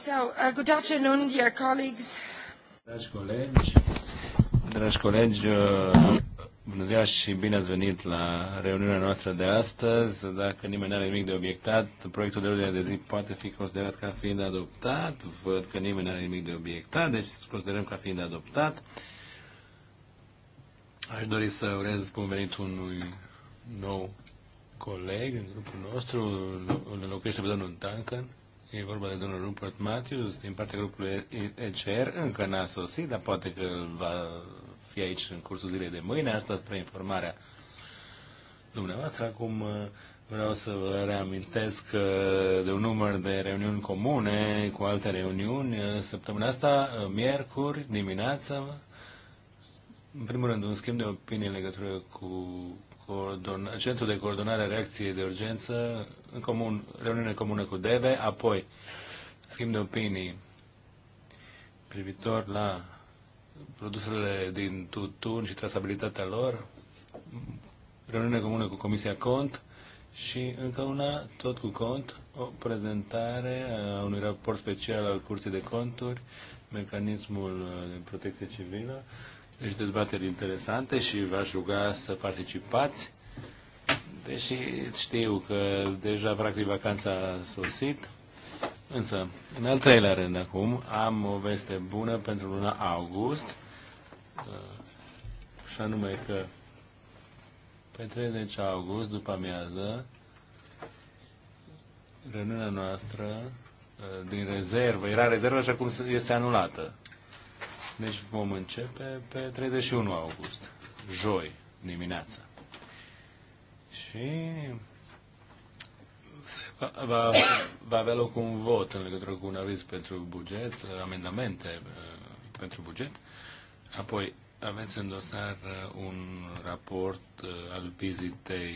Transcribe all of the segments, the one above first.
So, uh, good afternoon, dear colleagues. Dragi colegi, dragi colegi, uh, bună ziua și bine ați venit la reuniunea noastră de astăzi. Dacă nimeni nu are nimic de obiectat, proiectul de ordine de zi poate fi considerat ca fiind adoptat. Văd că nimeni nu are nimic de obiectat, deci considerăm ca fiind adoptat. Aș dori să urez bun venit unui nou coleg în grupul nostru, îl înlocuiește pe domnul Duncan E vorba de domnul Rupert Matthews din partea grupului ECR. Încă n-a sosit, dar poate că va fi aici în cursul zilei de mâine. Asta spre informarea dumneavoastră. Acum uh, vreau să vă reamintesc uh, de un număr de reuniuni comune cu alte reuniuni. Uh, săptămâna asta, miercuri, dimineață, în primul rând, un schimb de opinie în legătură cu coordona- Centrul de Coordonare a Reacției de Urgență în comun, reuniune comună cu DEVE, apoi schimb de opinii privitor la produsele din tutun și trasabilitatea lor, reuniune comună cu Comisia Cont și încă una, tot cu Cont, o prezentare a unui raport special al Curții de Conturi, mecanismul de protecție civilă, deci dezbateri interesante și v-aș ruga să participați deși știu că deja practic vacanța a sosit, însă, în al treilea rând acum, am o veste bună pentru luna august, uh, și anume că pe 30 august, după amiază, reuniunea noastră uh, din rezervă, era rezervă așa cum este anulată. Deci vom începe pe 31 august, joi dimineața și va, va avea loc un vot în legătură cu un aviz pentru buget, amendamente uh, pentru buget. Apoi aveți în dosar uh, un raport uh, al vizitei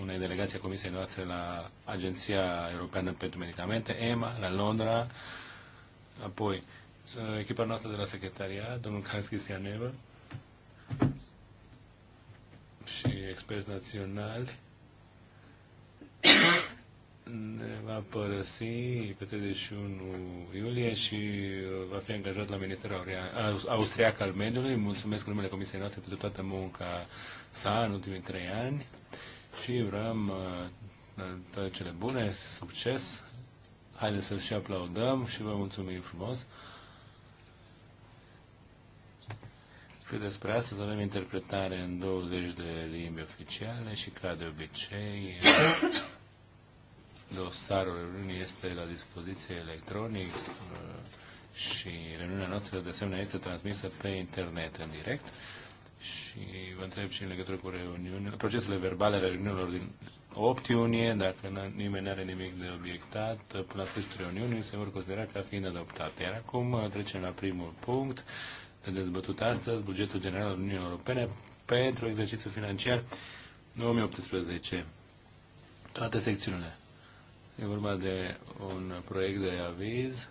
unei delegații a Comisiei noastre la Agenția Europeană pentru Medicamente, EMA, la Londra. Apoi echipa noastră de la secretariat, domnul Hans Christian și expres național ne va părăsi pe 31 iulie și uh, va fi angajat la Ministerul Austriac al Mediului. Mulțumesc în numele Comisiei noastre pentru toată munca sa în ultimii trei ani și vreau uh, toate cele bune, succes. Haideți să-l și aplaudăm și vă mulțumim frumos. Cât despre să avem interpretare în 20 de limbi oficiale și ca de obicei dosarul reuniunii este la dispoziție electronic uh, și reuniunea noastră de asemenea este transmisă pe internet în direct și vă întreb și în legătură cu reuniunile, procesele verbale ale reuniunilor din 8 iunie, dacă nimeni nu are nimic de obiectat, până la sfârșitul reuniunii se vor considera ca fiind adoptate. Iar acum uh, trecem la primul punct, este dezbătut astăzi, bugetul general al Uniunii Europene pentru exercițiul financiar 2018. Toate secțiunile. E vorba de un proiect de aviz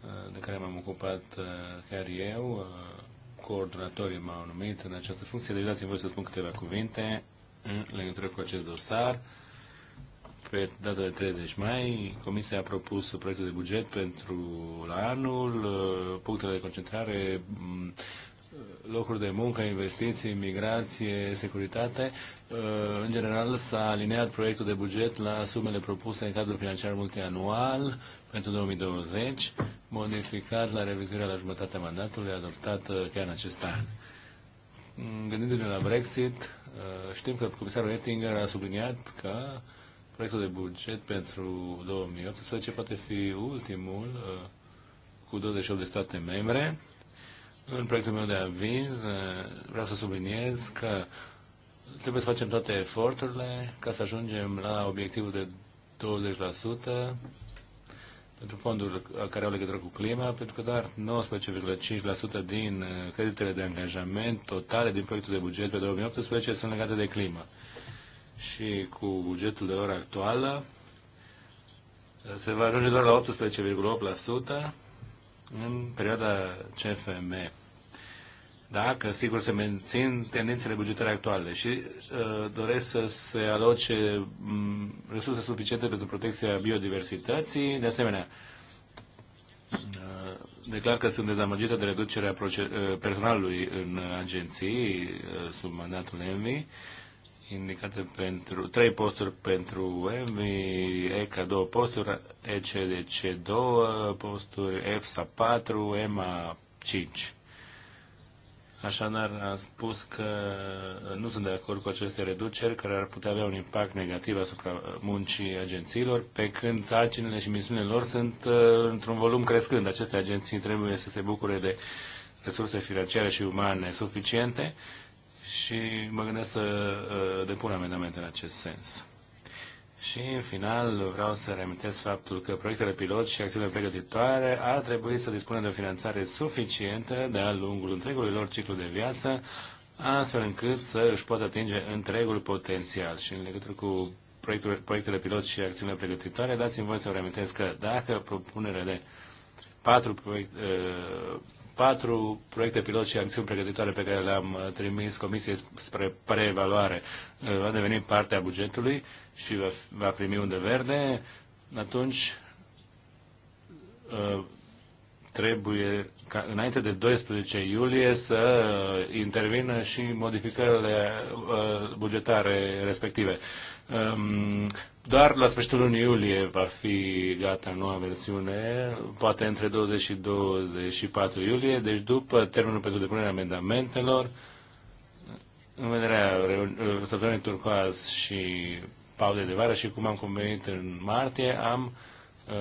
uh, de care m-am ocupat uh, chiar eu, uh, coordonatorii m-au numit în această funcție, deci dați-mi voi să spun câteva cuvinte în legătură cu acest dosar pe data de 30 mai, Comisia a propus proiectul de buget pentru la anul, uh, punctele de concentrare, mm, locuri de muncă, investiții, migrație, securitate. Uh, în general s-a alineat proiectul de buget la sumele propuse în cadrul financiar multianual pentru 2020, modificat la revizuirea la jumătatea mandatului, adoptat uh, chiar în acest an. Mm, gândindu-ne la Brexit, știm că comisarul Ettinger a subliniat că Proiectul de buget pentru 2018 poate fi ultimul uh, cu 28 de state membre. În proiectul meu de aviz uh, vreau să subliniez că trebuie să facem toate eforturile ca să ajungem la obiectivul de 20% pentru fonduri care au legătură cu clima, pentru că doar 19,5% din uh, creditele de angajament totale din proiectul de buget pe 2018 sunt legate de climă și cu bugetul de ora actuală se va ajunge doar la 18,8% în perioada CFM. Dacă, sigur, se mențin tendințele bugetare actuale și uh, doresc să se aloce um, resurse suficiente pentru protecția biodiversității, de asemenea, uh, declar că sunt dezamăgită de reducerea uh, personalului în agenții uh, sub mandatul EMI indicate pentru trei posturi pentru E ca 2 posturi, C 2 posturi, EFSA 4, m 5. Așadar, a spus că nu sunt de acord cu aceste reduceri care ar putea avea un impact negativ asupra muncii agențiilor, pe când sarcinile și misiunile lor sunt uh, într-un volum crescând. Aceste agenții trebuie să se bucure de resurse financiare și umane suficiente și mă gândesc să uh, depun amendamente în acest sens. Și, în final, vreau să reamintesc faptul că proiectele pilot și acțiunile pregătitoare ar trebui să dispună de o finanțare suficientă de-a lungul întregului lor ciclu de viață, astfel încât să își poată atinge întregul potențial. Și în legătură cu proiectul, proiectele pilot și acțiunile pregătitoare, dați-mi voi să vă reamintesc că dacă propunerea de patru proiect, uh, patru proiecte pilot și acțiuni pregătitoare pe care le-am uh, trimis Comisiei spre preevaluare uh, va deveni parte a bugetului și va, va primi unde verde, atunci uh, trebuie ca înainte de 12 iulie să intervină și modificările bugetare respective. Um, doar la sfârșitul lunii iulie va fi gata noua versiune, poate între 20 și 24 iulie, deci după termenul pentru depunerea amendamentelor, în vederea săptămânii turcoaz și paude de vară și cum am convenit în martie, am uh,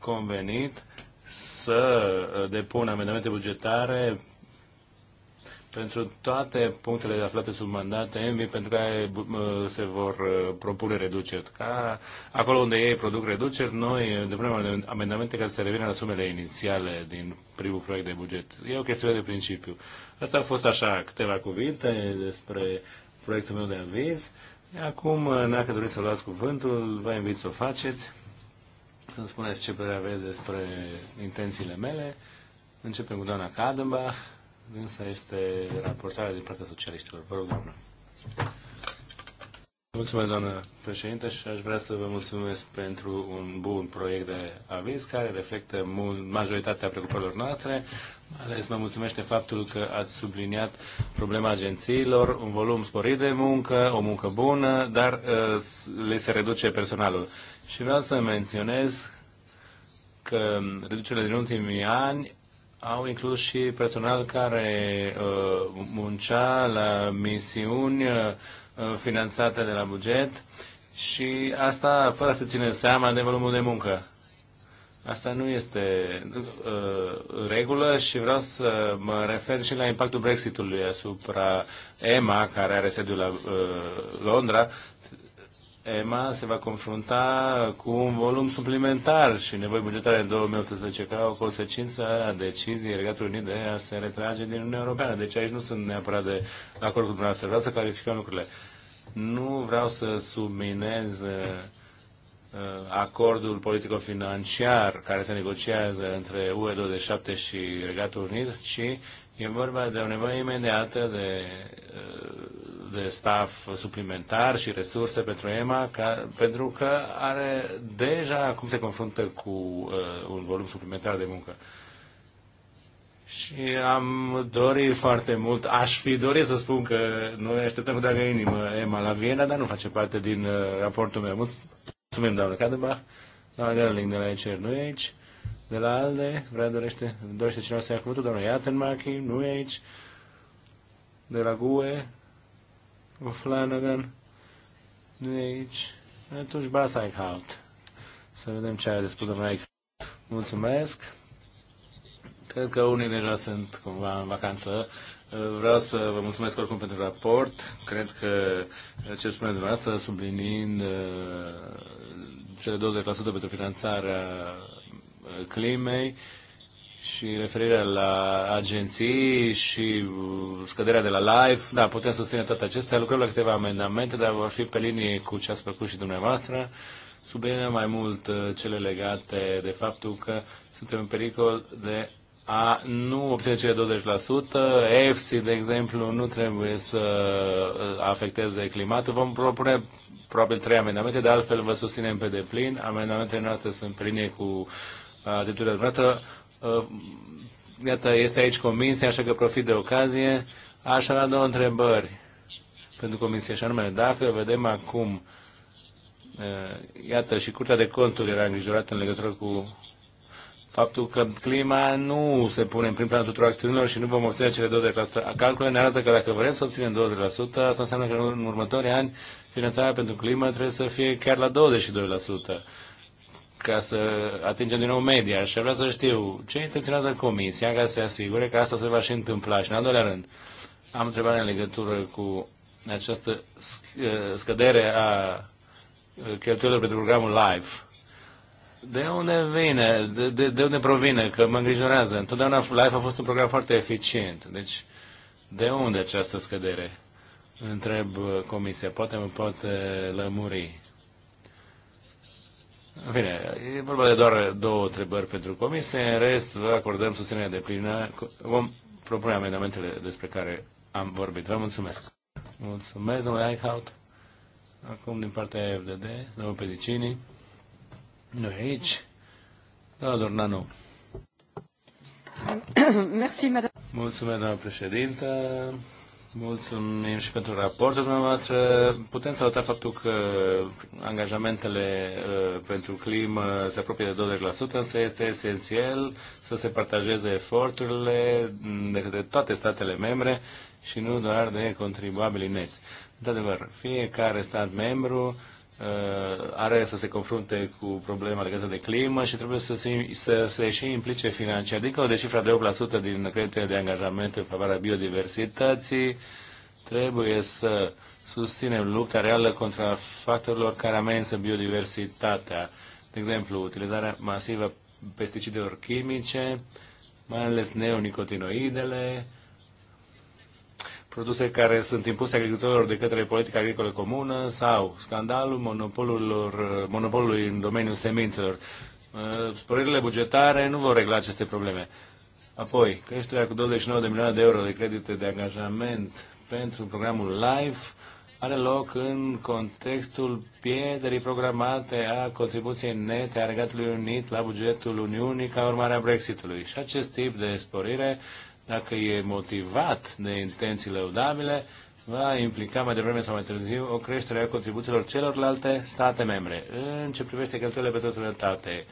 convenit să uh, depun amendamente bugetare pentru toate punctele aflate sub mandat ENVI pentru care uh, uh, se vor uh, propune reduceri. Ca acolo unde ei produc reduceri, noi depunem amendamente ca să se revină la sumele inițiale din primul proiect de buget. E o chestiune de principiu. Asta a fost așa câteva cuvinte despre proiectul meu de aviz. Acum, dacă doriți să luați cuvântul, vă invit să o faceți, să spuneți ce părere aveți despre intențiile mele. Începem cu doamna Kadenbach însă este raportarea din partea socialiștilor. Vă rog, doamnă. Mulțumesc, doamnă președinte, și aș vrea să vă mulțumesc pentru un bun proiect de aviz care reflectă majoritatea preocupărilor noastre. Mai ales mă mulțumește faptul că ați subliniat problema agențiilor, un volum sporit de muncă, o muncă bună, dar uh, le se reduce personalul. Și vreau să menționez că reducerile din ultimii ani au inclus și personal care uh, muncea la misiuni uh, finanțate de la buget și asta fără să țină seama de volumul de muncă. Asta nu este uh, regulă și vreau să mă refer și la impactul Brexitului asupra EMA, care are sediul la uh, Londra, EMA se va confrunta cu un volum suplimentar și nevoi bugetare în 2018 ca o consecință a deciziei Regatului Unit de a se retrage din Uniunea Europeană. Deci aici nu sunt neapărat de acord cu dumneavoastră. Vreau să clarificăm lucrurile. Nu vreau să subminez uh, uh, acordul politico-financiar care se negociază între UE27 și Regatul Unit, ci e vorba de o nevoie imediată de uh, de staff suplimentar și resurse pentru EMA, ca, pentru că are deja cum se confruntă cu uh, un volum suplimentar de muncă. Și am dorit foarte mult, aș fi dorit să spun că noi așteptăm cu dragă inimă EMA la Viena, dar nu face parte din uh, raportul meu. Mulțumim, doamnă Cadebach, doamna Gerling de la ECR, nu e aici, de la ALDE, vrea dorește, dorește cineva să ia cuvântul, doamna Iatenmachi, nu e aici de la GUE, Flanagan nu e aici. Atunci Bas Haut. Să vedem ce are de spus domnul Eichhout. Mulțumesc. Cred că unii deja sunt cumva în vacanță. Vreau să vă mulțumesc oricum pentru raport. Cred că ce spune dumneavoastră, sublinind uh, cele 20% pentru finanțarea uh, climei, și referirea la agenții și scăderea de la live. Da, putem susține toate acestea. Lucrăm la câteva amendamente, dar vor fi pe linie cu ce ați făcut și dumneavoastră. Subliniem mai mult uh, cele legate de faptul că suntem în pericol de a nu obține cele 20%. EFSI, de exemplu, nu trebuie să uh, afecteze climatul. Vom propune probabil trei amendamente, de altfel vă susținem pe deplin. Amendamentele noastre sunt pe linie cu uh, atitudinea dumneavoastră. Uh, iată, este aici comisia, așa că profit de ocazie. Aș avea două întrebări pentru comisie, și anume, dacă vedem acum, uh, iată, și Curtea de Conturi era îngrijorată în legătură cu faptul că clima nu se pune în prim plan tuturor acțiunilor și nu vom obține cele 2%. Calculele ne arată că dacă vrem să obținem 20%, asta înseamnă că în următorii ani finanțarea pentru climă trebuie să fie chiar la 22% ca să atingem din nou media și vreau să știu ce intenționează Comisia ca să se asigure că asta se va și întâmpla. Și în al doilea rând, am întrebare în legătură cu această eh, scădere a eh, cheltuielor pentru programul live. De unde vine? De, de, de unde provine? Că mă îngrijorează. Întotdeauna Life a fost un program foarte eficient. Deci, de unde această scădere? Întreb eh, comisia. Poate mă poate lămuri. În fine, e vorba de doar două întrebări pentru comisie, în rest vă acordăm susținerea de plină. Vom propune amendamentele despre care am vorbit. Vă mulțumesc. Mulțumesc, domnule Eichhout. Acum, din partea FDD, domnul Pedicini. Noi aici. Da, Dornanu. Mulțumesc, doamnă președintă. Mulțumim și pentru raportul dumneavoastră. Putem saluta faptul că angajamentele uh, pentru climă se apropie de 20%, însă este esențial să se partajeze eforturile de către toate statele membre și nu doar de contribuabilii neți. Într-adevăr, fiecare stat membru Uh, are să se confrunte cu problema legată de climă și trebuie să se, să se și implice financiar. Dincolo de cifra de 8% din creditele de angajament în favoarea biodiversității, trebuie să susținem lupta reală contra factorilor care amenință biodiversitatea. De exemplu, utilizarea masivă pesticidelor chimice, mai ales neonicotinoidele, produse care sunt impuse agricultorilor de către politica agricolă comună sau scandalul monopolurilor, monopolului în domeniul semințelor. Uh, Sporirile bugetare nu vor regla aceste probleme. Apoi, creșterea cu 29 de milioane de euro de credite de angajament pentru programul LIFE are loc în contextul pierderii programate a contribuției nete a Regatului Unit la bugetul Uniunii ca urmare a Brexitului. Și acest tip de sporire dacă e motivat de intenții lăudabile, va implica mai devreme sau mai târziu o creștere a contribuțiilor celorlalte state membre. În ce privește cheltuielile pentru sănătate,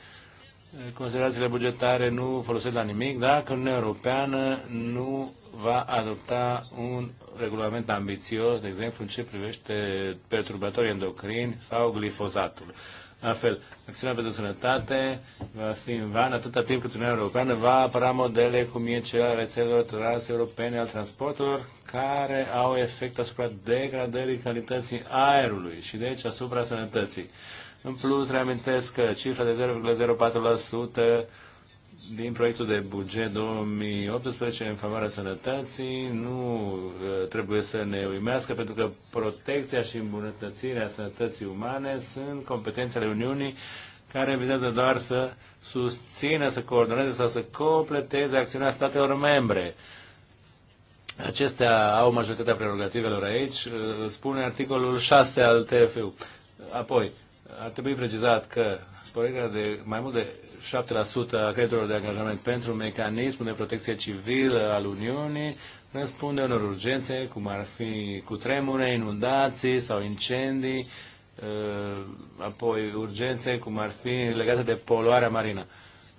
considerațiile bugetare nu folosesc la nimic dacă Uniunea Europeană nu va adopta un regulament ambițios, de exemplu, în ce privește perturbatorii endocrini sau glifozatul fel, acțiunea pentru sănătate va fi în van atâta timp cât Uniunea Europeană va apăra modele cum e cel al rețelelor europene al transporturilor care au efect asupra degradării calității aerului și deci asupra sănătății. În plus, reamintesc că cifra de 0,04% din proiectul de buget 2018 în favoarea sănătății nu uh, trebuie să ne uimească pentru că protecția și îmbunătățirea sănătății umane sunt competențele Uniunii care vizează doar să susțină, să coordoneze sau să completeze acțiunea statelor membre. Acestea au majoritatea prerogativelor aici, uh, spune articolul 6 al TFU. Apoi, ar trebui precizat că sporirea de mai mult de 7% a creditelor de angajament pentru mecanismul de protecție civilă al Uniunii răspunde unor urgențe, cum ar fi cu tremure, inundații sau incendii, uh, apoi urgențe, cum ar fi legate de poluarea marină.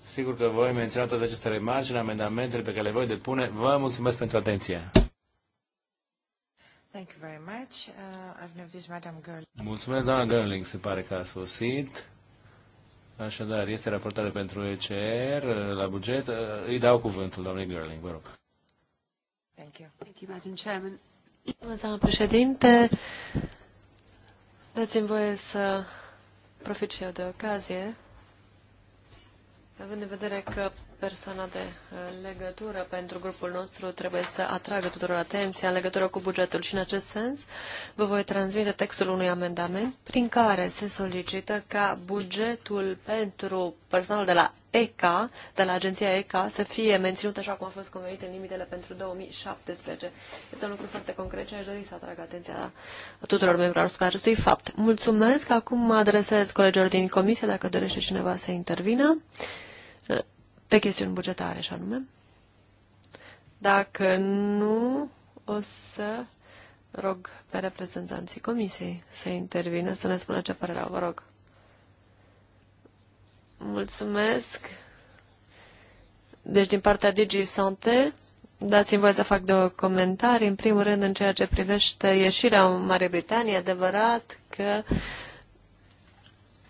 Sigur că voi menționa toate aceste remarci în amendamentele pe care le voi depune. Vă mulțumesc pentru atenție. Thank you very much. Uh, I've Mulțumesc, doamna Girling, se pare că a sosit. Așadar, este raportare pentru ECR uh, la buget. Uh, îi dau cuvântul, doamnei Gerling, vă rog. Thank you. Thank you, Madam Chairman. Doamna președinte, dați-mi voie să profit și eu de ocazie, având în vedere că persoana de uh, legătură pentru grupul nostru trebuie să atragă tuturor atenția în legătură cu bugetul și în acest sens vă voi transmite textul unui amendament prin care se solicită ca bugetul pentru personal de la ECA, de la agenția ECA, să fie menținut așa cum a fost convenit în limitele pentru 2017. Este un lucru foarte concret și aș dori să atrag atenția tuturor membrilor asupra acestui fapt. Mulțumesc. Acum mă adresez colegilor din comisie dacă dorește cineva să intervină pe chestiuni bugetare, așa anume. Dacă nu, o să rog pe reprezentanții comisiei să intervină, să ne spună ce părere au, vă rog. Mulțumesc. Deci, din partea Digi Sante, dați-mi voie să fac două comentarii. În primul rând, în ceea ce privește ieșirea în Marea Britanie, adevărat că uh,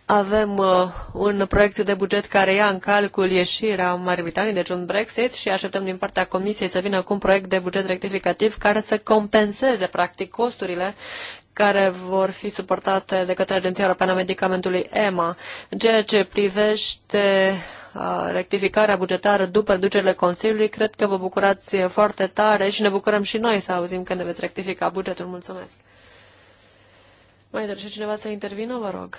avem uh, un proiect de buget care ia în calcul ieșirea Marii Britanii, deci un Brexit, și așteptăm din partea Comisiei să vină cu un proiect de buget rectificativ care să compenseze, practic, costurile care vor fi suportate de către Agenția Europeană a Medicamentului EMA. În ceea ce privește uh, rectificarea bugetară după reducerile Consiliului, cred că vă bucurați foarte tare și ne bucurăm și noi să auzim că ne veți rectifica bugetul. Mulțumesc! Mai Și cineva să intervină? Vă rog!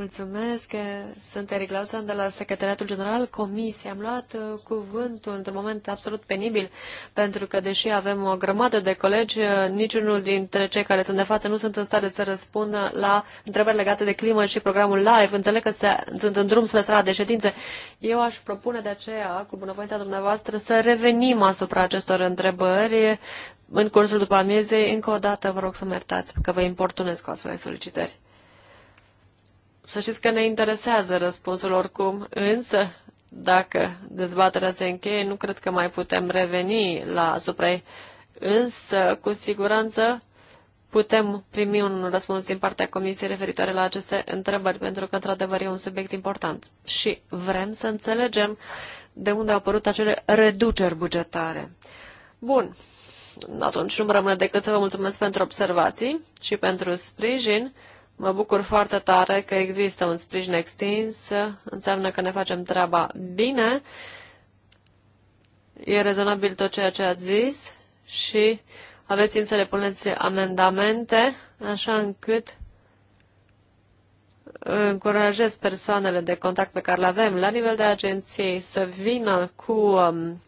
Mulțumesc, sunt Eric Lausan de la Secretariatul General Comisiei. Am luat uh, cuvântul într-un moment absolut penibil, pentru că, deși avem o grămadă de colegi, uh, niciunul dintre cei care sunt de față nu sunt în stare să răspundă la întrebări legate de climă și programul live. Înțeleg că se, sunt în drum spre sala de ședințe. Eu aș propune de aceea, cu bunăvoința dumneavoastră, să revenim asupra acestor întrebări în cursul după amiezei. Încă o dată vă rog să mă iertați, că vă importunez cu astfel de solicitări. Să știți că ne interesează răspunsul oricum, însă dacă dezbaterea se încheie, nu cred că mai putem reveni la asupra ei. Însă, cu siguranță, putem primi un răspuns din partea Comisiei referitoare la aceste întrebări, pentru că, într-adevăr, e un subiect important. Și vrem să înțelegem de unde au apărut acele reduceri bugetare. Bun, atunci nu rămâne decât să vă mulțumesc pentru observații și pentru sprijin. Mă bucur foarte tare că există un sprijin extins, înseamnă că ne facem treaba bine, e rezonabil tot ceea ce ați zis și aveți timp să le puneți amendamente, așa încât încurajez persoanele de contact pe care le avem la nivel de agenții să vină cu um,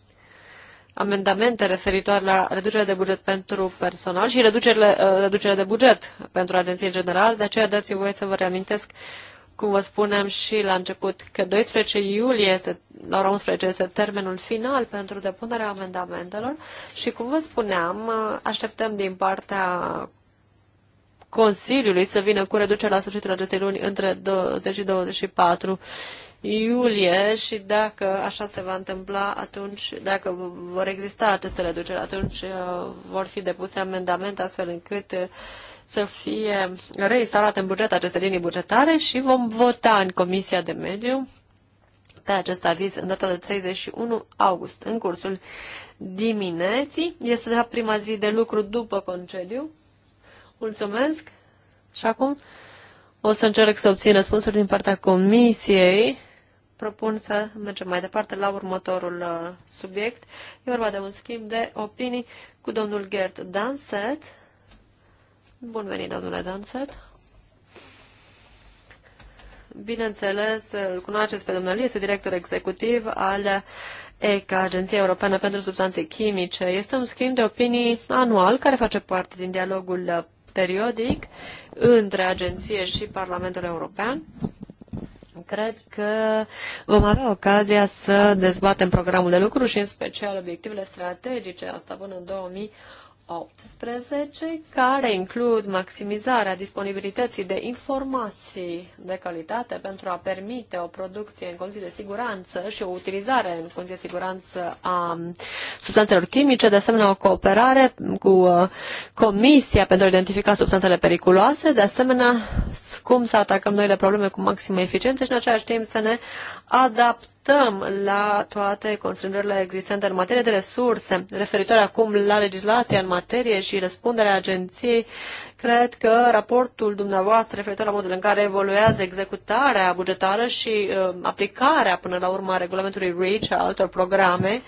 amendamente referitoare la reducerea de buget pentru personal și reducerile, uh, reducerea de buget pentru agenții în general. De aceea dați-mi voie să vă reamintesc, cum vă spuneam și la început, că 12 iulie este, la ora 11 este termenul final pentru depunerea amendamentelor și, cum vă spuneam, uh, așteptăm din partea Consiliului să vină cu reducerea la sfârșitul acestei luni între 20 și 24 iulie și dacă așa se va întâmpla, atunci, dacă vor exista aceste reduceri, atunci uh, vor fi depuse amendamente astfel încât uh, să fie reinstalate în buget aceste linii bugetare și vom vota în Comisia de Mediu pe acest aviz în data de 31 august, în cursul dimineții. Este de prima zi de lucru după concediu. Mulțumesc! Și acum o să încerc să obțin răspunsuri din partea comisiei propun să mergem mai departe la următorul uh, subiect. E vorba de un schimb de opinii cu domnul Gert Danset. Bun venit, domnule Danset! Bineînțeles, îl cunoașteți pe domnul, este director executiv al ECA, Agenția Europeană pentru Substanțe Chimice. Este un schimb de opinii anual care face parte din dialogul periodic între agenție și Parlamentul European. Cred că vom avea ocazia să dezbatem programul de lucru și în special obiectivele strategice, asta până în 2000. 18, care includ maximizarea disponibilității de informații de calitate pentru a permite o producție în condiții de siguranță și o utilizare în condiții de siguranță a substanțelor chimice, de asemenea o cooperare cu uh, Comisia pentru a identifica substanțele periculoase, de asemenea cum să atacăm noile probleme cu maximă eficiență și în același timp să ne adaptăm adaptăm la toate constrângerile existente în materie de resurse. Referitor acum la legislația în materie și răspunderea agenției, cred că raportul dumneavoastră referitor la modul în care evoluează executarea bugetară și uh, aplicarea până la urmă a regulamentului REACH, a altor programe,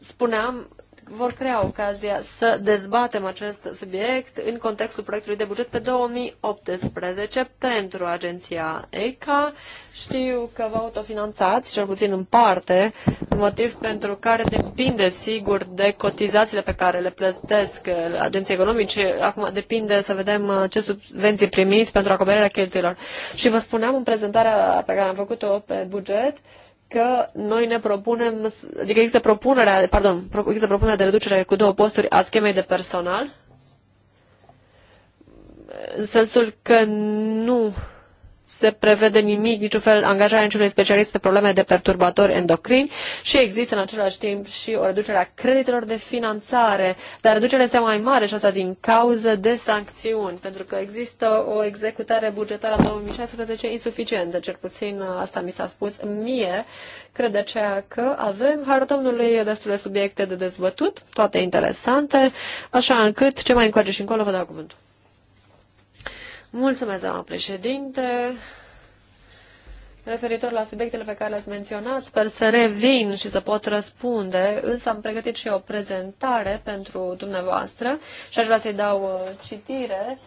spuneam vor crea ocazia să dezbatem acest subiect în contextul proiectului de buget pe 2018 pentru agenția ECA. Știu că vă autofinanțați, cel puțin în parte, motiv pentru care depinde, sigur, de cotizațiile pe care le plătesc agenții economice. Acum depinde să vedem ce subvenții primiți pentru acoperirea cheltuielor. Și vă spuneam în prezentarea pe care am făcut-o pe buget, că noi ne propunem, adică există propunerea, pardon, există propunerea de reducere cu două posturi a schemei de personal, în sensul că nu se prevede nimic, niciun fel, angajarea niciunui specialist pe probleme de perturbatori endocrini și există în același timp și o reducere a creditelor de finanțare, dar reducerea este mai mare și asta din cauză de sancțiuni, pentru că există o executare bugetară în 2016 insuficientă, cel puțin uh, asta mi s-a spus mie, cred de aceea că avem, hară domnului, uh, destule subiecte de dezbătut, toate interesante, așa încât ce mai încoace și încolo vă dau cuvântul. Mulțumesc, doamna președinte. Referitor la subiectele pe care le-ați menționat, sper să revin și să pot răspunde, însă am pregătit și o prezentare pentru dumneavoastră și aș vrea să-i dau uh, citire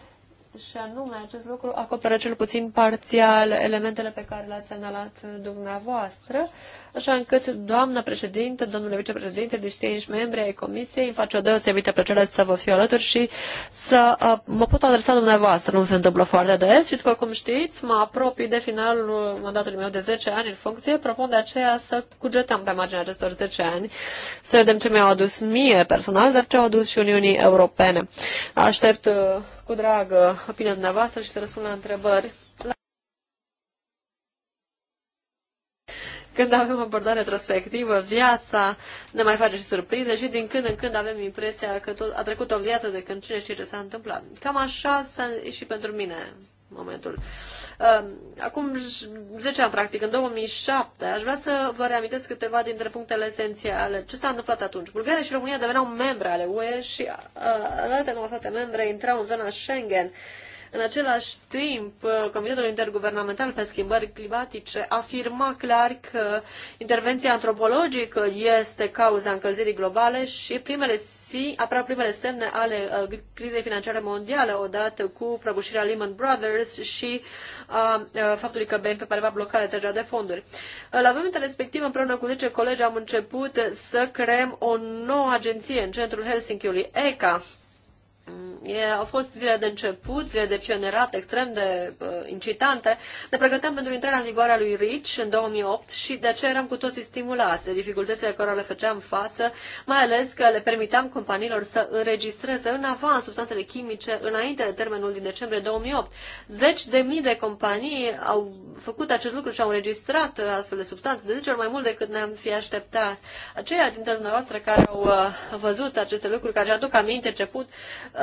și anume acest lucru acoperă cel puțin parțial elementele pe care le-ați semnalat uh, dumneavoastră așa încât, doamnă președinte, domnule vicepreședinte, distinși membri ai comisiei, îmi face o deosebită plăcere să vă fiu alături și să uh, mă pot adresa dumneavoastră. Nu se întâmplă foarte des și, după cum știți, mă apropii de finalul mandatului meu de 10 ani în funcție. Propun de aceea să cugetăm pe marginea acestor 10 ani, să vedem ce mi-au adus mie personal, dar ce au adus și Uniunii Europene. Aștept uh, cu drag opinia dumneavoastră și să răspund la întrebări Când avem abordare retrospectivă, viața ne mai face și surprinde și din când în când avem impresia că tot, a trecut o viață de când cine știe ce s-a întâmplat. Cam așa s-a și pentru mine momentul. Um, acum 10 ani, practic, în 2007, aș vrea să vă reamintesc câteva dintre punctele esențiale. Ce s-a întâmplat atunci? Bulgaria și România deveneau membre ale UE și uh, alte nouă state membre intrau în zona Schengen. Uh, în același timp, Comitetul Interguvernamental pe Schimbări Climatice afirma clar că intervenția antropologică este cauza încălzirii globale și primele si, aproape primele semne ale uh, crizei financiare mondiale odată cu prăbușirea Lehman Brothers și a uh, uh, faptului că BNP Paribas bloca retragerea de fonduri. La momentul respectiv, împreună cu 10 colegi, am început să creăm o nouă agenție în centrul Helsinkiului, ECA, E, au fost zile de început, zile de pionerat extrem de uh, incitante. Ne pregăteam pentru intrarea în vigoare a lui Rich în 2008 și de aceea eram cu toții stimulați de dificultățile care le făceam față, mai ales că le permiteam companiilor să înregistreze în avans substanțele chimice înainte de termenul din decembrie 2008. Zeci de mii de companii au făcut acest lucru și au înregistrat astfel de substanțe, de 10 ori mai mult decât ne-am fi așteptat. Aceia dintre dumneavoastră care au uh, văzut aceste lucruri, care aduc aminte început,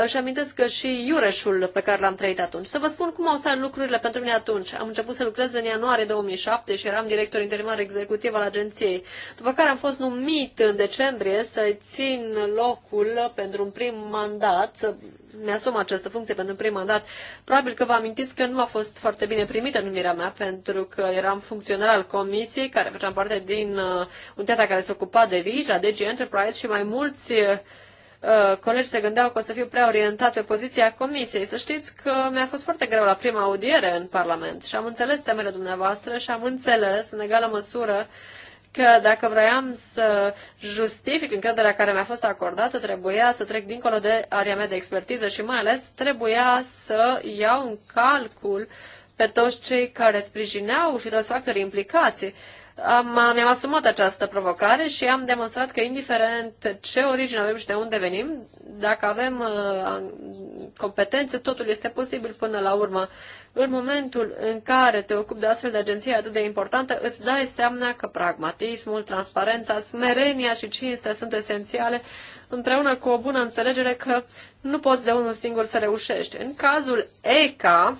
uh, și-am amintesc că și Iureșul pe care l-am trăit atunci. Să vă spun cum au stat lucrurile pentru mine atunci. Am început să lucrez în ianuarie 2007 și eram director interimar executiv al agenției, după care am fost numit în decembrie să țin locul pentru un prim mandat, să mi-asum această funcție pentru un prim mandat. Probabil că vă amintiți că nu a fost foarte bine primită numirea mea, pentru că eram funcționar al comisiei, care făceam parte din uh, unitatea care se ocupa de legi, la DG Enterprise și mai mulți uh, Uh, colegi se gândeau că o să fiu prea orientat pe poziția comisiei. Să știți că mi-a fost foarte greu la prima audiere în Parlament și am înțeles temele dumneavoastră și am înțeles în egală măsură că dacă vroiam să justific încrederea care mi-a fost acordată, trebuia să trec dincolo de area mea de expertiză și mai ales trebuia să iau în calcul pe toți cei care sprijineau și toți factorii implicați mi-am asumat această provocare și am demonstrat că, indiferent ce origine avem și de unde venim, dacă avem uh, competențe, totul este posibil până la urmă. În momentul în care te ocupi de astfel de agenție atât de importantă, îți dai seama că pragmatismul, transparența, smerenia și cinstea sunt esențiale, împreună cu o bună înțelegere că nu poți de unul singur să reușești. În cazul ECA,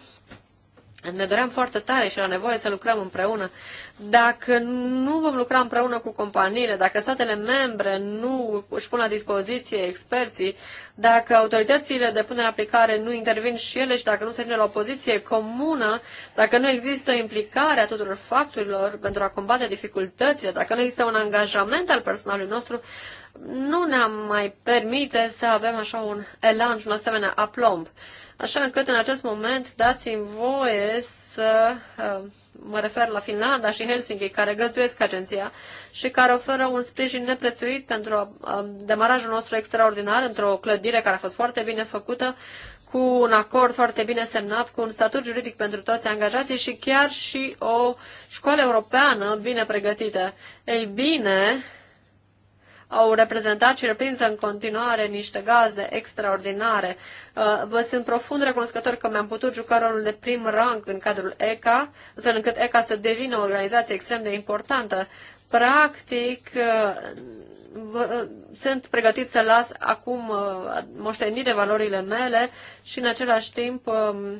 ne doream foarte tare și era nevoie să lucrăm împreună. Dacă nu vom lucra împreună cu companiile, dacă statele membre nu își pun la dispoziție experții, dacă autoritățile de punere în aplicare nu intervin și ele și dacă nu se vine la o poziție comună, dacă nu există implicarea tuturor factorilor pentru a combate dificultățile, dacă nu există un angajament al personalului nostru, nu ne-am mai permite să avem așa un elan și un asemenea aplomb. Așa încât în acest moment dați-mi voie să uh, mă refer la Finlanda și Helsinki, care găzduiesc agenția și care oferă un sprijin neprețuit pentru uh, uh, demarajul nostru extraordinar într-o clădire care a fost foarte bine făcută, cu un acord foarte bine semnat, cu un statut juridic pentru toți angajații și chiar și o școală europeană bine pregătită. Ei bine, au reprezentat și reprinsă în continuare niște gaze extraordinare. Uh, vă sunt profund recunoscător că mi-am putut juca rolul de prim rang în cadrul ECA, astfel încât ECA să devină o organizație extrem de importantă. Practic, uh, uh, sunt pregătit să las acum moștenire valorile mele și în același timp um,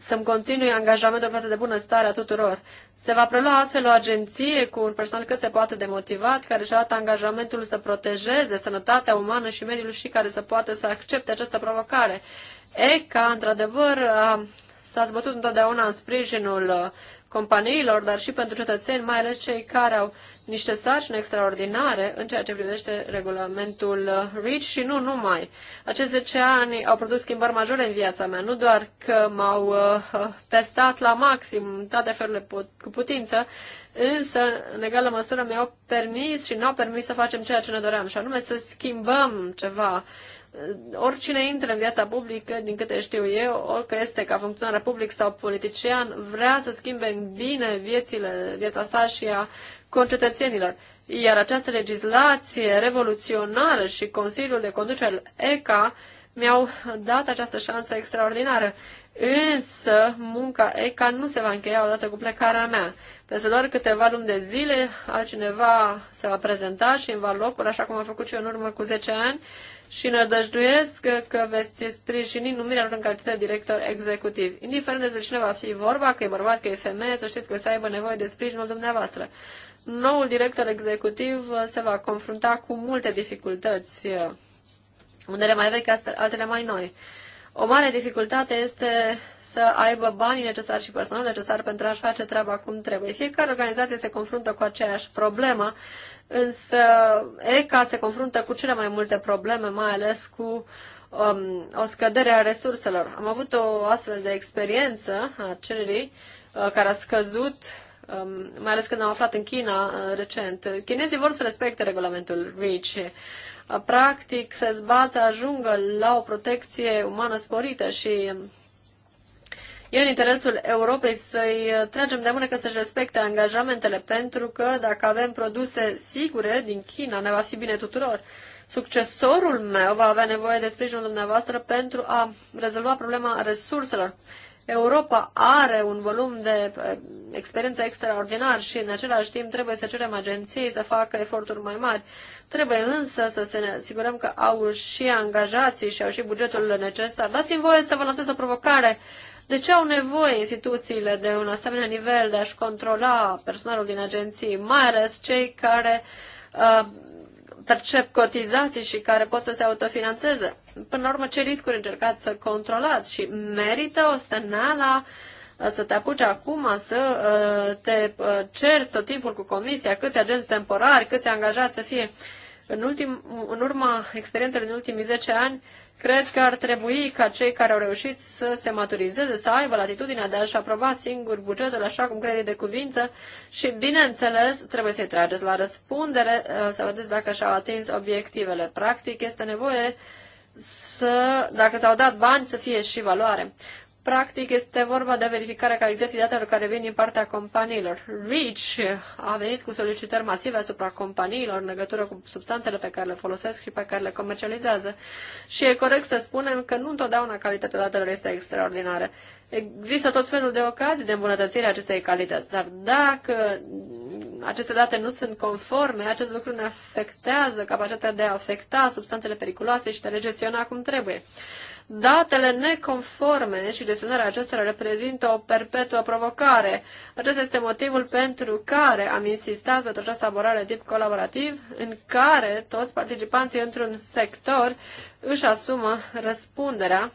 să-mi continui angajamentul față de bunăstarea tuturor. Se va prelua astfel o agenție cu un personal cât se poate de motivat, care și-a dat angajamentul să protejeze sănătatea umană și mediul și care să poată să accepte această provocare. ECA, într-adevăr, s-a zbătut întotdeauna în sprijinul companiilor, dar și pentru cetățeni, mai ales cei care au niște sarcini extraordinare în ceea ce privește regulamentul REACH și nu numai. Acești 10 ani au produs schimbări majore în viața mea, nu doar că m-au uh, testat la maxim toate felurile cu putință, însă, în egală măsură, mi-au permis și nu au permis să facem ceea ce ne doream, și anume să schimbăm ceva Uh, oricine intră în viața publică, din câte știu eu, orică este ca funcționar public sau politician, vrea să schimbe în bine viețile, viața sa și a concetățenilor. Iar această legislație revoluționară și Consiliul de Conducere al ECA mi-au dat această șansă extraordinară. Însă, munca ECA nu se va încheia odată cu plecarea mea. Peste doar câteva luni de zile, altcineva se va prezenta și îmi va locul, așa cum am făcut și eu în urmă cu 10 ani, și nădăjduiesc că, veți sprijini numirea lor în calitate de director executiv. Indiferent despre cine va fi vorba, că e bărbat, că e femeie, să știți că o să aibă nevoie de sprijinul dumneavoastră. Noul director executiv se va confrunta cu multe dificultăți, unele mai vechi, altele mai noi. O mare dificultate este să aibă banii necesari și personal necesar pentru a-și face treaba cum trebuie. Fiecare organizație se confruntă cu aceeași problemă însă ECA se confruntă cu cele mai multe probleme, mai ales cu um, o scădere a resurselor. Am avut o astfel de experiență a cererii uh, care a scăzut um, mai ales când am aflat în China uh, recent. Chinezii vor să respecte regulamentul REACH uh, practic se zbață ajungă la o protecție umană sporită și um, E în interesul Europei să-i uh, tragem de mână că să-și respecte angajamentele, pentru că dacă avem produse sigure din China, ne va fi bine tuturor. Succesorul meu va avea nevoie de sprijinul dumneavoastră pentru a rezolva problema resurselor. Europa are un volum de uh, experiență extraordinar și în același timp trebuie să cerem agenției să facă eforturi mai mari. Trebuie însă să se ne asigurăm că au și angajații și au și bugetul necesar. Dați-mi voie să vă lansez o provocare de ce au nevoie instituțiile de un asemenea nivel de a-și controla personalul din agenții, mai ales cei care uh, percep cotizații și care pot să se autofinanțeze? Până la urmă, ce riscuri încercați să controlați și merită o stăneala uh, să te apuci acum să uh, te uh, ceri tot timpul cu comisia, câți agenți temporari, câți angajați să fie. În, ultim, în urma experiențelor din ultimii 10 ani, Cred că ar trebui ca cei care au reușit să se maturizeze, să aibă latitudinea de a-și aproba singur bugetul așa cum crede de cuvință și, bineînțeles, trebuie să-i trageți la răspundere, uh, să vedeți dacă și-au atins obiectivele. Practic, este nevoie să, dacă s-au dat bani, să fie și valoare practic este vorba de verificarea calității datelor care vin din partea companiilor. REACH a venit cu solicitări masive asupra companiilor în legătură cu substanțele pe care le folosesc și pe care le comercializează. Și e corect să spunem că nu întotdeauna calitatea datelor este extraordinară. Există tot felul de ocazii de îmbunătățire a acestei calități, dar dacă aceste date nu sunt conforme, acest lucru ne afectează capacitatea de a afecta substanțele periculoase și de a le gestiona cum trebuie. Datele neconforme și gestionarea acestora reprezintă o perpetuă provocare. Acesta este motivul pentru care am insistat pentru această abordare tip colaborativ, în care toți participanții într-un sector își asumă răspunderea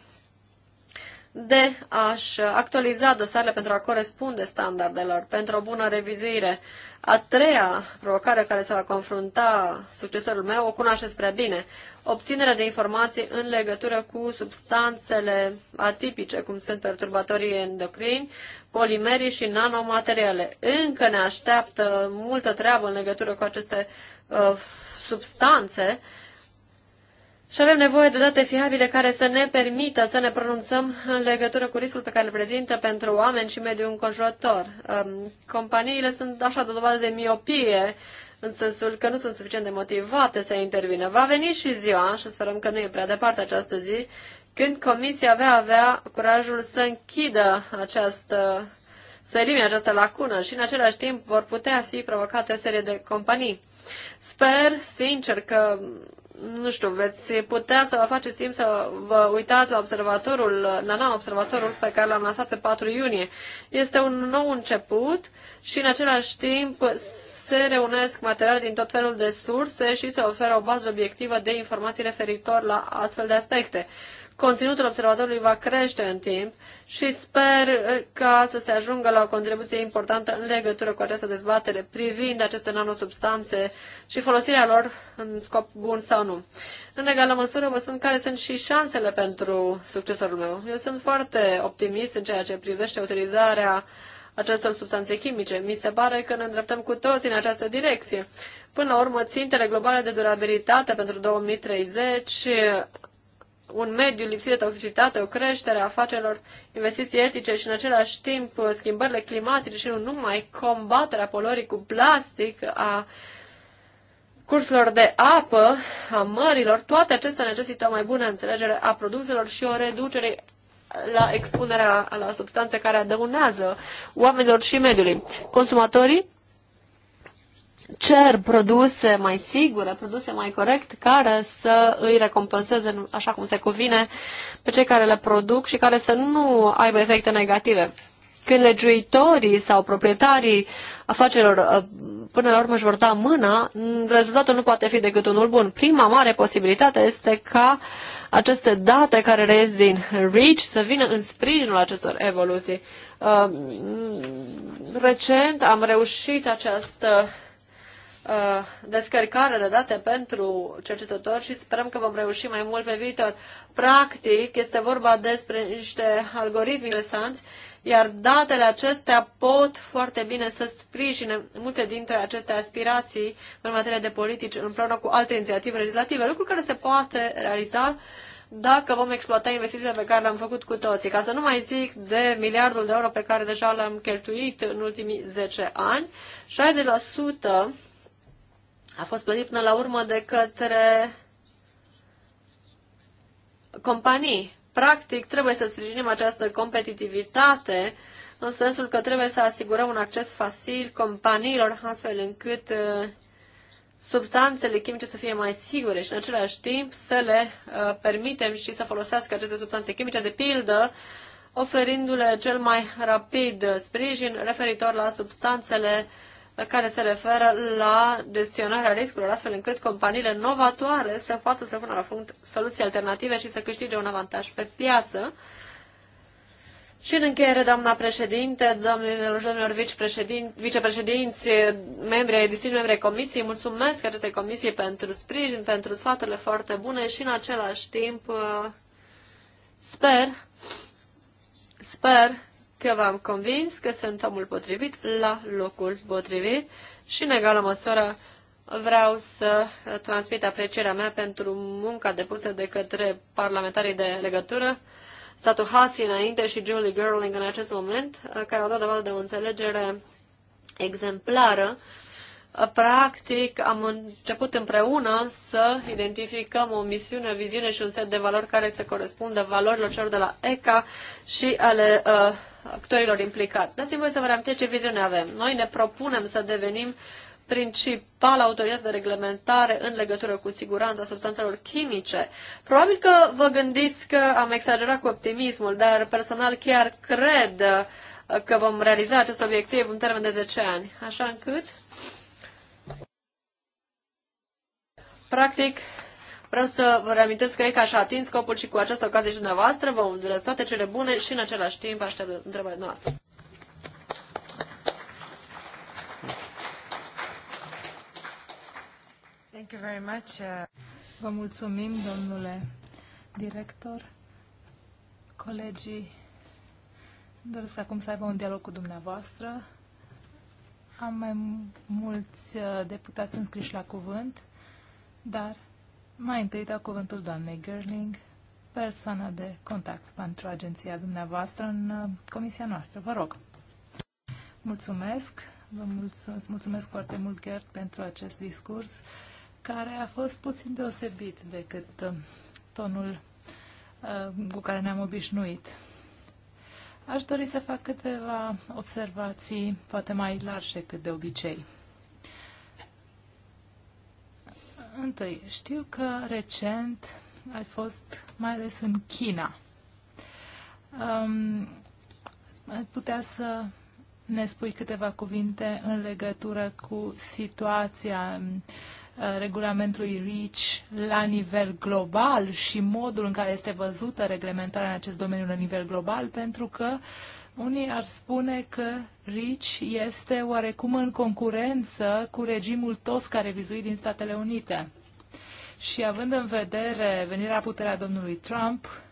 de a-și actualiza dosarele pentru a corespunde standardelor, pentru o bună revizuire a treia provocare care se va confrunta succesorul meu o cunoașteți prea bine. Obținerea de informații în legătură cu substanțele atipice, cum sunt perturbatorii endocrini, polimerii și nanomateriale. Încă ne așteaptă multă treabă în legătură cu aceste uh, substanțe și avem nevoie de date fiabile care să ne permită să ne pronunțăm în legătură cu riscul pe care îl prezintă pentru oameni și mediul înconjurător. Um, companiile sunt așa de dovadă de miopie în sensul că nu sunt suficient de motivate să intervină. Va veni și ziua, și sperăm că nu e prea departe această zi, când Comisia va avea curajul să închidă această, să elimine această lacună și în același timp vor putea fi provocate o serie de companii. Sper, sincer, că nu știu, veți putea să vă faceți timp să vă uitați la observatorul, Nana, observatorul pe care l-am lansat pe 4 iunie. Este un nou început și în același timp se reunesc materiale din tot felul de surse și se oferă o bază obiectivă de informații referitor la astfel de aspecte. Conținutul observatorului va crește în timp și sper uh, ca să se ajungă la o contribuție importantă în legătură cu această dezbatere privind aceste nanosubstanțe și folosirea lor în scop bun sau nu. În egală măsură vă spun care sunt și șansele pentru succesorul meu. Eu sunt foarte optimist în ceea ce privește utilizarea acestor substanțe chimice. Mi se pare că ne îndreptăm cu toții în această direcție. Până la urmă, țintele globale de durabilitate pentru 2030 un mediu lipsit de toxicitate, o creștere a afacerilor, investiții etice și în același timp uh, schimbările climatice și nu numai combaterea polorii cu plastic, a cursurilor de apă, a mărilor, toate acestea necesită o mai bună înțelegere a produselor și o reducere la expunerea la substanțe care adăunează oamenilor și mediului. Consumatorii cer produse mai sigure, produse mai corecte, care să îi recompenseze așa cum se cuvine pe cei care le produc și care să nu aibă efecte negative. Când legiuitorii sau proprietarii afacerilor uh, până la urmă își vor da mâna, rezultatul nu poate fi decât unul bun. Prima mare posibilitate este ca aceste date care reiesc din REACH să vină în sprijinul acestor evoluții uh, recent am reușit această Uh, descărcare de date pentru cercetători și sperăm că vom reuși mai mult pe viitor. Practic, este vorba despre niște algoritmi interesanți, iar datele acestea pot foarte bine să sprijine multe dintre aceste aspirații în materie de politici împreună cu alte inițiative legislative, lucru care se poate realiza dacă vom exploata investițiile pe care le-am făcut cu toții, ca să nu mai zic de miliardul de euro pe care deja l-am cheltuit în ultimii 10 ani, 60% a fost plătit până la urmă de către companii. Practic, trebuie să sprijinim această competitivitate în sensul că trebuie să asigurăm un acces facil companiilor astfel încât uh, substanțele chimice să fie mai sigure și în același timp să le uh, permitem și să folosească aceste substanțe chimice, de pildă, oferindu-le cel mai rapid sprijin referitor la substanțele uh, care se referă la gestionarea riscurilor, astfel încât companiile novatoare să poată să pună la punct soluții alternative și să câștige un avantaj pe piață. Și în încheiere, doamna președinte, domnilor și domnilor vicepreședinți, membri, distinși membri comisiei, mulțumesc acestei comisii pentru sprijin, pentru sfaturile foarte bune și în același timp uh, sper, sper că v-am convins că sunt omul potrivit la locul potrivit și, în egală măsură, vreau să transmit aprecierea mea pentru munca depusă de către parlamentarii de legătură, Satu Hasi înainte și Julie Girling în acest moment, care au dat dovadă de o înțelegere exemplară. Practic, am început împreună să identificăm o misiune, o viziune și un set de valori care să corespundă valorilor celor de la ECA și ale uh, actorilor implicați. Dați-mi voi să vă reamintesc ce viziune avem. Noi ne propunem să devenim principala autoritate de reglementare în legătură cu siguranța substanțelor chimice. Probabil că vă gândiți că am exagerat cu optimismul, dar personal chiar cred că vom realiza acest obiectiv în termen de 10 ani. Așa încât, practic, Vreau să vă reamintesc că e ca și atins scopul și cu această ocazie și dumneavoastră vă mulțumesc toate cele bune și în același timp aștept întrebările noastre. Thank you very much. Uh, vă mulțumim, domnule director. Colegii doresc acum să aibă un dialog cu dumneavoastră. Am mai mulți uh, deputați înscriși la cuvânt, dar mai întâi dau cuvântul doamnei Gerling, persoana de contact pentru agenția dumneavoastră în uh, comisia noastră. Vă rog. Mulțumesc. Vă mulțumesc, mulțumesc foarte mult, Gert, pentru acest discurs, care a fost puțin deosebit decât uh, tonul uh, cu care ne-am obișnuit. Aș dori să fac câteva observații, poate mai largi decât de obicei. Întâi, știu că recent ai fost mai ales în China. Um, ai putea să ne spui câteva cuvinte în legătură cu situația um, uh, regulamentului REACH la nivel global și modul în care este văzută reglementarea în acest domeniu la nivel global, pentru că unii ar spune că RICI este oarecum în concurență cu regimul care vizui din Statele Unite. Și având în vedere venirea puterea domnului Trump,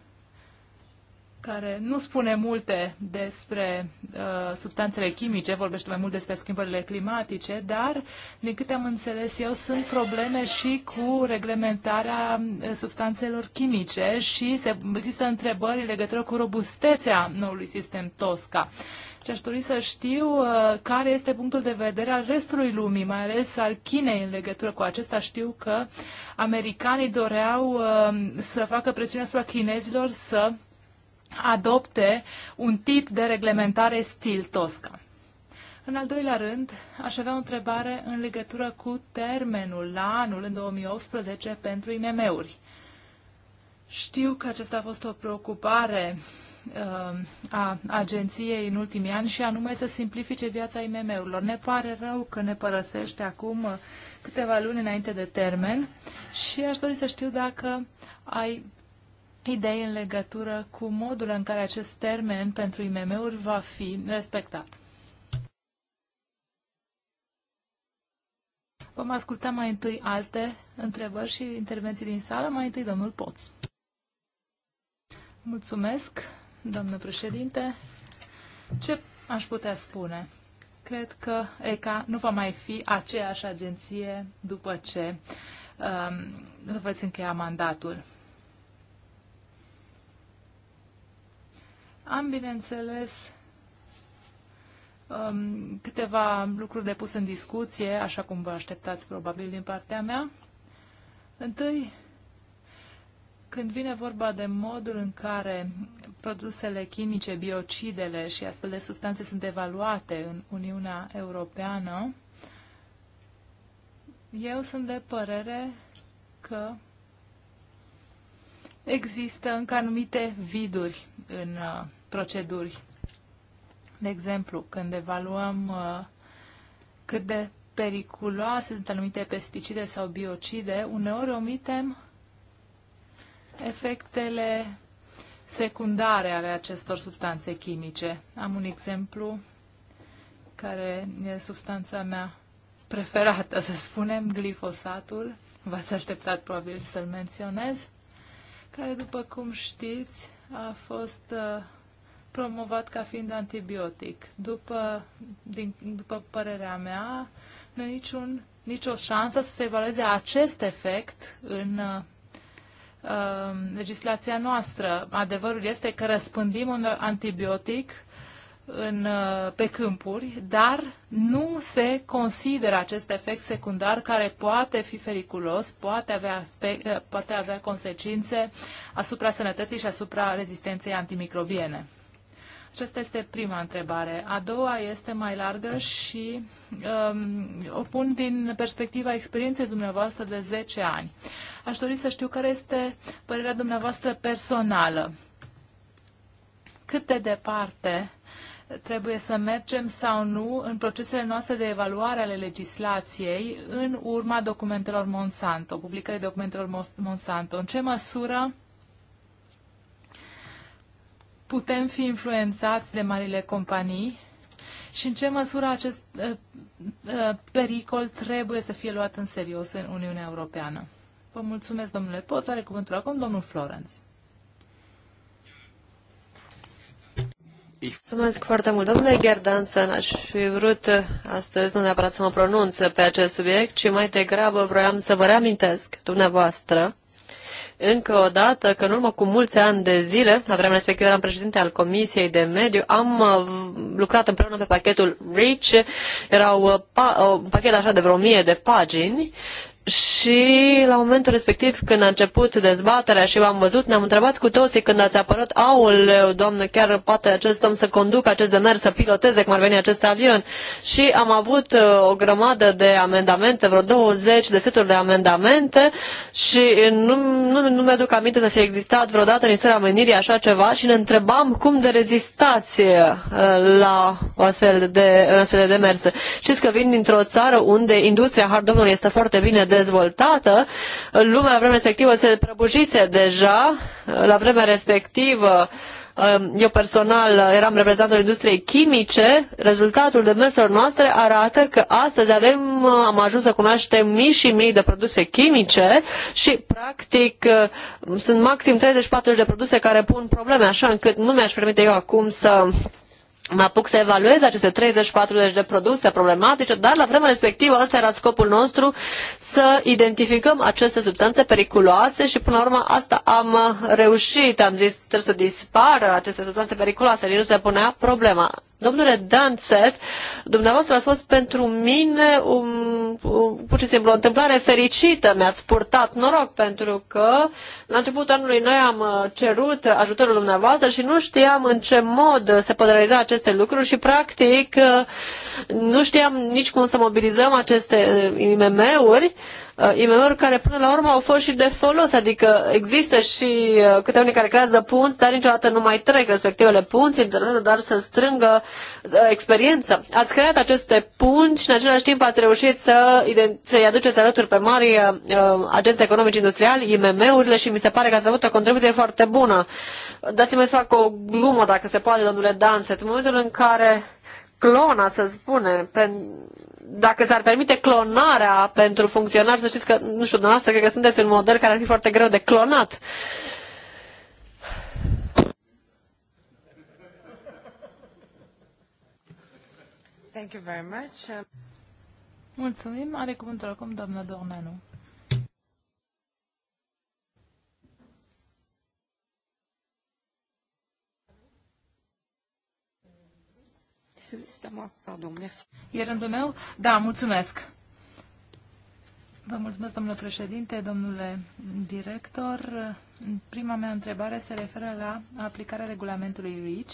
care nu spune multe despre uh, substanțele chimice, vorbește mai mult despre schimbările climatice, dar, din câte am înțeles eu, sunt probleme și cu reglementarea uh, substanțelor chimice și se, există întrebări în legătură cu robustețea noului sistem TOSCA. Și aș dori să știu uh, care este punctul de vedere al restului lumii, mai ales al Chinei în legătură cu acesta. Știu că americanii doreau uh, să facă presiune asupra chinezilor să adopte un tip de reglementare stil tosca. În al doilea rând, aș avea o întrebare în legătură cu termenul la anul în 2018 pentru IMM-uri. Știu că acesta a fost o preocupare uh, a agenției în ultimii ani și anume să simplifice viața IMM-urilor. Ne pare rău că ne părăsește acum uh, câteva luni înainte de termen și aș dori să știu dacă ai idei în legătură cu modul în care acest termen pentru IMM-uri va fi respectat. Vom asculta mai întâi alte întrebări și intervenții din sală, mai întâi domnul Poț. Mulțumesc, domnul președinte. Ce aș putea spune? Cred că ECA nu va mai fi aceeași agenție după ce um, veți încheia mandatul. Am, bineînțeles, um, câteva lucruri de pus în discuție, așa cum vă așteptați probabil din partea mea. Întâi, când vine vorba de modul în care produsele chimice, biocidele și astfel de substanțe sunt evaluate în Uniunea Europeană, eu sunt de părere că există încă anumite viduri în uh, proceduri. De exemplu, când evaluăm uh, cât de periculoase sunt anumite pesticide sau biocide, uneori omitem efectele secundare ale acestor substanțe chimice. Am un exemplu care e substanța mea preferată, să spunem, glifosatul. V-ați așteptat probabil să-l menționez, care, după cum știți, a fost uh, promovat ca fiind antibiotic. După, din, după părerea mea, nu e niciun, nicio șansă să se evalueze acest efect în uh, legislația noastră. Adevărul este că răspândim un antibiotic în, uh, pe câmpuri, dar nu se consideră acest efect secundar care poate fi periculos, poate avea, aspect, uh, poate avea consecințe asupra sănătății și asupra rezistenței antimicrobiene. Aceasta este prima întrebare. A doua este mai largă și um, o pun din perspectiva experienței dumneavoastră de 10 ani. Aș dori să știu care este părerea dumneavoastră personală. Cât de departe trebuie să mergem sau nu în procesele noastre de evaluare ale legislației în urma documentelor Monsanto, publicării documentelor Monsanto. În ce măsură putem fi influențați de marile companii și în ce măsură acest uh, uh, pericol trebuie să fie luat în serios în Uniunea Europeană. Vă mulțumesc, domnule Poț. Are cuvântul acum domnul Florence. Mulțumesc foarte mult, domnule Gerdansen. Aș fi vrut uh, astăzi nu neapărat să mă pronunț pe acest subiect, ci mai degrabă vroiam să vă reamintesc dumneavoastră încă o dată că în urmă cu mulți ani de zile, la vremea respectivă eram președinte al Comisiei de Mediu, am uh, lucrat împreună pe pachetul REACH, erau uh, uh, un pachet așa de vreo mie de pagini și la momentul respectiv, când a început dezbaterea și v-am văzut, ne-am întrebat cu toții când ați apărut, aul, doamnă, chiar poate acest om să conducă acest demers, să piloteze cum ar veni acest avion. Și am avut uh, o grămadă de amendamente, vreo 20 de seturi de amendamente și nu, nu, nu mi-aduc aminte să fie existat vreodată în istoria menirii așa ceva și ne întrebam cum de rezistați uh, la o astfel de, astfel de demers. Știți că vin dintr-o țară unde industria, har domnului, este foarte bine dezvoltată, lumea vremea respectivă se prăbușise deja, la vremea respectivă um, eu personal eram reprezentantul industriei chimice, rezultatul demersurilor noastre arată că astăzi avem, uh, am ajuns să cunoaștem mii și mii de produse chimice și, practic, uh, sunt maxim 30-40 de produse care pun probleme, așa încât nu mi-aș permite eu acum să mă apuc să evaluez aceste 30-40 de produse problematice, dar la vremea respectivă ăsta era scopul nostru să identificăm aceste substanțe periculoase și până la urmă asta am reușit, am zis trebuie să dispară aceste substanțe periculoase, nici nu se punea problema. Domnule Danțet, dumneavoastră ați fost pentru mine um, um, pur și simplu o întâmplare fericită. Mi-ați purtat noroc pentru că la începutul anului noi am uh, cerut ajutorul dumneavoastră și nu știam în ce mod se pot realiza aceste lucruri și practic uh, nu știam nici cum să mobilizăm aceste uh, IMM-uri. Uh, Uh, IMM-uri care până la urmă au fost și de folos, adică există și uh, câte unii care creează punți, dar niciodată nu mai trec respectivele punți, dar doar să strângă uh, experiență. Ați creat aceste punți și în același timp ați reușit să, să-i aduceți alături pe mari agenții economici industriali, IMM-urile și mi se pare că ați avut o contribuție foarte bună. Dați-mi să fac o glumă, dacă se poate, domnule Danset, în momentul în care clona, să spune, pe dacă s-ar permite clonarea pentru funcționari, să știți că, nu știu, dumneavoastră, cred că sunteți un model care ar fi foarte greu de clonat. Thank you very much. Mulțumim. Are cuvântul acum doamna Dornanu. Pardon, merci. E rândul meu? Da, mulțumesc. Vă mulțumesc, domnule președinte, domnule director. Prima mea întrebare se referă la aplicarea regulamentului REACH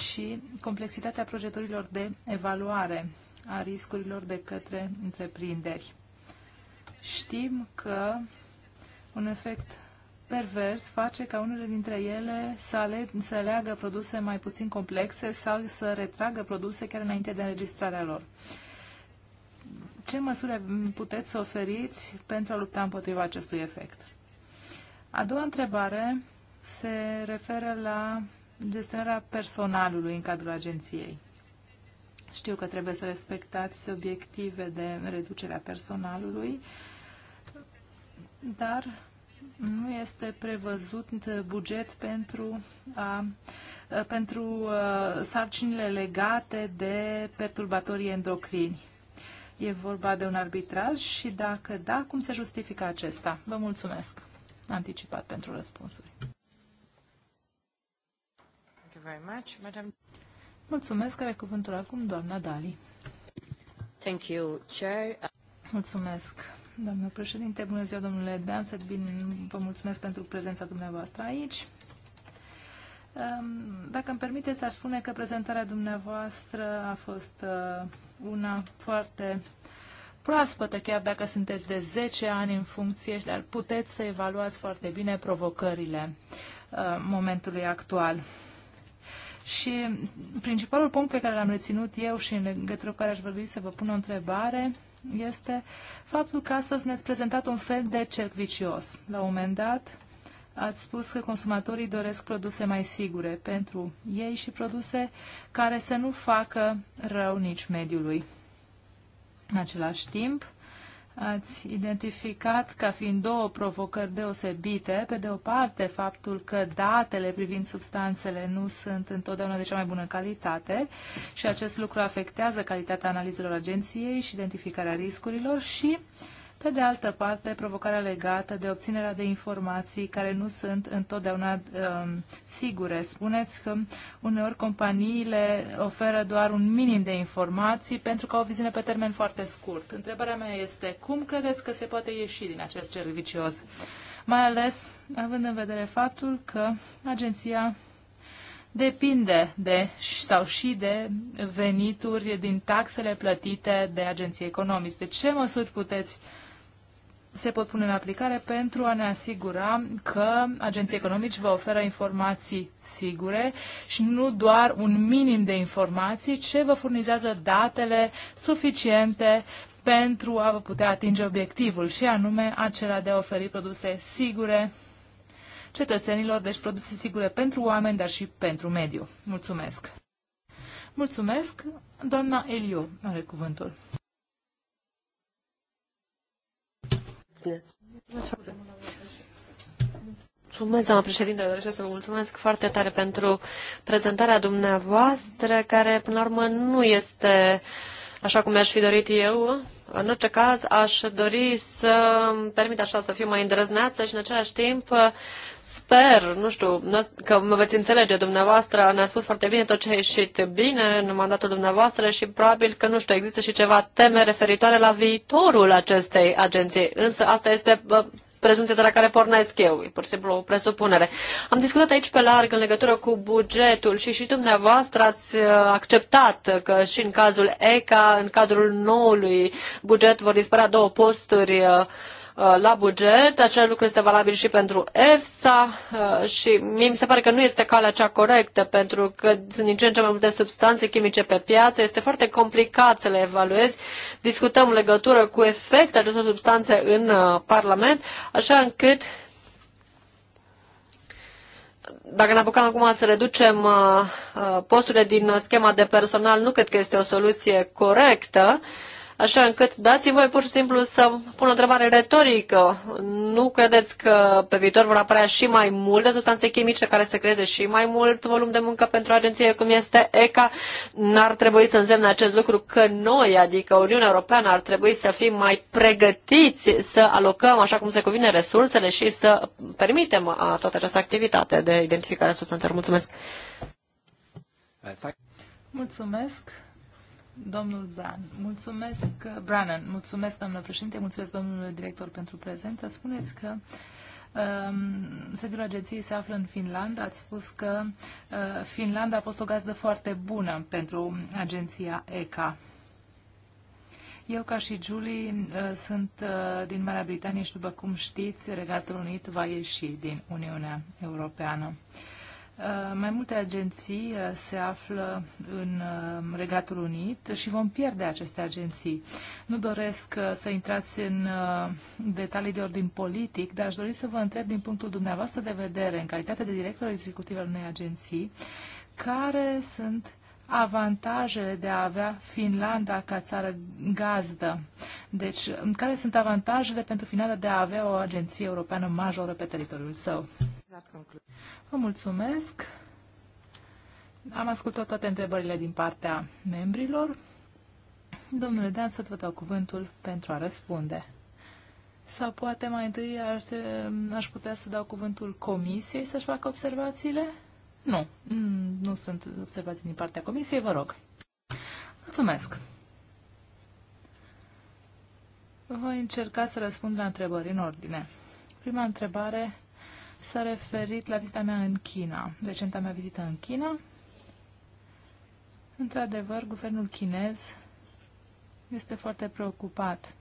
și complexitatea procedurilor de evaluare a riscurilor de către întreprinderi. Știm că un efect pervers face ca unele dintre ele să, ale, să aleagă produse mai puțin complexe sau să retragă produse chiar înainte de înregistrarea lor. Ce măsuri puteți să oferiți pentru a lupta împotriva acestui efect? A doua întrebare se referă la gestionarea personalului în cadrul agenției. Știu că trebuie să respectați obiective de reducerea personalului, dar nu este prevăzut buget pentru, a, pentru sarcinile legate de perturbatorii endocrini. E vorba de un arbitraj și dacă da, cum se justifică acesta? Vă mulțumesc anticipat pentru răspunsuri. Mulțumesc. Are cuvântul acum doamna Dali. Thank you, Chair. Mulțumesc, doamnă președinte. Bună ziua, domnule Danset. Bine, vă mulțumesc pentru prezența dumneavoastră aici. Dacă îmi permiteți, aș spune că prezentarea dumneavoastră a fost uh, una foarte proaspătă, chiar dacă sunteți de 10 ani în funcție, dar puteți să evaluați foarte bine provocările uh, momentului actual. Și principalul punct pe care l-am reținut eu și în legătură cu care aș vorbi să vă pun o întrebare este faptul că astăzi ne-ați prezentat un fel de cerc vicios. La un moment dat ați spus că consumatorii doresc produse mai sigure pentru ei și produse care să nu facă rău nici mediului. În același timp, ați identificat ca fiind două provocări deosebite. Pe de o parte, faptul că datele privind substanțele nu sunt întotdeauna de cea mai bună calitate și acest lucru afectează calitatea analizelor agenției și identificarea riscurilor și uh, pe de altă parte, provocarea legată de obținerea de informații care nu sunt întotdeauna um, sigure. Spuneți că uneori companiile oferă doar un minim de informații pentru că o viziune pe termen foarte scurt. Întrebarea mea este cum credeți că se poate ieși din acest cer vicios? Mai ales având în vedere faptul că agenția depinde de sau și de venituri din taxele plătite de agenții economici. De ce măsuri puteți uh, se pot pune în aplicare pentru a ne asigura că agenții economici vă oferă informații sigure și nu doar un minim de informații, ce vă furnizează datele suficiente pentru a vă putea atinge obiectivul și anume acela de a oferi produse sigure cetățenilor, deci produse sigure pentru oameni, dar și pentru mediu. Mulțumesc! Mulțumesc! Doamna Elio are cuvântul. Spune. Mulțumesc, doamna președinte, doresc să vă mulțumesc foarte tare pentru prezentarea dumneavoastră, care, până la urmă, nu este așa cum mi-aș fi dorit eu, în orice caz, aș dori să îmi permit așa să fiu mai îndrăzneață și în același timp uh, sper, nu știu, că mă veți înțelege dumneavoastră, ne-a spus foarte bine tot ce a ieșit bine în mandatul dumneavoastră și probabil că, nu știu, există și ceva teme referitoare la viitorul acestei agenții. Însă asta este prezunte de la care pornesc eu, e pur și simplu o presupunere. Am discutat aici pe larg în legătură cu bugetul și și dumneavoastră ați uh, acceptat că și în cazul ECA, în cadrul noului buget, vor dispărea două posturi uh, Uh, la buget. Același lucru este valabil și pentru EFSA uh, și mie mi se pare că nu este calea cea corectă pentru că sunt din ce în ce mai multe substanțe chimice pe piață. Este foarte complicat să le evaluezi. Discutăm legătură cu efectul acestor substanțe în uh, Parlament, așa încât dacă ne apucăm acum să reducem posturile din schema de personal, nu cred că este o soluție corectă așa încât dați-mi voi pur și simplu să pun o întrebare retorică. Nu credeți că pe viitor vor apărea și mai multe substanțe chimice care să creeze și mai mult volum de muncă pentru agenție cum este ECA? N-ar trebui să însemne acest lucru că noi, adică Uniunea Europeană, ar trebui să fim mai pregătiți să alocăm așa cum se cuvine resursele și să permitem uh, toată această activitate de identificare a substanțelor. Mulțumesc! Mulțumesc! Domnul Bran, mulțumesc, Brannan, mulțumesc, doamnă președinte, mulțumesc, domnule director, pentru prezentă. Spuneți că um, sediul agenției se află în Finlanda. Ați spus că uh, Finlanda a fost o gazdă foarte bună pentru agenția ECA. Eu, ca și Julie, uh, sunt uh, din Marea Britanie și, după cum știți, Regatul Unit va ieși din Uniunea Europeană. Uh, Uh, mai multe agenții uh, se află în uh, Regatul Unit și vom pierde aceste agenții. Nu doresc să intrați în detalii de ordin politic, dar aș dori să vă întreb din punctul dumneavoastră de vedere, în calitate de director executiv al unei agenții, care sunt avantajele de a avea Finlanda ca țară gazdă? Deci, um, care sunt avantajele pentru Finlanda de a avea o agenție europeană majoră pe teritoriul său? Vă mulțumesc. Am ascultat toate întrebările din partea membrilor. Domnule Dan, să vă dau cuvântul pentru a răspunde. Sau poate mai întâi aș, aș putea să dau cuvântul comisiei să-și facă observațiile? Nu, mm, nu sunt observații din partea comisiei, vă rog. Mulțumesc. Voi încerca să răspund la întrebări în ordine. Prima întrebare s-a referit la vizita mea în China, recenta mea vizită în China. Într-adevăr, guvernul chinez este foarte preocupat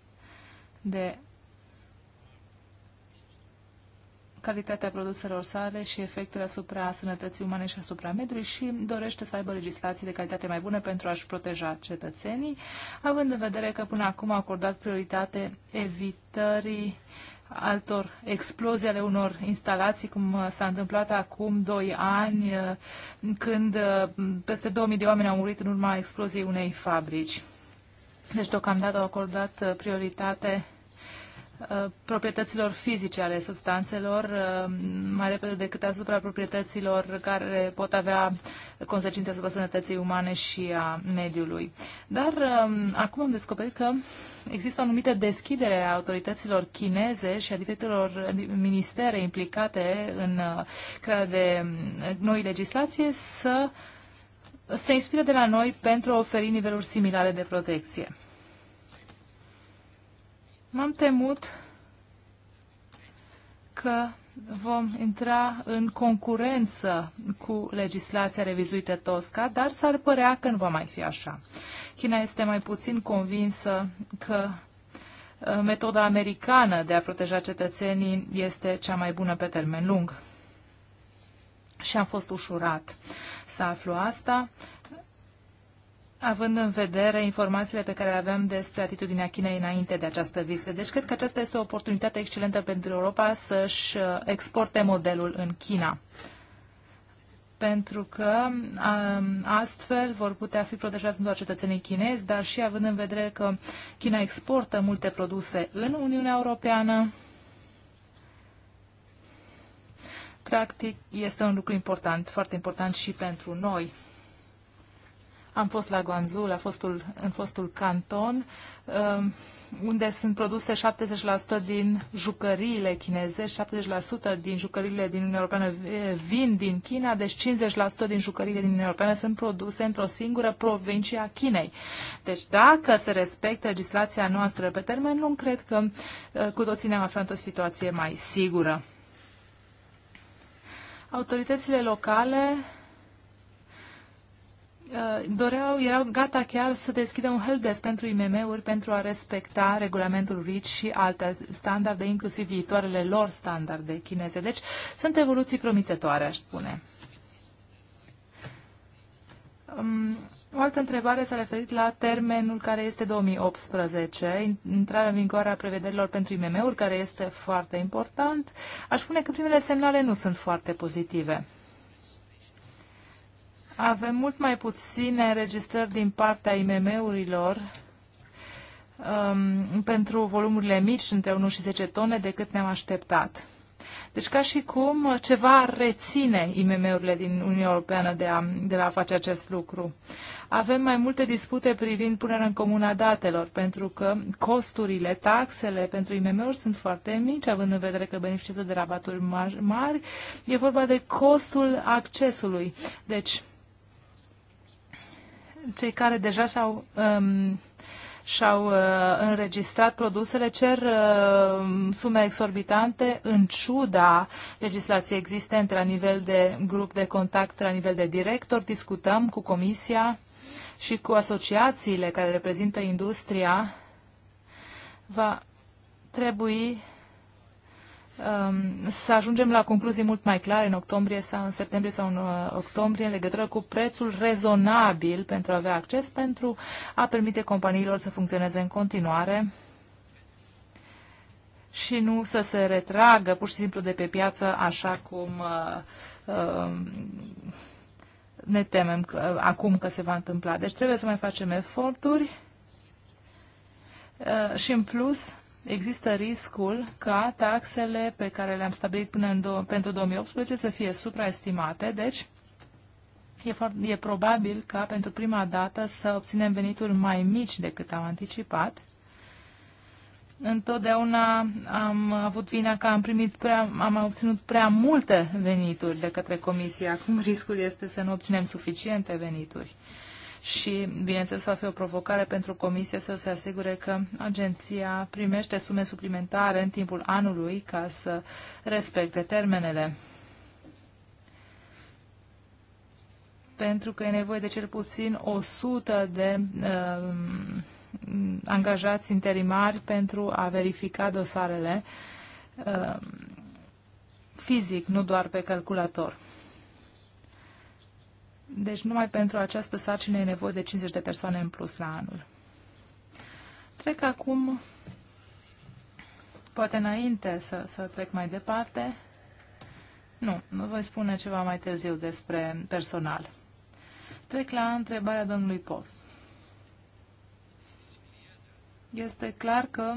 de calitatea produselor sale și efectele asupra sănătății umane și asupra mediului și dorește să aibă legislații de calitate mai bună pentru a-și proteja cetățenii, având în vedere că până acum a acordat prioritate evitării altor explozii ale unor instalații, cum uh, s-a întâmplat acum doi ani, uh, când uh, peste 2000 de oameni au murit în urma exploziei unei fabrici. Deci, deocamdată au acordat prioritate Uh, proprietăților fizice ale substanțelor uh, mai repede decât asupra proprietăților care pot avea consecințe asupra sănătății umane și a mediului. Dar um, acum am descoperit că există o anumită deschidere a autorităților chineze și a diferitelor ministere implicate în uh, crearea de noi legislație să se inspire de la noi pentru a oferi niveluri similare de protecție. M-am temut că vom intra în concurență cu legislația revizuită Tosca, dar s-ar părea că nu va mai fi așa. China este mai puțin convinsă că uh, metoda americană de a proteja cetățenii este cea mai bună pe termen lung. Și am fost ușurat să aflu asta având în vedere informațiile pe care le aveam despre atitudinea Chinei înainte de această vizită. Deci cred că aceasta este o oportunitate excelentă pentru Europa să-și uh, exporte modelul în China. Pentru că um, astfel vor putea fi protejați nu doar cetățenii chinezi, dar și având în vedere că China exportă multe produse în Uniunea Europeană, practic este un lucru important, foarte important și pentru noi. Am fost la Guangzhou, la fostul, în fostul canton, um, unde sunt produse 70% din jucăriile chineze, 70% din jucăriile din Uniunea Europeană vin din China, deci 50% din jucăriile din Uniunea Europeană sunt produse într-o singură provincie a Chinei. Deci dacă se respectă legislația noastră pe termen lung, cred că uh, cu toții ne-am aflat într-o situație mai sigură. Autoritățile locale Uh, doreau, erau gata chiar să deschidă un helpdesk pentru IMM-uri pentru a respecta regulamentul RIC și alte standarde, inclusiv viitoarele lor standarde chineze. Deci sunt evoluții promițătoare, aș spune. Um, o altă întrebare s-a referit la termenul care este 2018, intrarea în vigoare a prevederilor pentru IMM-uri, care este foarte important. Aș spune că primele semnale nu sunt foarte pozitive avem mult mai puține înregistrări din partea IMM-urilor um, pentru volumurile mici, între 1 și 10 tone, decât ne-am așteptat. Deci ca și cum ceva reține IMM-urile din Uniunea Europeană de a, de a face acest lucru. Avem mai multe dispute privind punerea în comun a datelor, pentru că costurile, taxele pentru IMM-uri sunt foarte mici, având în vedere că beneficiază de rabaturi mari. mari. E vorba de costul accesului. Deci, cei care deja și-au um, și-au uh, înregistrat produsele, cer uh, sume exorbitante în ciuda legislației existente la nivel de grup de contact, la nivel de director. Discutăm cu Comisia și cu asociațiile care reprezintă industria. Va trebui Um, să ajungem la concluzii mult mai clare în octombrie sau în septembrie sau în uh, octombrie în legătură cu prețul rezonabil pentru a avea acces, pentru a permite companiilor să funcționeze în continuare și nu să se retragă pur și simplu de pe piață așa cum uh, um, ne temem uh, acum că se va întâmpla. Deci trebuie să mai facem eforturi și în plus există riscul ca taxele pe care le-am stabilit până în do- pentru 2018 să fie supraestimate, deci e, e probabil ca pentru prima dată să obținem venituri mai mici decât am anticipat. Întotdeauna am avut vina că am, primit prea, am obținut prea multe venituri de către comisie. Acum riscul este să nu obținem suficiente venituri și, bineînțeles, va fi o provocare pentru Comisie să se asigure că agenția primește sume suplimentare în timpul anului ca să respecte termenele. Pentru că e nevoie de cel puțin 100 de uh, angajați interimari pentru a verifica dosarele uh, fizic, nu doar pe calculator. Deci numai pentru această sarcină e nevoie de 50 de persoane în plus la anul. Trec acum, poate înainte să, să trec mai departe, nu, nu voi spune ceva mai târziu despre personal. Trec la întrebarea domnului Pos. Este clar că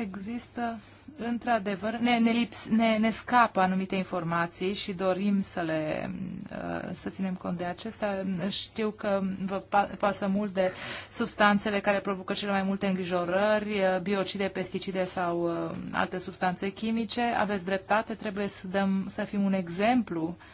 există într-adevăr, ne, ne, lips, ne, ne scapă anumite informații și dorim să le uh, să ținem cont de acestea. Știu că vă pasă mult de substanțele care provocă cele mai multe îngrijorări, uh, biocide, pesticide sau uh, alte substanțe chimice. Aveți dreptate, trebuie să, dăm, să fim un exemplu uh,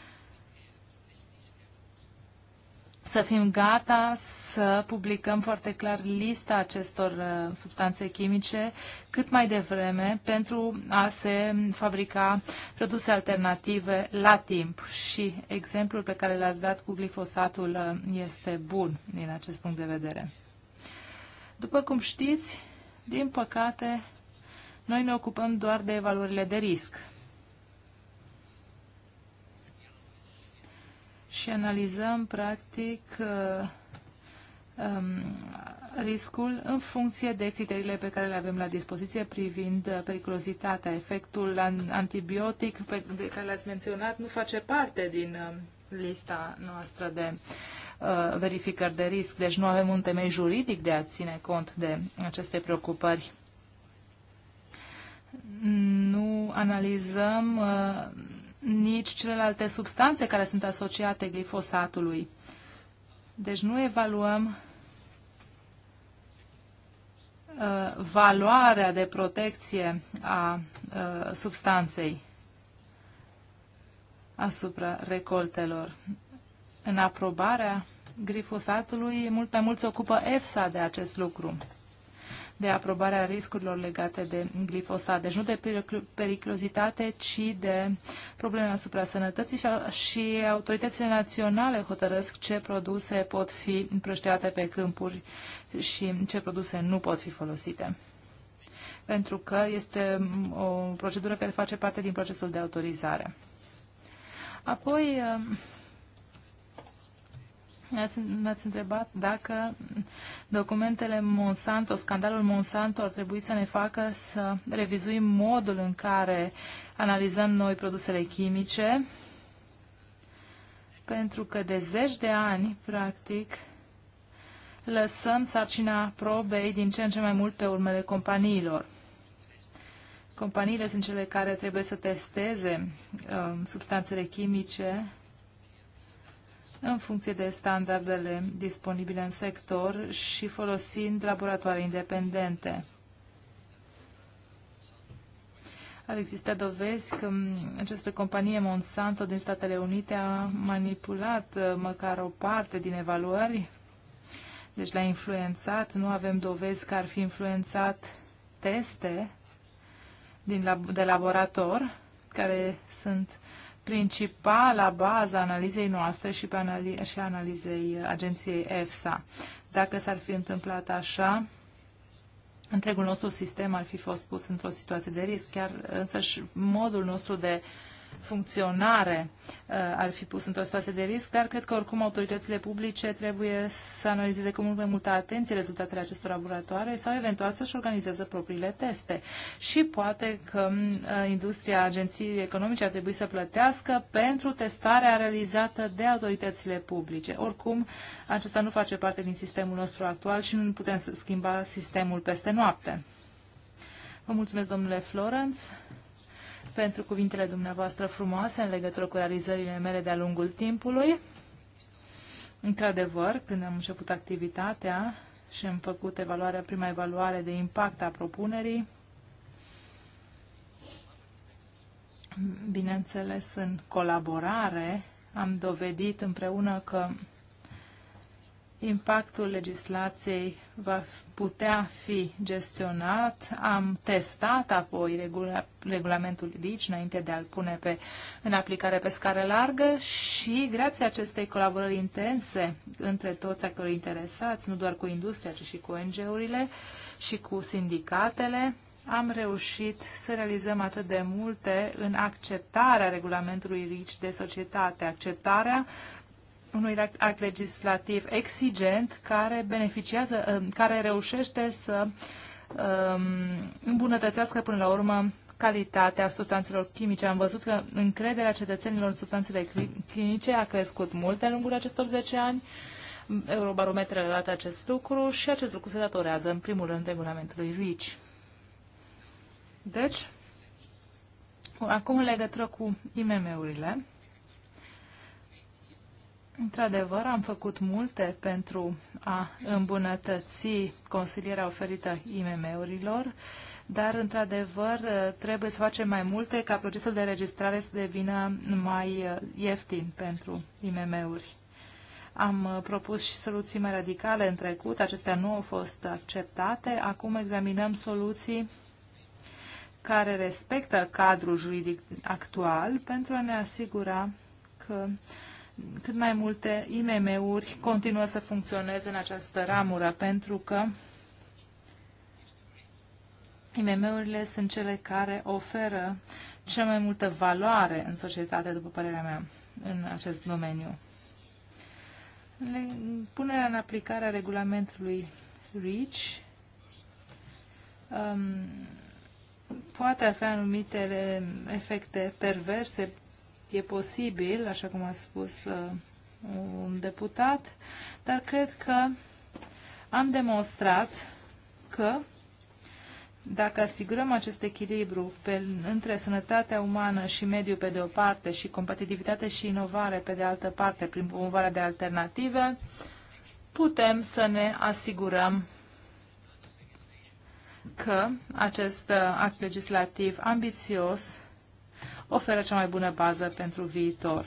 să fim gata să publicăm foarte clar lista acestor uh, substanțe chimice cât mai devreme pentru a se fabrica produse alternative la timp. Și exemplul pe care l-ați dat cu glifosatul uh, este bun din acest punct de vedere. După cum știți, din păcate, noi ne ocupăm doar de evaluările de risc și analizăm, practic, uh, um, riscul în funcție de criteriile pe care le avem la dispoziție privind uh, periculozitatea. Efectul antibiotic pe care l-ați menționat nu face parte din uh, lista noastră de verificări de risc, deci nu avem un temei juridic de a ține cont de aceste preocupări. Nu analizăm nici celelalte substanțe care sunt asociate glifosatului. Deci nu evaluăm uh, valoarea de protecție a uh, substanței asupra recoltelor. În aprobarea glifosatului, mult mai mult se ocupă EFSA de acest lucru de aprobarea riscurilor legate de glifosat. Deci nu de periculozitate, ci de probleme asupra sănătății și autoritățile naționale hotărăsc ce produse pot fi împrăștiate pe câmpuri și ce produse nu pot fi folosite pentru că este mm, o procedură care face parte din procesul de autorizare. Apoi, mi ați întrebat dacă documentele Monsanto, scandalul Monsanto ar trebui să ne facă să revizuim modul în care analizăm noi produsele chimice, pentru că de zeci de ani, practic, lăsăm sarcina probei din ce în ce mai mult pe urmele companiilor. Companiile sunt cele care trebuie să testeze uh, substanțele chimice în funcție de standardele disponibile în sector și folosind laboratoare independente. Ar exista dovezi că mm, această companie Monsanto din Statele Unite a manipulat uh, măcar o parte din evaluări, deci l-a influențat. Nu avem dovezi că ar fi influențat teste din de laborator care sunt principala bază a analizei noastre și, pe analiz- și analizei agenției EFSA. Dacă s-ar fi întâmplat așa, întregul nostru sistem ar fi fost pus într-o situație de risc, chiar însăși modul nostru de uh, funcționare uh, ar fi pus într-o situație de risc, dar cred că oricum autoritățile publice trebuie să analizeze cu mult mai multă atenție rezultatele acestor laboratoare sau eventual să-și organizeze propriile teste. Și poate că uh, industria agenției economice ar trebui să plătească pentru testarea realizată de autoritățile publice. Oricum, acesta nu face parte din sistemul nostru actual și nu putem să schimba sistemul peste noapte. Vă mulțumesc, domnule Florence pentru cuvintele dumneavoastră frumoase în legătură cu realizările mele de-a lungul timpului. Într-adevăr, când am început activitatea și am făcut evaluarea, prima evaluare de impact a propunerii, bineînțeles în colaborare, am dovedit împreună că impactul legislației va putea fi gestionat. Am testat apoi regula, regulamentul RICI înainte de a-l pune pe, în aplicare pe scară largă și grație acestei colaborări intense între toți actorii interesați, nu doar cu industria, ci și cu ONG-urile și cu sindicatele, am reușit să realizăm atât de multe în acceptarea regulamentului RICI de societate, acceptarea unui act legislativ exigent care beneficiază, um, care reușește să um, îmbunătățească până la urmă calitatea substanțelor chimice. Am văzut că încrederea cetățenilor în substanțele chimice a crescut mult în lungul acestor 10 ani. Eurobarometrele arată acest lucru și acest lucru se datorează în primul rând regulamentului REACH. Deci, acum în legătură cu IMM-urile, Într-adevăr, am făcut multe pentru a îmbunătăți consilierea oferită IMM-urilor, dar, într-adevăr, trebuie să facem mai multe ca procesul de registrare să devină mai uh, ieftin pentru IMM-uri. Am uh, propus și soluții mai radicale în trecut, acestea nu au fost acceptate. Acum examinăm soluții care respectă cadrul juridic actual pentru a ne asigura că uh, cât mai multe IMM-uri continuă să funcționeze în această ramură, pentru că IMM-urile sunt cele care oferă cea mai multă valoare în societate, după părerea mea, în acest domeniu. Punerea în aplicare a regulamentului REACH um, poate avea anumite efecte perverse E posibil, așa cum a spus uh, un deputat, dar cred că am demonstrat că dacă asigurăm acest echilibru pe, între sănătatea umană și mediu pe de o parte și competitivitate și inovare pe de altă parte prin promovarea de alternative, putem să ne asigurăm că acest uh, act legislativ ambițios oferă cea mai bună bază pentru viitor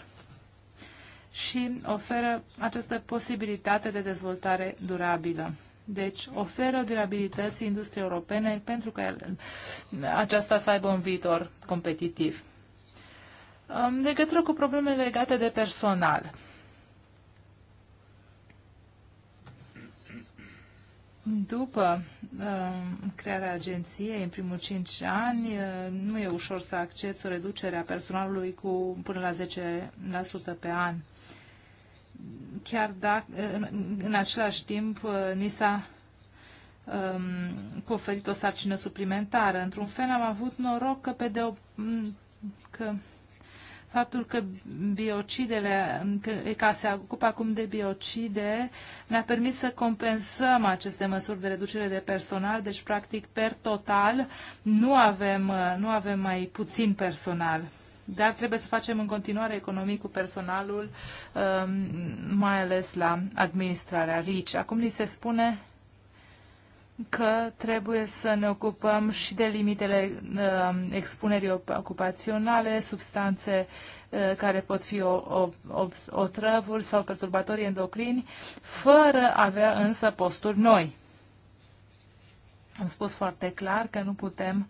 și oferă această posibilitate de dezvoltare durabilă. Deci oferă durabilității industriei europene pentru că aceasta să aibă un viitor competitiv. legătură cu problemele legate de personal. După Uh, crearea agenției în primul 5 ani. Uh, nu e ușor să accepți o reducere a personalului cu până la 10% pe an. Chiar dacă în, în același timp uh, ni s-a um, o sarcină suplimentară. Într-un fel am avut noroc că pe de o, că faptul că biocidele, că se ocupă acum de biocide, ne-a permis să compensăm aceste măsuri de reducere de personal, deci practic per total nu avem, nu avem mai puțin personal. Dar trebuie să facem în continuare economii cu personalul, um, mai ales la administrarea RICI. Acum ni se spune că trebuie să ne ocupăm și de limitele uh, expunerii ocupaționale, substanțe uh, care pot fi o, o, o, otrăvuri sau perturbatorii endocrini, fără a avea însă posturi noi. Am spus foarte clar că nu putem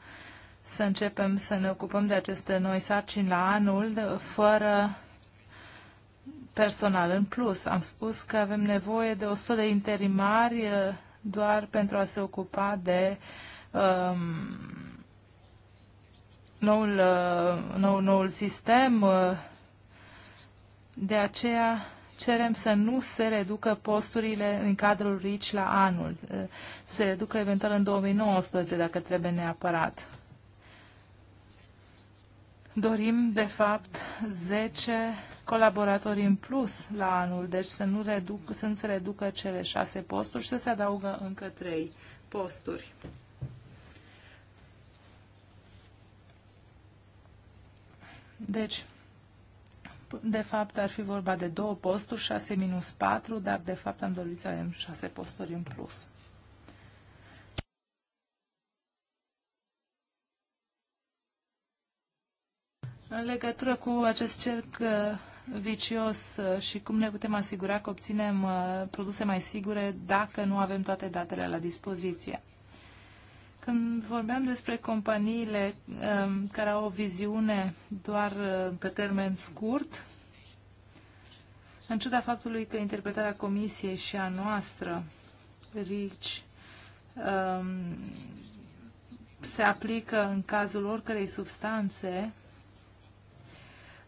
să începem să ne ocupăm de aceste noi sarcini la anul fără personal în plus. Am spus că avem nevoie de 100 de interimari uh, doar pentru a se ocupa de um, noul, uh, nou, noul sistem. Uh, de aceea cerem să nu se reducă posturile în cadrul RICI la anul. Uh, se reducă eventual în 2019, dacă trebuie neapărat dorim, de fapt, 10 colaboratori în plus la anul, deci să nu, reduc, să nu se reducă cele 6 posturi și să se adaugă încă 3 posturi. Deci, de fapt, ar fi vorba de două posturi, 6 minus 4, dar de fapt am dorit să avem 6 posturi în plus. În legătură cu acest cerc uh, vicios uh, și cum ne putem asigura că obținem uh, produse mai sigure dacă nu avem toate datele la dispoziție. Când vorbeam despre companiile um, care au o viziune doar pe termen scurt, în ciuda faptului că interpretarea comisiei și a noastră, RICI, um, se aplică în cazul oricărei substanțe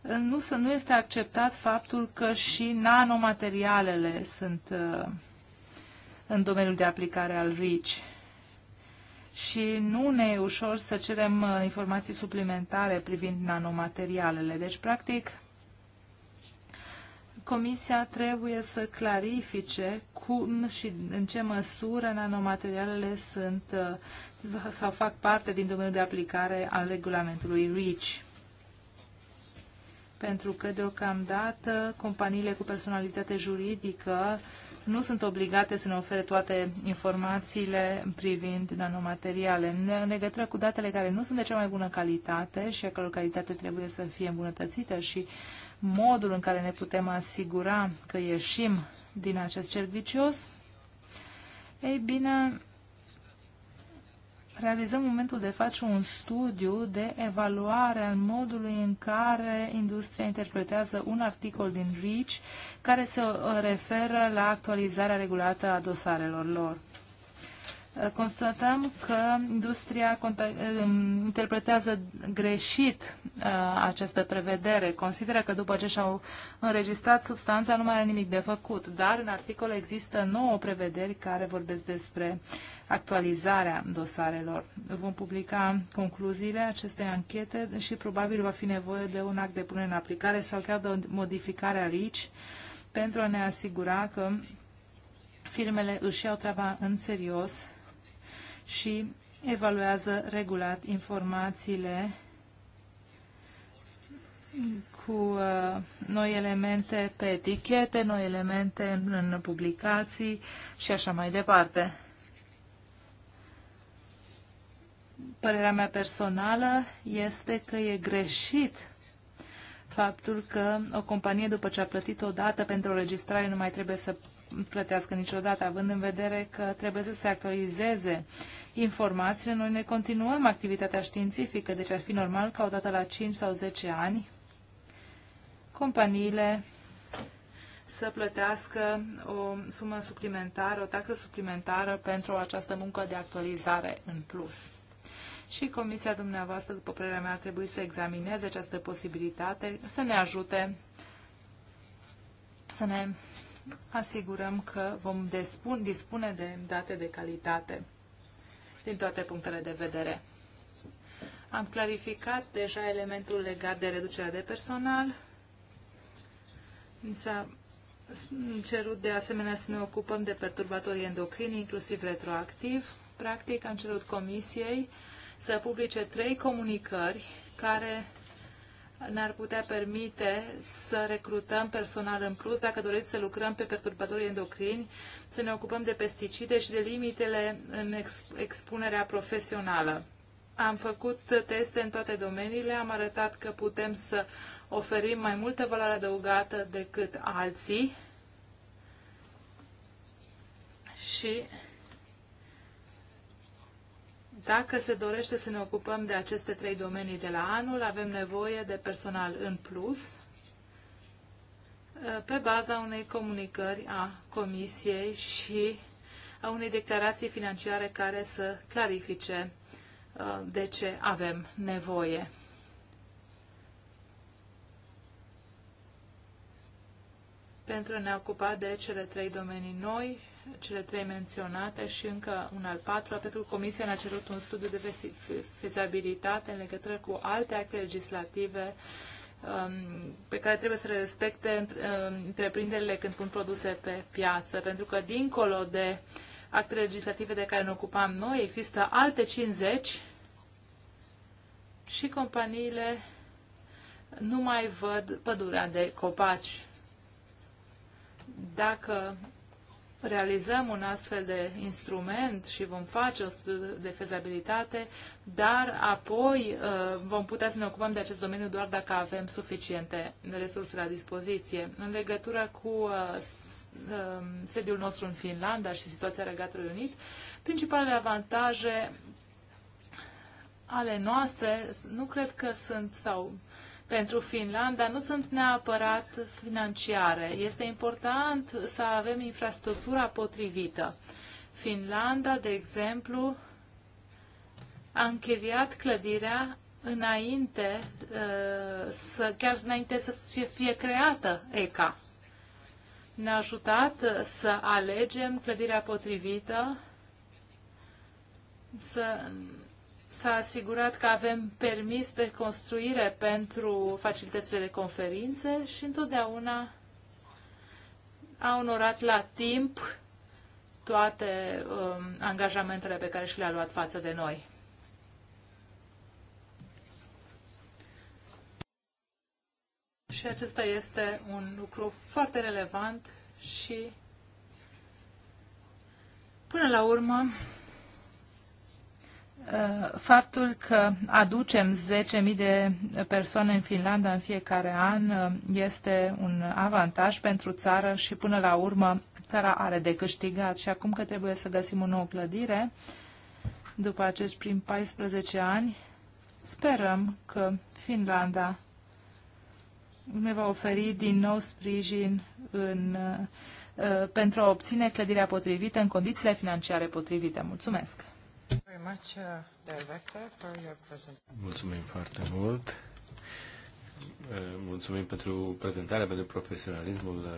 nu, nu este acceptat faptul că și nanomaterialele sunt uh, în domeniul de aplicare al RICI și nu ne e ușor să cerem uh, informații suplimentare privind nanomaterialele. Deci, practic, Comisia trebuie să clarifice cum și în ce măsură nanomaterialele sunt uh, sau fac parte din domeniul de aplicare al regulamentului REACH pentru că deocamdată companiile cu personalitate juridică nu sunt obligate să ne ofere toate informațiile privind nanomateriale. În legătură cu datele care nu sunt de cea mai bună calitate și a căror calitate trebuie să fie îmbunătățită și modul în care ne putem asigura că ieșim din acest cerc vicios, ei bine, realizăm în momentul de face un studiu de evaluare al modului în care industria interpretează un articol din REACH care se referă la actualizarea regulată a dosarelor lor. Uh, constatăm că industria uh, interpretează greșit uh, această prevedere. Consideră că după ce și-au înregistrat substanța nu mai are nimic de făcut, dar în articol există nouă prevederi care vorbesc despre actualizarea dosarelor. Vom publica concluziile acestei anchete și probabil va fi nevoie de un act de punere în aplicare sau chiar de o modificare a RICI pentru a ne asigura că firmele își iau treaba în serios și evaluează regulat informațiile cu uh, noi elemente pe etichete, noi elemente în, în publicații și așa mai departe. Părerea mea personală este că e greșit faptul că o companie, după ce a plătit o dată pentru o registrare, nu mai trebuie să plătească niciodată, având în vedere că trebuie să se actualizeze informațiile. Noi ne continuăm activitatea științifică, deci ar fi normal ca odată la 5 sau 10 ani companiile să plătească o sumă suplimentară, o taxă suplimentară pentru această muncă de actualizare în plus. Și comisia dumneavoastră, după părerea mea, trebuie să examineze această posibilitate, să ne ajute să ne asigurăm că vom despun, dispune de date de calitate din toate punctele de vedere. Am clarificat deja elementul legat de reducerea de personal. Mi s-a cerut de asemenea să ne ocupăm de perturbatorii endocrini, inclusiv retroactiv. Practic, am cerut comisiei să publice trei comunicări care ne-ar putea permite să recrutăm personal în plus dacă doriți să lucrăm pe perturbatorii endocrini, să ne ocupăm de pesticide și de limitele în expunerea profesională. Am făcut teste în toate domeniile, am arătat că putem să oferim mai multă valoare adăugată decât alții și dacă se dorește să ne ocupăm de aceste trei domenii de la anul, avem nevoie de personal în plus uh, pe baza unei comunicări a Comisiei și a unei declarații financiare care să clarifice uh, de ce avem nevoie. Pentru a ne ocupa de cele trei domenii noi cele trei menționate și încă un al patrulea, pentru că Comisia ne-a cerut un studiu de fezabilitate în legătură cu alte acte legislative um, pe care trebuie să le respecte um, întreprinderile când pun produse pe piață, pentru că dincolo de actele legislative de care ne ocupam noi, există alte 50 și companiile nu mai văd pădurea de copaci. Dacă realizăm un astfel de instrument și vom face o studiu de fezabilitate, dar apoi uh, vom putea să ne ocupăm de acest domeniu doar dacă avem suficiente resurse la dispoziție. În legătură cu uh, um, sediul nostru în Finlanda și situația Regatului Unit, principalele avantaje ale noastre nu cred că sunt sau pentru Finlanda nu sunt neapărat financiare. Este important să avem infrastructura potrivită. Finlanda, de exemplu, a închiriat clădirea înainte uh, să, chiar înainte să fie, fie creată ECA. Ne-a ajutat să alegem clădirea potrivită, să s-a asigurat că avem permis de construire pentru facilitățile de conferințe și întotdeauna a onorat la timp toate um, angajamentele pe care și le-a luat față de noi. Și acesta este un lucru foarte relevant și până la urmă Faptul că aducem 10.000 de persoane în Finlanda în fiecare an uh, este un avantaj pentru țară și până la urmă țara are de câștigat și acum că trebuie să găsim o nouă clădire, după acești prim 14 ani, sperăm că Finlanda ne va oferi din nou sprijin în, uh, uh, pentru a obține clădirea potrivită în condițiile financiare potrivite. Mulțumesc! Mulțumim foarte mult. Eh, mulțumim pentru prezentarea, pentru profesionalismul eh,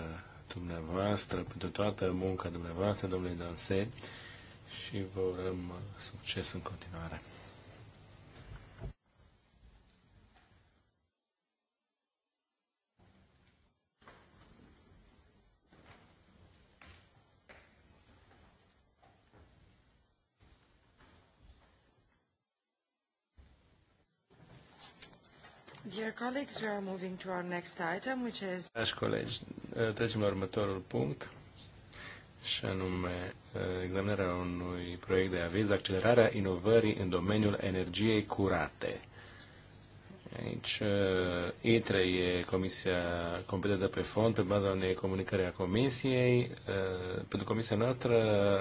dumneavoastră, pentru toată munca dumneavoastră, domnule Danse, și vă urăm succes în continuare. Dragi colegi, eh, trecem la următorul punct, și anume eh, examinarea unui proiect de aviz, accelerarea inovării în domeniul energiei curate. Aici, eh, ITRE e comisia competentă pe fond, pe baza unei comunicări a comisiei. Pentru comisia noastră,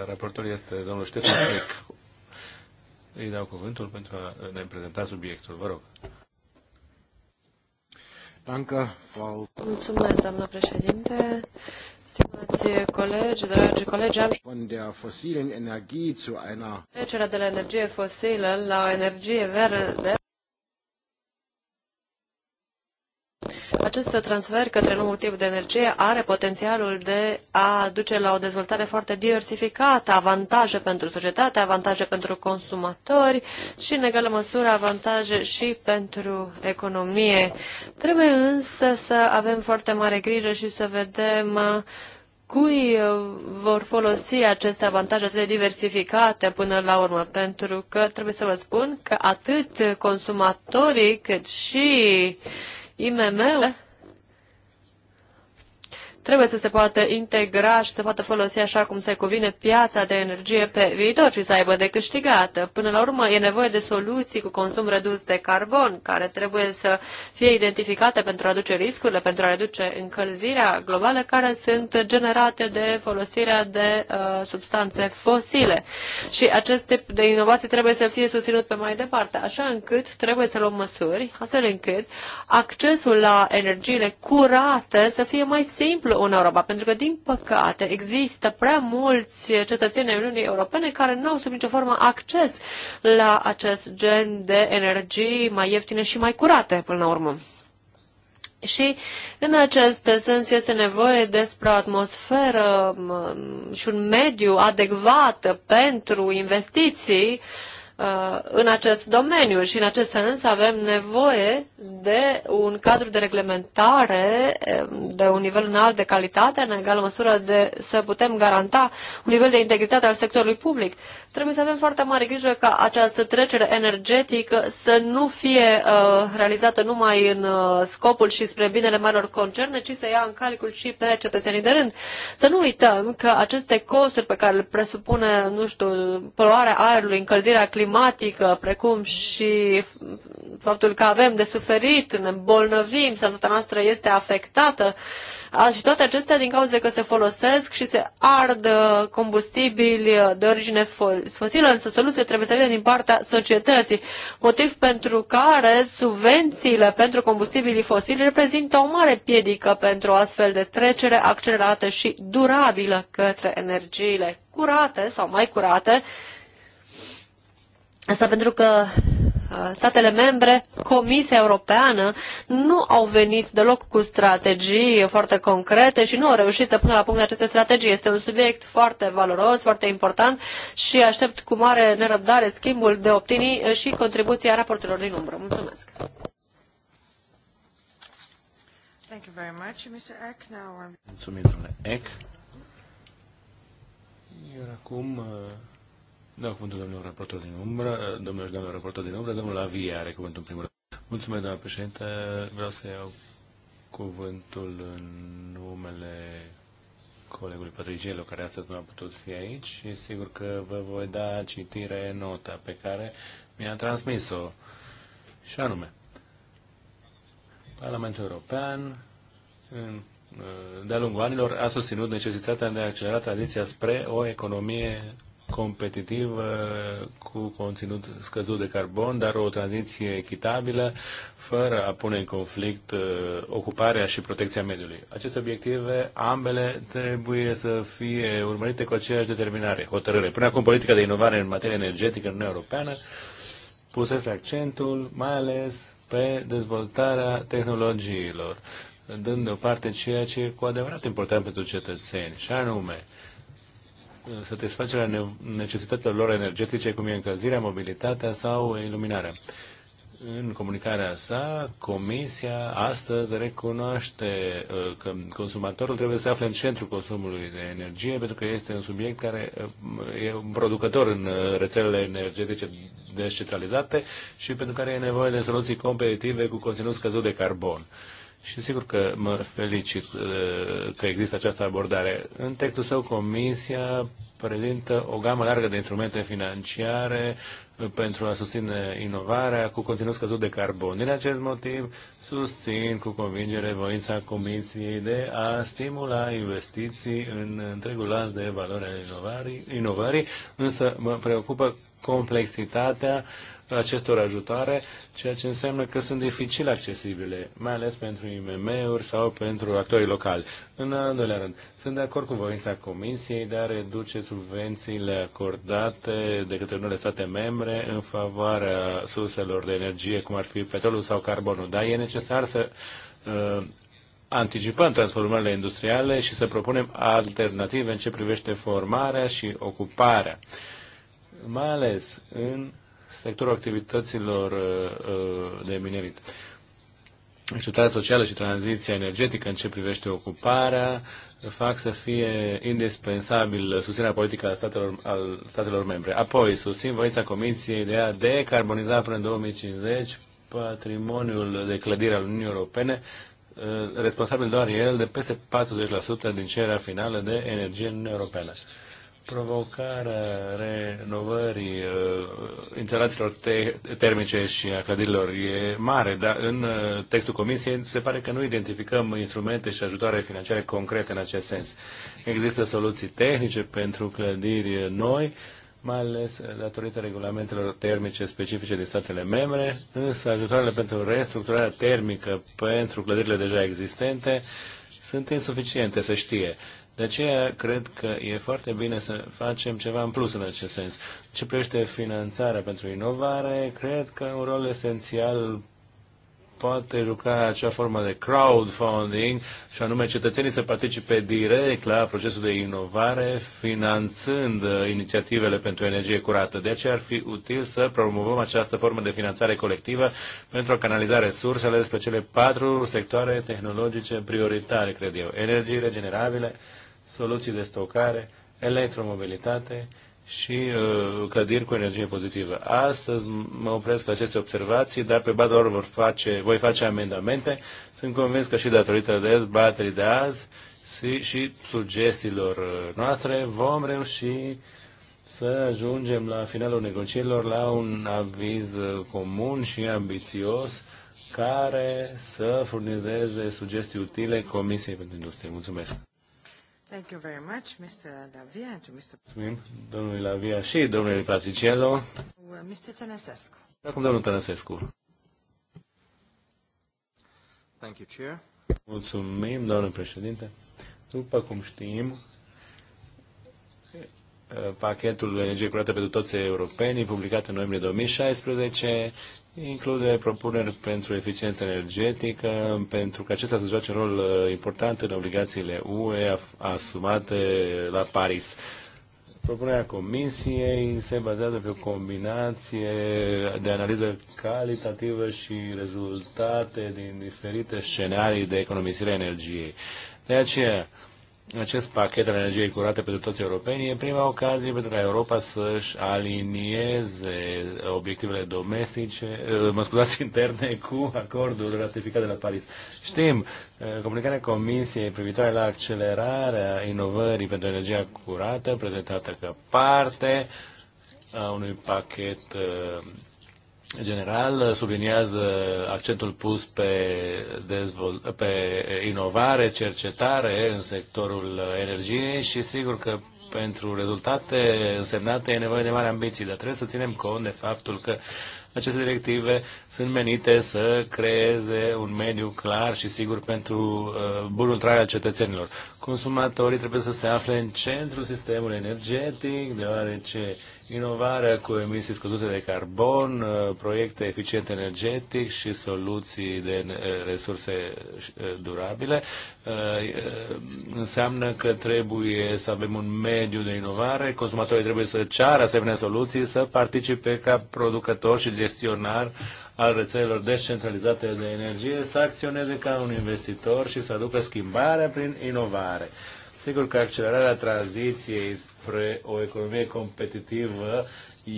raportorul este domnul Ștefan Îi dau cuvântul pentru a ne prezenta subiectul. Vă rog. Danke, Mulțumesc, doamnă președinte. Stimați colegi, dragi colegi, am von der fossilen Energie zu einer trecerea de la energie fosilă la energie verde Acest transfer către noul tip de energie are potențialul de a duce la o dezvoltare foarte diversificată, avantaje pentru societate, avantaje pentru consumatori și, în egală măsură, avantaje și pentru economie. Trebuie însă să avem foarte mare grijă și să vedem uh, cui uh, vor folosi aceste avantaje atât de diversificate până la urmă, pentru că trebuie să vă spun că atât consumatorii cât și uh, IMM-urile trebuie să se poată integra și să poată folosi așa cum se cuvine piața de energie pe viitor și să aibă de câștigat. Până la urmă, e nevoie de soluții cu consum redus de carbon, care trebuie să fie identificate pentru a reduce riscurile, pentru a reduce încălzirea globală, care sunt generate de folosirea de uh, substanțe fosile. Și acest tip de inovații trebuie să fie susținut pe mai departe, așa încât trebuie să luăm măsuri, astfel încât accesul la energiile curate să fie mai simplu în Europa. Pentru că, din păcate, există prea mulți cetățeni ai Uniunii Europene care nu au sub nicio formă acces la acest gen de energii mai ieftine și mai curate, până la urmă. Și în acest sens este nevoie despre o atmosferă și un mediu adecvat pentru investiții uh, Uh, în acest domeniu și în acest sens avem nevoie de un cadru de reglementare um, de un nivel înalt de calitate, în egală măsură de să putem garanta un nivel de integritate al sectorului public. Trebuie să avem foarte mare grijă ca această trecere energetică să nu fie uh, realizată numai în uh, scopul și spre binele marilor concerne, ci să ia în calcul și pe cetățenii de rând. Să nu uităm că aceste costuri pe care le presupune, nu știu, poluarea aerului, încălzirea climatică, climatică, precum și faptul că avem de suferit, ne îmbolnăvim, sănătatea noastră este afectată și toate acestea din cauza că se folosesc și se ard combustibili de origine fosilă, însă soluția trebuie să vină din partea societății, motiv pentru care subvențiile pentru combustibilii fosili reprezintă o mare piedică pentru o astfel de trecere accelerată și durabilă către energiile curate sau mai curate, Asta pentru că uh, statele membre, Comisia Europeană, nu au venit deloc cu strategii foarte concrete și nu au reușit să pună la punct aceste strategii. Este un subiect foarte valoros, foarte important și aștept cu mare nerăbdare schimbul de opinii și contribuția raportelor din umbră. Mulțumesc! Thank you very much, Mr. Eck. Now... Mulțumim, domnule Eck. Iar acum uh, da, cuvântul domnul raportor din umbră, domnul și domnul raportor din umbră, domnul Avia are cuvântul în primul rând. Mulțumesc, doamna președinte. Vreau să iau cuvântul în numele colegului Patricielo, care astăzi nu a putut fi aici și sigur că vă voi da citire nota pe care mi-a transmis-o. Și anume, Parlamentul European în de-a lungul anilor a susținut necesitatea de a accelera tradiția spre o economie competitiv cu conținut scăzut de carbon, dar o tranziție echitabilă, fără a pune în conflict uh, ocuparea și protecția mediului. Aceste obiective, ambele, trebuie să fie urmărite cu aceeași determinare, hotărâre. Până acum, politica de inovare în materie energetică în Uniunea Europeană pusese accentul mai ales pe dezvoltarea tehnologiilor, dând deoparte ceea ce e cu adevărat important pentru cetățeni, și anume satisfacerea necesităților lor energetice, cum e încălzirea, mobilitatea sau iluminarea. În comunicarea sa, Comisia astăzi recunoaște uh, că consumatorul trebuie să se afle în centrul consumului de energie, pentru că este un subiect care uh, e un producător în uh, rețelele energetice descentralizate și pentru care e nevoie de soluții competitive cu conținut scăzut de carbon. Și sigur că mă felicit uh, că există această abordare. În textul său, Comisia prezintă o gamă largă de instrumente financiare uh, pentru a susține inovarea cu conținut scăzut de carbon. Din acest motiv, susțin cu convingere voința Comisiei de a stimula investiții în întregul lanț de valoare al inovării, inovării, însă mă preocupă complexitatea uh, acestor ajutare, ceea ce înseamnă că sunt dificil accesibile, mai ales pentru IMM-uri sau pentru actorii locali. În al doilea rând, sunt de acord cu voința Comisiei de a reduce subvențiile acordate de către unele state membre în favoarea surselor de energie, cum ar fi petrolul sau carbonul, dar e necesar să uh, anticipăm transformările industriale și să propunem alternative în ce privește formarea și ocuparea, mai ales în sectorul activităților uh, uh, de minerit. Acceptarea socială și tranziția energetică în ce privește ocuparea fac să fie indispensabil susținerea politică a statelor, al statelor membre. Apoi, susțin voința Comisiei de a decarboniza până în 2050 patrimoniul de clădire al Uniunii Europene, uh, responsabil doar el de peste 40% din cererea finală de energie în Uniunea Europeană provocarea renovării uh, instalațiilor te- termice și a clădirilor e mare, dar în uh, textul Comisiei se pare că nu identificăm instrumente și ajutoare financiare concrete în acest sens. Există soluții tehnice pentru clădiri noi, mai ales datorită regulamentelor termice specifice din statele membre, însă ajutoarele pentru restructurarea termică pentru clădirile deja existente sunt insuficiente, să știe. De aceea cred că e foarte bine să facem ceva în plus în acest sens. Ce privește finanțarea pentru inovare, cred că un rol esențial poate juca acea formă de crowdfunding, și anume cetățenii să participe direct la procesul de inovare, finanțând uh, inițiativele pentru energie curată. De aceea ar fi util să promovăm această formă de finanțare colectivă pentru a canaliza resursele despre cele patru sectoare tehnologice prioritare, cred eu. Energii regenerabile, soluții de stocare, electromobilitate și uh, clădiri cu energie pozitivă. Astăzi mă opresc la aceste observații, dar pe baza lor vor face, voi face amendamente. Sunt convins că și datorită dezbaterii de azi și, și sugestiilor uh, noastre vom reuși să ajungem la finalul negocierilor la un aviz uh, comun și ambițios care să furnizeze sugestii utile Comisiei pentru Industrie. Mulțumesc! Thank you very much, Mr. and Mr. Mulțumim, domnului Lavia și domnului Patriciello. Uh, Mr. Tănăsescu. Acum domnul Tănăsescu. Thank you, Chair. Mulțumim, domnul președinte. După cum știm, pachetul Energie Curată pentru toți europenii, publicat în noiembrie 2016, include propuneri pentru eficiență energetică, pentru că acesta să joace un rol uh, important în obligațiile UE asumate la Paris. Propunerea Comisiei se bazează pe o combinație de analiză calitativă și rezultate din diferite scenarii de economisire a energiei. De aceea, acest pachet al energiei curate pentru toți europenii e prima ocazie pentru ca Europa să-și alinieze obiectivele domestice, eh, mă scuzați, interne cu acordul ratificat de la Paris. Știm, eh, comunicarea Comisiei privitoare la accelerarea inovării pentru energia curată, prezentată ca parte a unui pachet eh, general uh, subliniază accentul pus pe, dezvol- pe inovare, cercetare în sectorul uh, energiei și sigur că pentru rezultate însemnate e nevoie de mari ambiții, dar trebuie să ținem cont de faptul că aceste directive sunt menite să creeze un mediu clar și sigur pentru uh, bunul trai al cetățenilor. Consumatorii trebuie să se afle în centrul sistemului energetic, deoarece inovarea cu emisii scăzute de carbon, uh, proiecte eficiente energetic și soluții de uh, resurse durabile înseamnă că trebuie să avem un mediu de inovare, consumatorii trebuie să ceară asemenea soluții, să participe ca producători și gestionar al rețelelor descentralizate de energie să acționeze ca un investitor și să aducă schimbarea prin inovare. Sigur că accelerarea tranziției spre o economie competitivă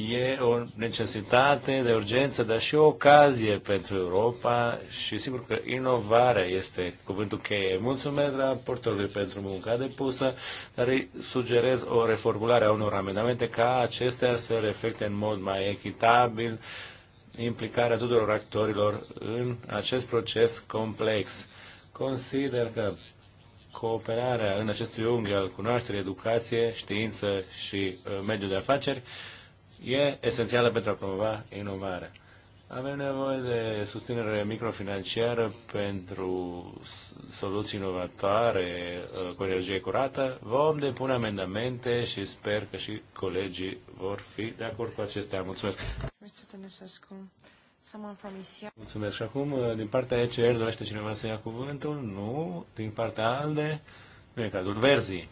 e o necesitate de urgență, dar și o ocazie pentru Europa și sigur că inovarea este cuvântul cheie. Mulțumesc raportorului pentru munca depusă, dar îi sugerez o reformulare a unor amendamente ca acestea să reflecte în mod mai echitabil uh, implicarea tuturor actorilor în acest proces complex. Consider că cooperarea în acest triunghi al cunoașterii, educație, știință și uh, mediul de afaceri e esențială pentru a promova inovarea. Avem nevoie de susținere microfinanciară pentru soluții inovatoare uh, cu energie curată. Vom depune amendamente și sper că și colegii vor fi de acord cu acestea. Mulțumesc! Tănăsescu. Mulțumesc. Și acum, uh, din partea ECR, dorește cineva să ia cuvântul? Nu. Din partea ALDE, nu e cazul. Verzii.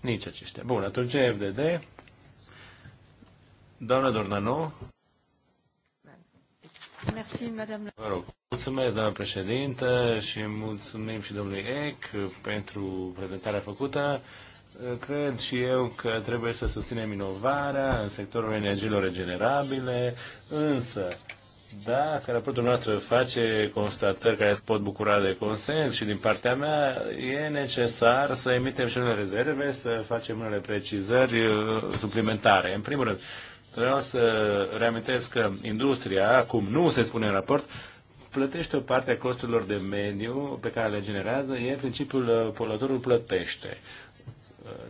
Nici aceștia. Bun, atunci FDD. Doamna Dornano. Merci, madame. Vă rog. Mulțumesc, doamna președintă, și mulțumim și domnului Ec pentru prezentarea făcută. Eh, cred și eu că trebuie să susținem inovarea în sectorul energiilor regenerabile, însă dacă raportul noastră face constatări care pot bucura de consens și din partea mea e necesar să emitem și unele rezerve, să facem unele precizări eh, suplimentare. În primul rând, vreau să reamintesc că industria, cum nu se spune în raport, plătește o parte a costurilor de mediu pe care le generează, e principiul eh, polătorul plătește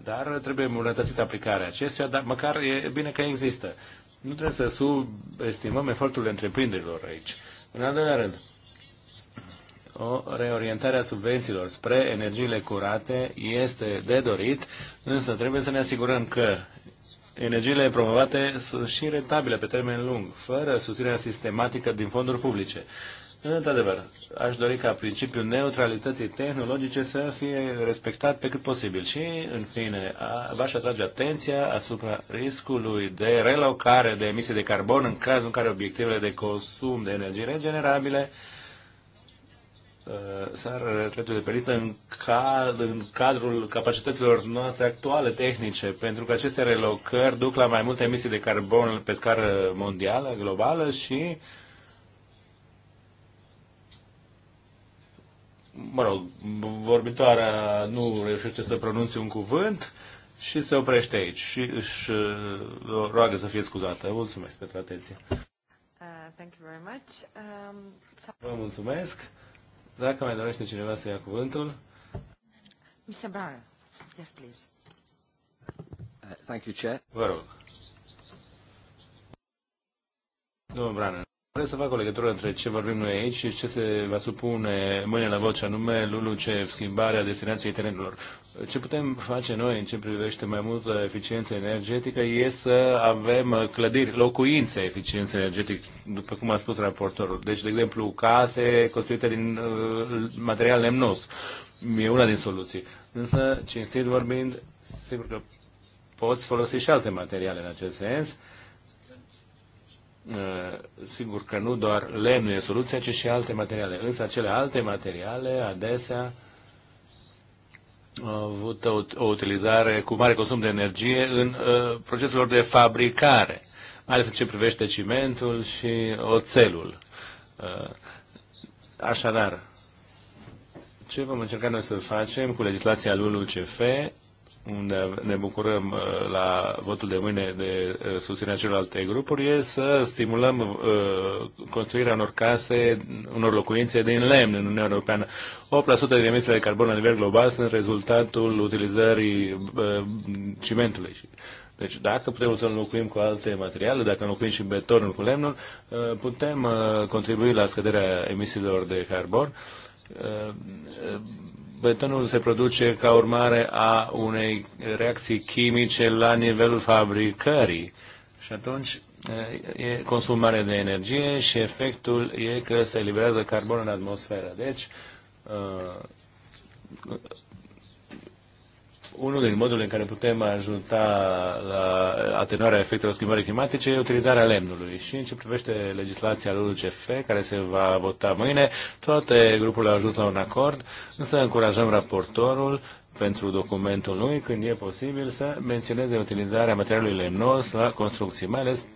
dar trebuie îmbunătățită aplicarea acestuia, dar măcar e bine că există. Nu trebuie să subestimăm eforturile întreprinderilor aici. În al doilea rând, o reorientare a subvențiilor spre energiile curate este de dorit, însă trebuie să ne asigurăm că energiile promovate sunt și rentabile pe termen lung, fără susținerea sistematică din fonduri publice. Într-adevăr, aș dori ca principiul neutralității tehnologice să fie respectat pe cât posibil. Și, în fine, v-aș atrage atenția asupra riscului de relocare de emisii de carbon în cazul în care obiectivele de consum de energie regenerabile uh, s-ar trece de perită în, cad, în cadrul capacităților noastre actuale tehnice, pentru că aceste relocări duc la mai multe emisii de carbon pe scară mondială, globală și uh, mă rog, vorbitoarea nu reușește să pronunțe un cuvânt și se oprește aici și își uh, roagă să fie scuzată. Mulțumesc pentru atenție. Uh, um, Vă mulțumesc. Dacă mai dorește cineva să ia cuvântul. Mr. Brown, yes, please. Uh, thank you, Chair. Vă rog. Domnul Brannan. Vreau să fac o legătură între ce vorbim noi aici și ce se va supune mâine la voce și anume LULUCEF, schimbarea destinației terenurilor. Ce putem face noi în ce privește mai multă eficiență energetică e să avem clădiri, locuințe eficiență energetică, după cum a spus raportorul. Deci, de exemplu, case construite din uh, material lemnos. E una din soluții. Însă, cinstit vorbind, sigur că poți folosi și alte materiale în acest sens. Uh, Eh, sigur că nu doar lemnul e soluția, ci și alte materiale. Însă acele alte materiale adesea au avut o, o utilizare cu mare consum de energie în uh, de fabricare, mai ales în ce privește cimentul și oțelul. Uh, așadar, ce vom încerca noi să facem cu legislația LULUCF unde ne bucurăm uh, la votul de mâine de uh, susținerea celorlalte grupuri, e să stimulăm uh, construirea unor case, unor locuințe din lemn în Uniunea Europeană. 8% din emisiile de carbon la nivel global sunt rezultatul utilizării cimentului. Deci dacă putem să înlocuim cu alte materiale, dacă înlocuim și betonul cu lemnul, putem contribui la scăderea emisiilor de carbon betonul se produce ca urmare a unei reacții chimice la nivelul fabricării. Și atunci e consumare de energie și efectul e că se eliberează carbon în atmosferă. Deci, uh, unul din modurile în care putem ajuta la atenuarea efectelor schimbării climatice e utilizarea lemnului. Și în ce privește legislația lui UCF, care se va vota mâine, toate grupurile au ajuns la un acord, însă încurajăm raportorul pentru documentul lui, când e posibil, să menționeze utilizarea materialului lemnos la construcții, mai ales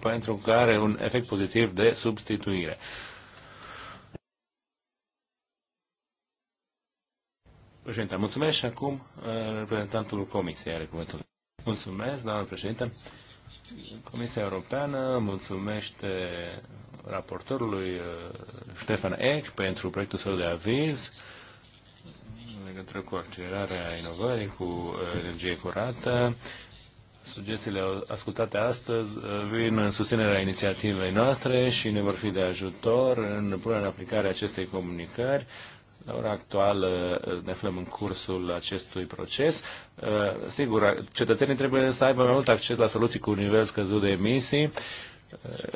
pentru care are un efect pozitiv de substituire. Președinte, mulțumesc și acum uh, reprezentantul Comisiei are cuvântul. Mulțumesc, doamnă președinte. Comisia Europeană mulțumește raportorului uh, Ștefan Eck pentru proiectul său de aviz în legătură cu accelerarea inovării, cu uh, energie curată. Sugestiile ascultate astăzi vin în susținerea inițiativei noastre și ne vor fi de ajutor în punerea în aplicare acestei comunicări la ora actuală eh, ne aflăm în cursul acestui proces. Eh, sigur, cetățenii trebuie să aibă mai mult acces la soluții cu un nivel scăzut de emisii. Eh,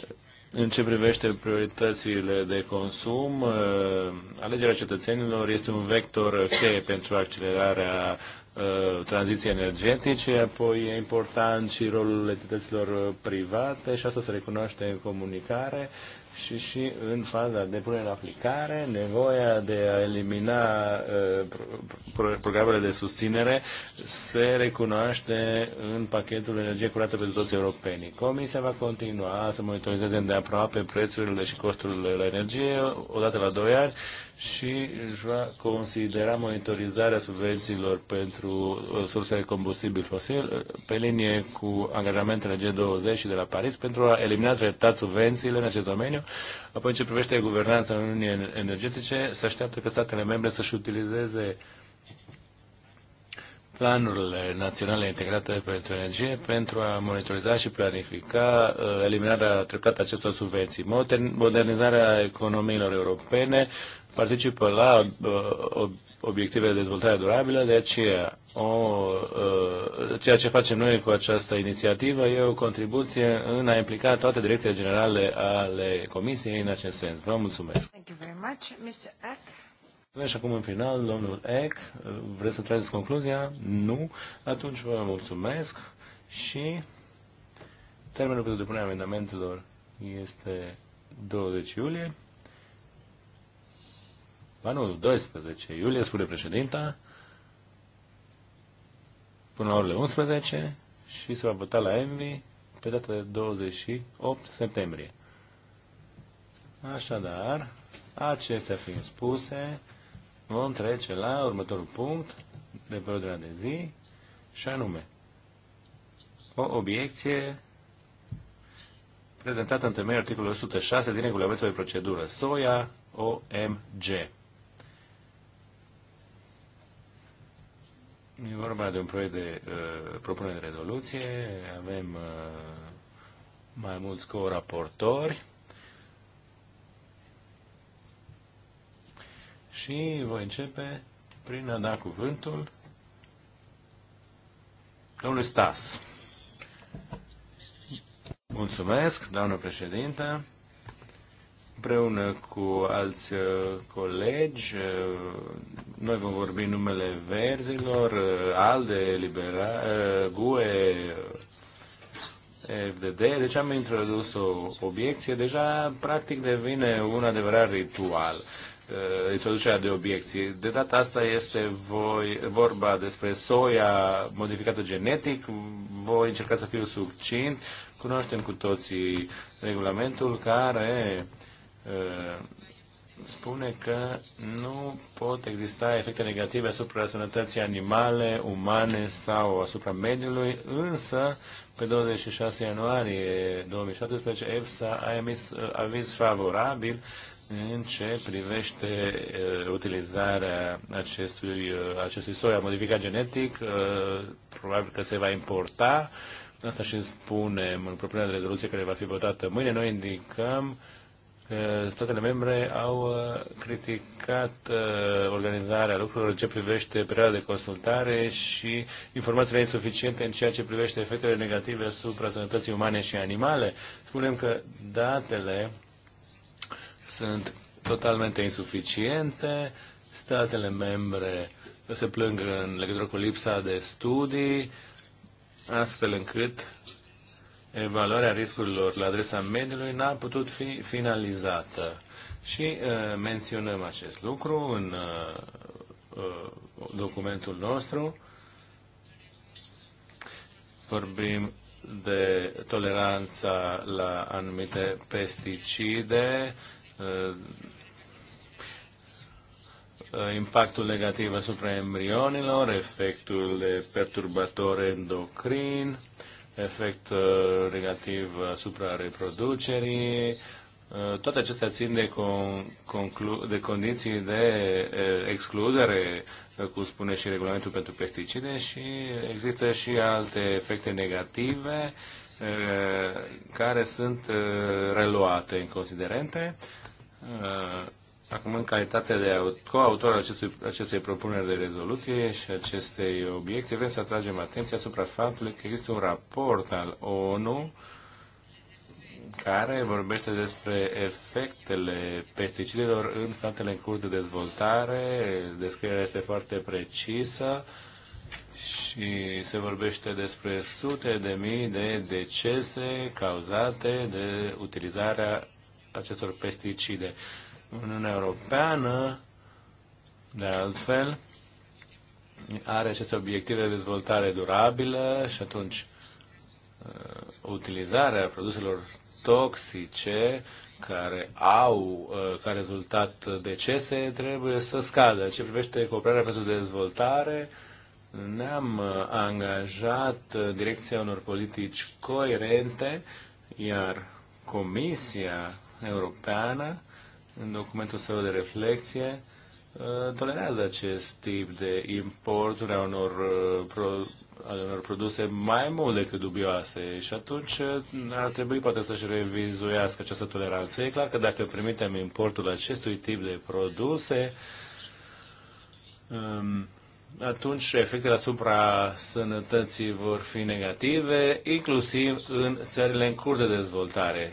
în ce privește prioritățile de consum, alegerea cetățenilor este un vector cheie pentru accelerarea tranziției energetice, apoi e important și rolul entităților private și asta se recunoaște în comunicare și și în faza de punere în aplicare, nevoia de a elimina uh, programele de susținere se recunoaște în pachetul energie curată pentru toți europenii. Comisia va continua să monitorizeze de aproape prețurile și costurile la energie odată la 2 ani și își va considera monitorizarea subvențiilor pentru uh, surse de combustibil fosil uh, pe linie cu angajamentele G20 și de la Paris pentru a elimina treptat subvențiile în acest domeniu. Apoi, în ce privește guvernanța Uniunii Energetice, se așteaptă că statele membre să-și utilizeze planurile naționale integrate pentru energie pentru a monitoriza și planifica uh, eliminarea treptată acestor subvenții, modernizarea economiilor europene, participă la uh, obiective de dezvoltare durabilă, de aceea o, uh, ceea ce facem noi cu această inițiativă e o contribuție în a implica toate direcțiile generale ale Comisiei în acest sens. Vă mulțumesc! Thank you very much, Mr. Eck. Și acum, în final, domnul Eck, vreți să trageți concluzia? Nu? Atunci vă mulțumesc și termenul pentru depunerea amendamentelor este 20 iulie. Ba nu, 12 iulie, spune președinta, până la orele 11 și se va vota la ENVI pe data de 28 septembrie. Așadar, acestea fiind spuse, vom trece la următorul punct de pe ordinea de zi, și anume o obiecție prezentată în temeiul articolului 106 din regulamentul de procedură SOIA OMG. E vorba de un proiect de uh, propunere de rezoluție. Avem uh, mai mulți co-raportori. Și voi începe prin a da cuvântul domnului Stas. Mulțumesc, doamnă președintă împreună cu alți uh, colegi. Uh, noi vom vorbi numele verzilor, uh, ALDE, Libera, GUE, FDD, deci am introdus o obiecție, deja practic devine un adevărat ritual introducerea de obiecții. De data asta este voi, vorba despre soia modificată genetic. Voi încerca să fiu succint. Cunoaștem cu toții regulamentul care Uh, spune că nu pot exista efecte negative asupra sănătății animale, umane sau asupra mediului, însă pe 26 ianuarie 2017 EFSA a emis uh, aviz favorabil în ce privește uh, utilizarea acestui, uh, acestui a modificat genetic, uh, probabil că se va importa. Asta și spunem în propunerea de rezoluție care va fi votată mâine. Noi indicăm uh, că statele membre au uh, criticat uh, organizarea lucrurilor în ce privește perioada de consultare și informațiile insuficiente în ceea ce privește efectele negative asupra sănătății umane și animale. Spunem că datele sunt totalmente insuficiente, statele membre se plâng în legătură cu lipsa de studii, astfel încât evaluarea riscurilor la adresa mediului n-a putut fi finalizată. Și uh, menționăm acest lucru în uh, uh, documentul nostru. Vorbim de toleranța la anumite pesticide, uh, impactul negativ asupra embrionilor, efectul de perturbator endocrin, uh, efect uh, negativ asupra reproducerii. Uh, toate acestea țin de, con- de condiții de uh, excludere, cum spune și regulamentul pentru pesticide, și există și alte efecte negative care sunt reluate în considerente Acum, în calitate de coautor al acestui, acestei propuneri de rezoluție și acestei obiecte, vrem să atragem atenția asupra faptului că există un raport al ONU care vorbește despre efectele pesticidelor în statele în curs de dezvoltare. Descrierea este foarte precisă și se vorbește despre sute de mii de decese cauzate de utilizarea acestor pesticide. Uniunea Europeană, de altfel, are aceste obiective de dezvoltare durabilă și atunci uh, utilizarea produselor toxice care au uh, ca rezultat decese trebuie să scadă. Ce privește cooperarea pentru dezvoltare, ne-am uh, angajat direcția unor politici coerente, iar Comisia Europeană în documentul său de reflexie, uh, tolerează acest tip de importuri a unor, uh, pro, a unor produse mai mult decât dubioase și atunci uh, ar trebui poate să-și revizuiască această toleranță. E clar că dacă permitem importul acestui tip de produse, um, atunci efectele asupra sănătății vor fi negative, inclusiv în țările în curs de dezvoltare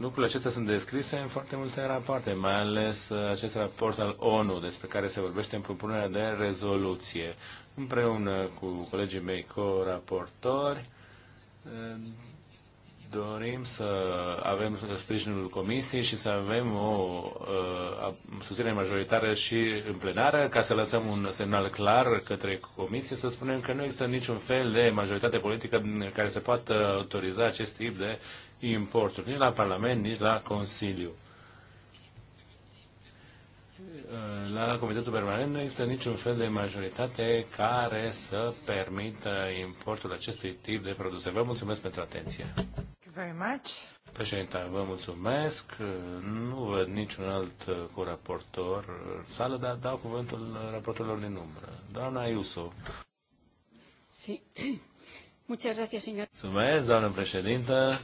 lucrurile acestea sunt descrise în foarte multe rapoarte, mai ales uh, acest raport al ONU despre care se vorbește în propunerea de rezoluție, împreună cu colegii mei co-raportori. Uh, dorim să avem sprijinul comisiei și să avem o uh, susținere majoritară și în plenară, ca să lăsăm un semnal clar către comisie, să spunem că nu există niciun fel de majoritate politică care să poată autoriza acest tip de importuri, nici la Parlament, nici la Consiliu. La Comitetul Permanent nu există niciun fel de majoritate care să permită importul acestui tip de produse. Vă mulțumesc pentru atenție. Președinte, vă mulțumesc. Nu văd niciun alt coraportor raportor sală, dar dau cuvântul raportorilor din umbră. Doamna Iuso. Sí. Muchas gracias, señor. Mulțumesc, doamnă președintă.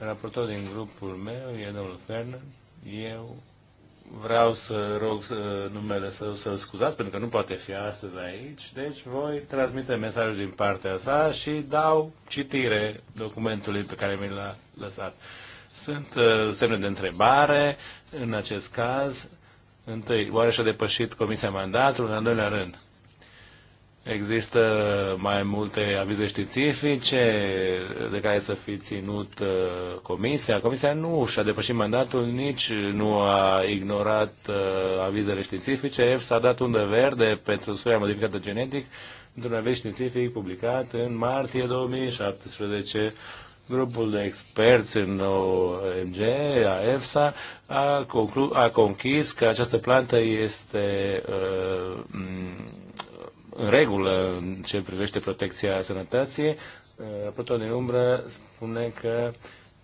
Raportor din grupul meu e domnul Fernand. Eu vreau să rog să, numele său să-l scuzați, pentru că nu poate fi astăzi aici, deci voi transmite mesajul din partea sa și dau citire documentului pe care mi l-a lăsat. Sunt uh, semne de întrebare în acest caz. Întâi, oare și-a depășit Comisia mandatul? În al doilea rând, Există mai multe avize științifice de care să fi ținut uh, comisia. Comisia nu și-a depășit mandatul, nici nu a ignorat uh, avizele științifice. EFSA a dat undă verde pentru soia modificată genetic într-un aviz științific publicat în martie 2017. Grupul de experți în OMG, a EFSA, a, conclu- a conchis că această plantă este uh, în regulă în ce privește protecția sănătății. Uh, raportul din umbră spune că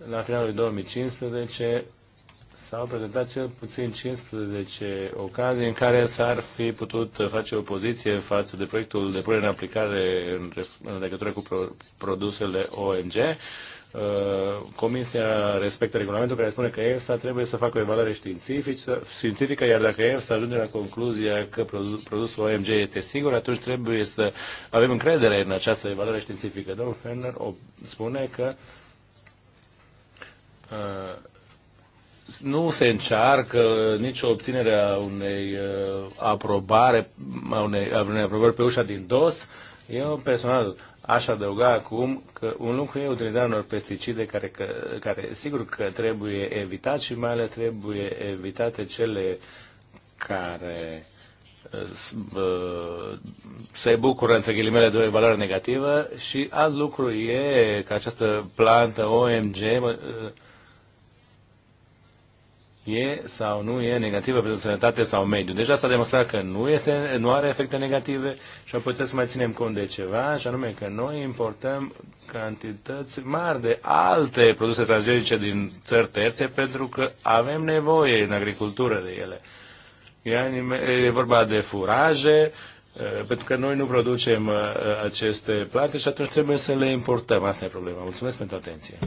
la finalul 2015 s-au prezentat cel puțin 15 ocazii în care s-ar fi putut face o opoziție față de proiectul de punere în aplicare în, în legătură cu pro, produsele OMG Uh, Comisia respectă regulamentul care spune că EFSA trebuie să facă o evaluare științifică, iar dacă EFSA ajunge la concluzia că produsul OMG este sigur, atunci trebuie să avem încredere în această evaluare științifică. Domnul Fenner spune că uh, nu se încearcă nicio obținere a unei uh, aprobare, a unei, a unei aprobări pe ușa din dos. Eu personal Aș adăuga acum că un lucru e utilizarea unor pesticide care, că, care sigur că trebuie evitat și mai ales trebuie evitate cele care uh, uh, se bucură, între ghilimele, de o evaluare negativă și alt lucru e că această plantă OMG e sau nu e negativă pentru sănătate sau mediu. Deja s-a demonstrat că nu, este, nu are efecte negative și apoi trebuie să mai ținem cont de ceva, și anume că noi importăm cantități mari de alte produse transgenice din țări terțe pentru că avem nevoie în agricultură de ele. E vorba de furaje, pentru că noi nu producem aceste plante și atunci trebuie să le importăm. Asta e problema. Mulțumesc pentru atenție.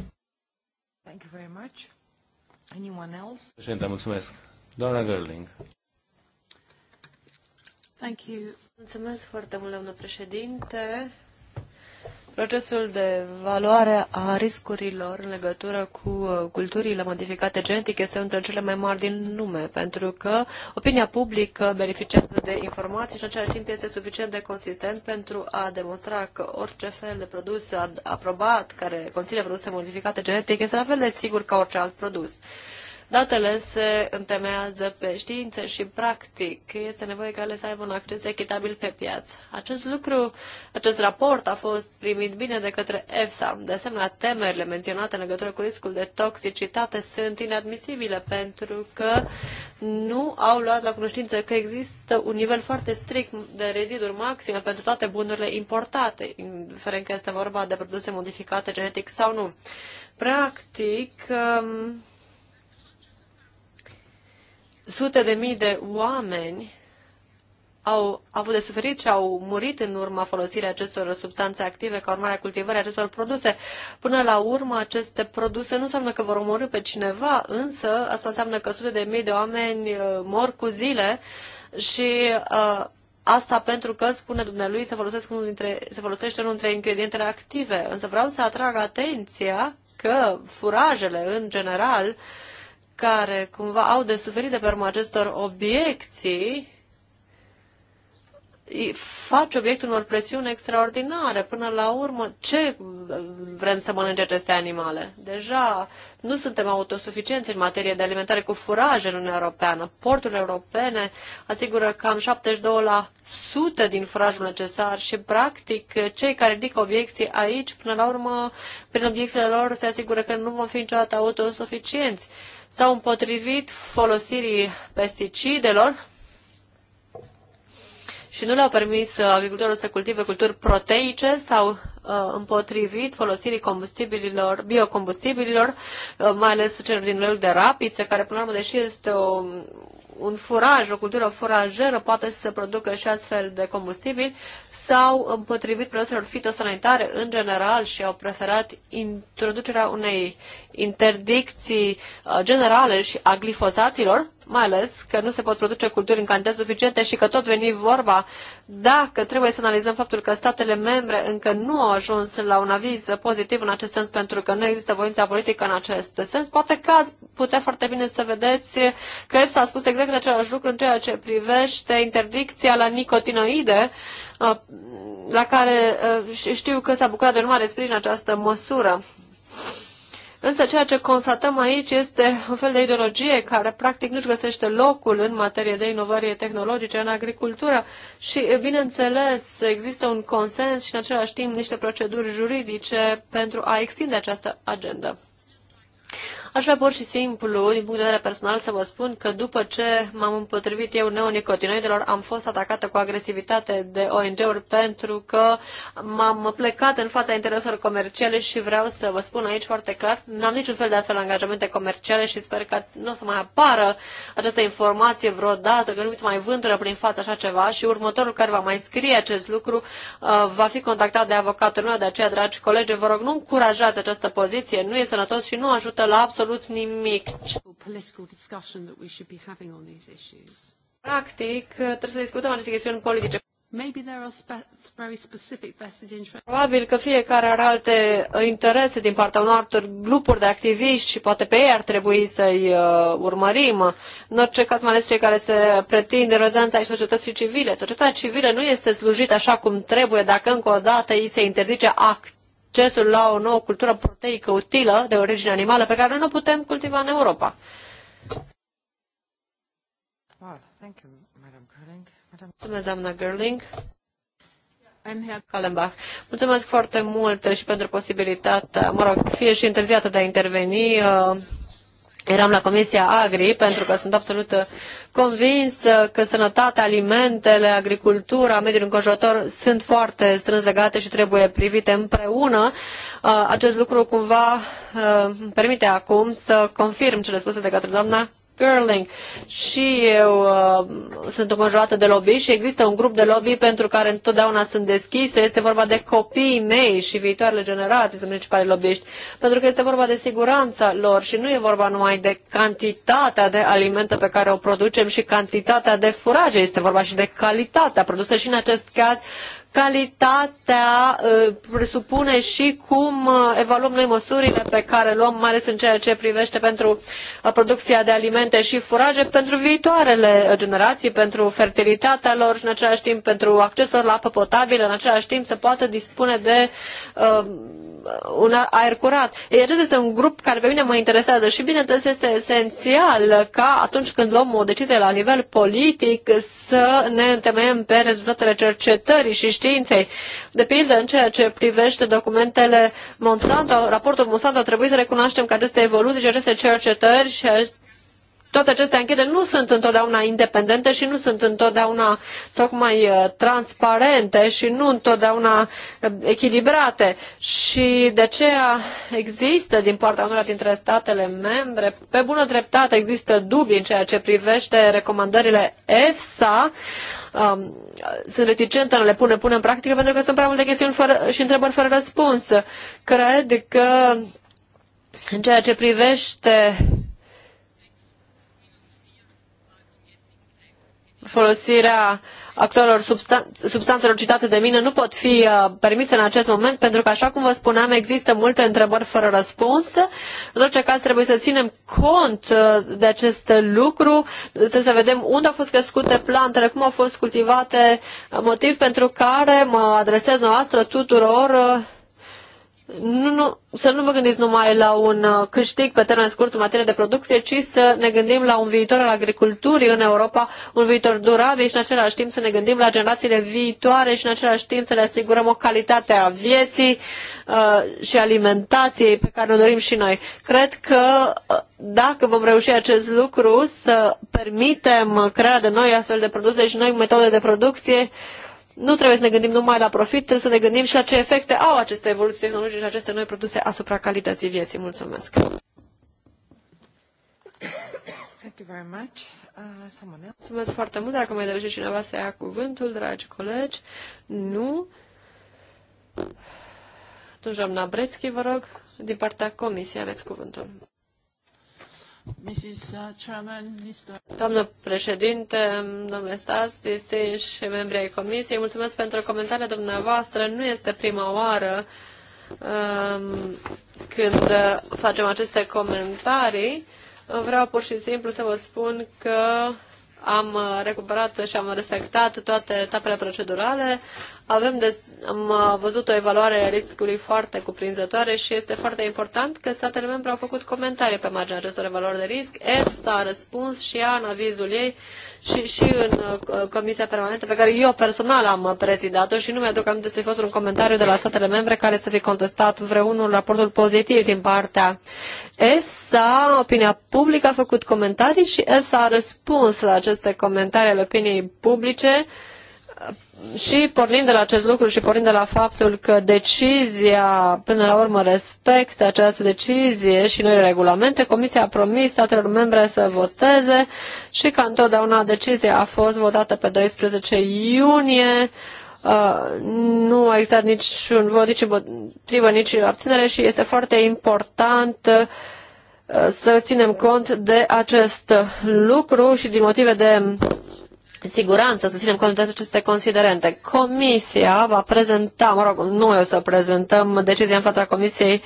Thank you very much. Anyone else? Președinte, mulțumesc. Doamna Gerling. Thank you. Mulțumesc foarte mult, domnule președinte. Procesul de valoare a riscurilor în legătură cu uh, culturile modificate genetic este unul dintre cele mai mari din lume, pentru că opinia publică beneficiază de informații și în același timp este suficient de consistent pentru a demonstra că orice fel de produs aprobat care conține produse modificate genetic este la fel de sigur ca orice alt produs. Datele se întemeiază pe știință și practic. Este nevoie ca ele să aibă un acces echitabil pe piață. Acest lucru, acest raport a fost primit bine de către EFSA. De asemenea, temerile menționate în legătură cu riscul de toxicitate sunt inadmisibile pentru că nu au luat la cunoștință că există un nivel foarte strict de reziduri maxime pentru toate bunurile importate, indiferent că este vorba de produse modificate genetic sau nu. Practic, um, Sute de mii de oameni au avut de suferit și au murit în urma folosirii acestor substanțe active ca urmare a cultivării acestor produse. Până la urmă, aceste produse nu înseamnă că vor omorâ pe cineva, însă asta înseamnă că sute de mii de oameni uh, mor cu zile și uh, Asta pentru că, spune Dumnezeu, se, folosesc unul dintre, se folosește unul dintre ingredientele active. Însă vreau să atrag atenția că furajele, în general, uh, care cumva au de suferit de pe urma acestor obiecții face obiectul unor presiuni extraordinare. Până la urmă, ce vrem să mănânce aceste animale? Deja nu suntem autosuficienți în materie de alimentare cu furaje în Uniunea Europeană. Porturile europene asigură cam 72% din furajul necesar și, practic, cei care ridică obiecții aici, până la urmă, prin obiecțiile lor, se asigură că nu vom fi niciodată autosuficienți s-au împotrivit folosirii pesticidelor și nu le-au permis uh, agricultorilor să cultive culturi proteice sau uh, împotrivit folosirii combustibililor, biocombustibililor, uh, mai ales celor din lăul de rapiță, care până la urmă, deși este o, un furaj, o cultură furajeră, poate să producă și astfel de combustibili, s-au împotrivit produselor fitosanitare în general și au preferat introducerea unei interdicții uh, generale și a glifosaților, mai ales că nu se pot produce culturi în cantități suficiente și că tot veni vorba dacă trebuie să analizăm faptul că statele membre încă nu au ajuns la un aviz pozitiv în acest sens pentru că nu există voința politică în acest sens. Poate că ați putea foarte bine să vedeți că s a spus exact același lucru în ceea ce privește interdicția la nicotinoide la care știu că s-a bucurat de un mare sprijin această măsură. Însă ceea ce constatăm aici este un fel de ideologie care practic nu-și găsește locul în materie de inovare tehnologice în agricultură și, bineînțeles, există un consens și în același timp niște proceduri juridice pentru a extinde această agendă. Aș vrea pur și simplu, din punct de vedere personal, să vă spun că după ce m-am împotrivit eu neonicotinoidelor, am fost atacată cu agresivitate de ONG-uri pentru că m-am plecat în fața intereselor comerciale și vreau să vă spun aici foarte clar, nu am niciun fel de astfel angajamente comerciale și sper că nu o să mai apară această informație vreodată, că nu mi se mai vândură prin față așa ceva și următorul care va mai scrie acest lucru uh, va fi contactat de avocatul meu, de aceea, dragi colegi, vă rog, nu încurajați această poziție, nu e sănătos și nu ajută la absolut absolut nimic. Practic, trebuie să discutăm aceste chestiuni politice. Probabil că fiecare are alte uh, interese din partea unor altor grupuri de activiști și poate pe ei ar trebui să-i uh, urmărim. În orice caz, mai ales cei care se pretind rozanța ai societății civile. Societatea civilă nu este slujită așa cum trebuie dacă încă o dată îi se interzice act accesul la o nouă cultură proteică utilă de origine animală pe care noi nu putem cultiva în Europa. Mulțumesc, doamna Gerling. Kallenbach. Mulțumesc foarte mult și pentru posibilitatea, mă rog, fie și întârziată de a interveni. Uh, Eram la Comisia Agri pentru că sunt absolut uh, convins uh, că sănătatea, alimentele, agricultura, mediul înconjurător sunt foarte strâns legate și trebuie privite împreună. Uh, acest lucru cumva îmi permite acum să confirm cele spuse de către doamna Girling. Și eu uh, sunt înconjurată de lobby și există un grup de lobby pentru care întotdeauna sunt deschise. Este vorba de copiii mei și viitoarele generații sunt principalii lobbyști, pentru că este vorba de siguranța lor și nu e vorba numai de cantitatea de alimente pe care o producem și cantitatea de furaje. Este vorba și de calitatea produsă și în acest caz calitatea ă, presupune și cum ă, evaluăm noi măsurile pe care luăm, mai ales în ceea ce privește pentru ă, producția de alimente și furaje, pentru viitoarele generații, pentru fertilitatea lor și în același timp pentru accesul la apă potabilă, în același timp să poată dispune de uh, un aer curat. Ei, acest este un grup care pe mine mă interesează și bineînțeles este esențial ca atunci când luăm o decizie la nivel politic să ne întemeiem pe rezultatele cercetării și științei. De pildă, în ceea ce privește documentele Monsanto, raportul Monsanto, trebuie să recunoaștem că aceste evoluții și aceste cercetări și toate aceste anchete nu sunt întotdeauna independente și nu sunt întotdeauna tocmai uh, transparente și nu întotdeauna uh, echilibrate. Și de aceea există din partea unora dintre statele membre, pe bună dreptate există dubii în ceea ce privește recomandările EFSA, um, sunt reticentă în le pune, pune în practică pentru că sunt prea multe chestiuni fără, și întrebări fără răspuns. Cred că în ceea ce privește folosirea actorilor substan substanțelor citate de mine nu pot fi uh, permise în acest moment, pentru că, așa cum vă spuneam, există multe întrebări fără răspuns. În orice caz, trebuie să ținem cont uh, de acest lucru, să vedem unde au fost crescute plantele, cum au fost cultivate, motiv pentru care mă adresez noastră tuturor uh, nu, nu, să nu vă gândiți numai la un uh, câștig pe termen scurt în materie de producție, ci să ne gândim la un viitor al agriculturii în Europa, un viitor durabil și în același timp să ne gândim la generațiile viitoare și în același timp să le asigurăm o calitate a vieții uh, și alimentației pe care o dorim și noi. Cred că uh, dacă vom reuși acest lucru, să permitem crearea de noi astfel de produse și noi metode de producție, uh, nu trebuie să ne gândim numai la profit, trebuie să ne gândim și la ce efecte au aceste evoluții tehnologice și aceste noi produse asupra calității vieții. Mulțumesc! Thank you very much. Uh, Mulțumesc foarte mult. Dacă mai dorește cineva să ia cuvântul, dragi colegi, nu. Doamna Brețchi, vă rog, din partea comisiei aveți cuvântul. Uh, Doamnă președinte, domnule Stas, distinși membri ai comisiei, mulțumesc pentru comentariile dumneavoastră. Nu este prima oară um, când facem aceste comentarii. Vreau pur și simplu să vă spun că am recuperat și am respectat toate etapele procedurale, avem des, am uh, văzut o evaluare a riscului foarte cuprinzătoare și este foarte important că statele membre au făcut comentarii pe marginea acestor evaluări de risc. EFSA a răspuns și ea în avizul ei și, și în uh, Comisia Permanentă pe care eu personal am uh, prezidat-o și nu mi-aduc aminte să fi fost un comentariu de la statele membre care să fi contestat vreunul raportul pozitiv din partea EFSA. Opinia publică a făcut comentarii și EFSA a răspuns la aceste comentarii ale opiniei publice și pornind de la acest lucru și pornind de la faptul că decizia, până la urmă, respectă această decizie și noi regulamente, Comisia a promis statelor membre să voteze și ca întotdeauna decizia a fost votată pe 12 iunie. Uh, nu a existat niciun vot, nici împotrivă, nici abținere și este foarte important uh, să ținem cont de acest lucru și din motive de siguranță să ținem cont de aceste considerente. Comisia va prezenta, mă rog, noi o să prezentăm decizia în fața Comisiei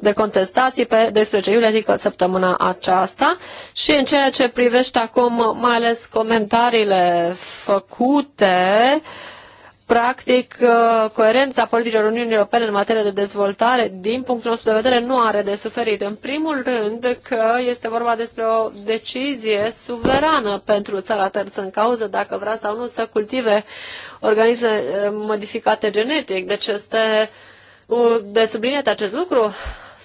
de contestații pe 12 iulie, adică săptămâna aceasta. Și în ceea ce privește acum mai ales comentariile făcute, uh, practic, uh, coerența politicilor Uniunii Europene în materie de dezvoltare, din punctul nostru de vedere, nu are de suferit. În primul rând că este vorba despre o decizie suverană pentru țara terță în cauză, dacă vrea sau nu să cultive organisme uh, modificate genetic. Deci este uh, de subliniat acest lucru.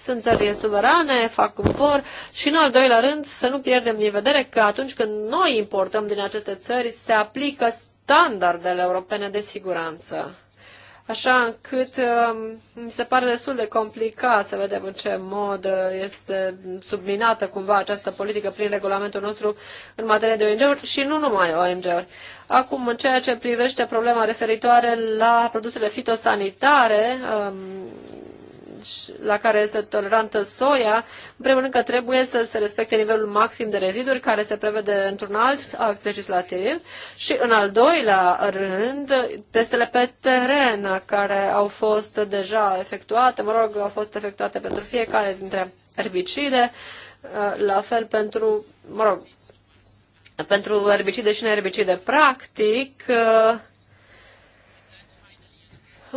Sunt țările suverane, fac cum vor și, în al doilea rând, să nu pierdem din vedere că atunci când noi importăm din aceste țări, se aplică standardele europene de siguranță. Așa încât um, mi se pare destul de complicat să vedem în ce mod uh, este subminată cumva această politică prin regulamentul nostru în materie de ONG-uri și nu numai ONG-uri. Acum, în ceea ce privește problema referitoare la produsele fitosanitare, um, deci, la care este tolerantă soia, în primul rând că trebuie să se respecte nivelul maxim de reziduri care se prevede într-un alt act legislativ și, în al doilea rând, testele pe teren care au fost deja efectuate, mă rog, au fost efectuate pentru fiecare dintre erbicide, la fel pentru, mă rog, pentru erbicide și neherbicide, Practic, uh,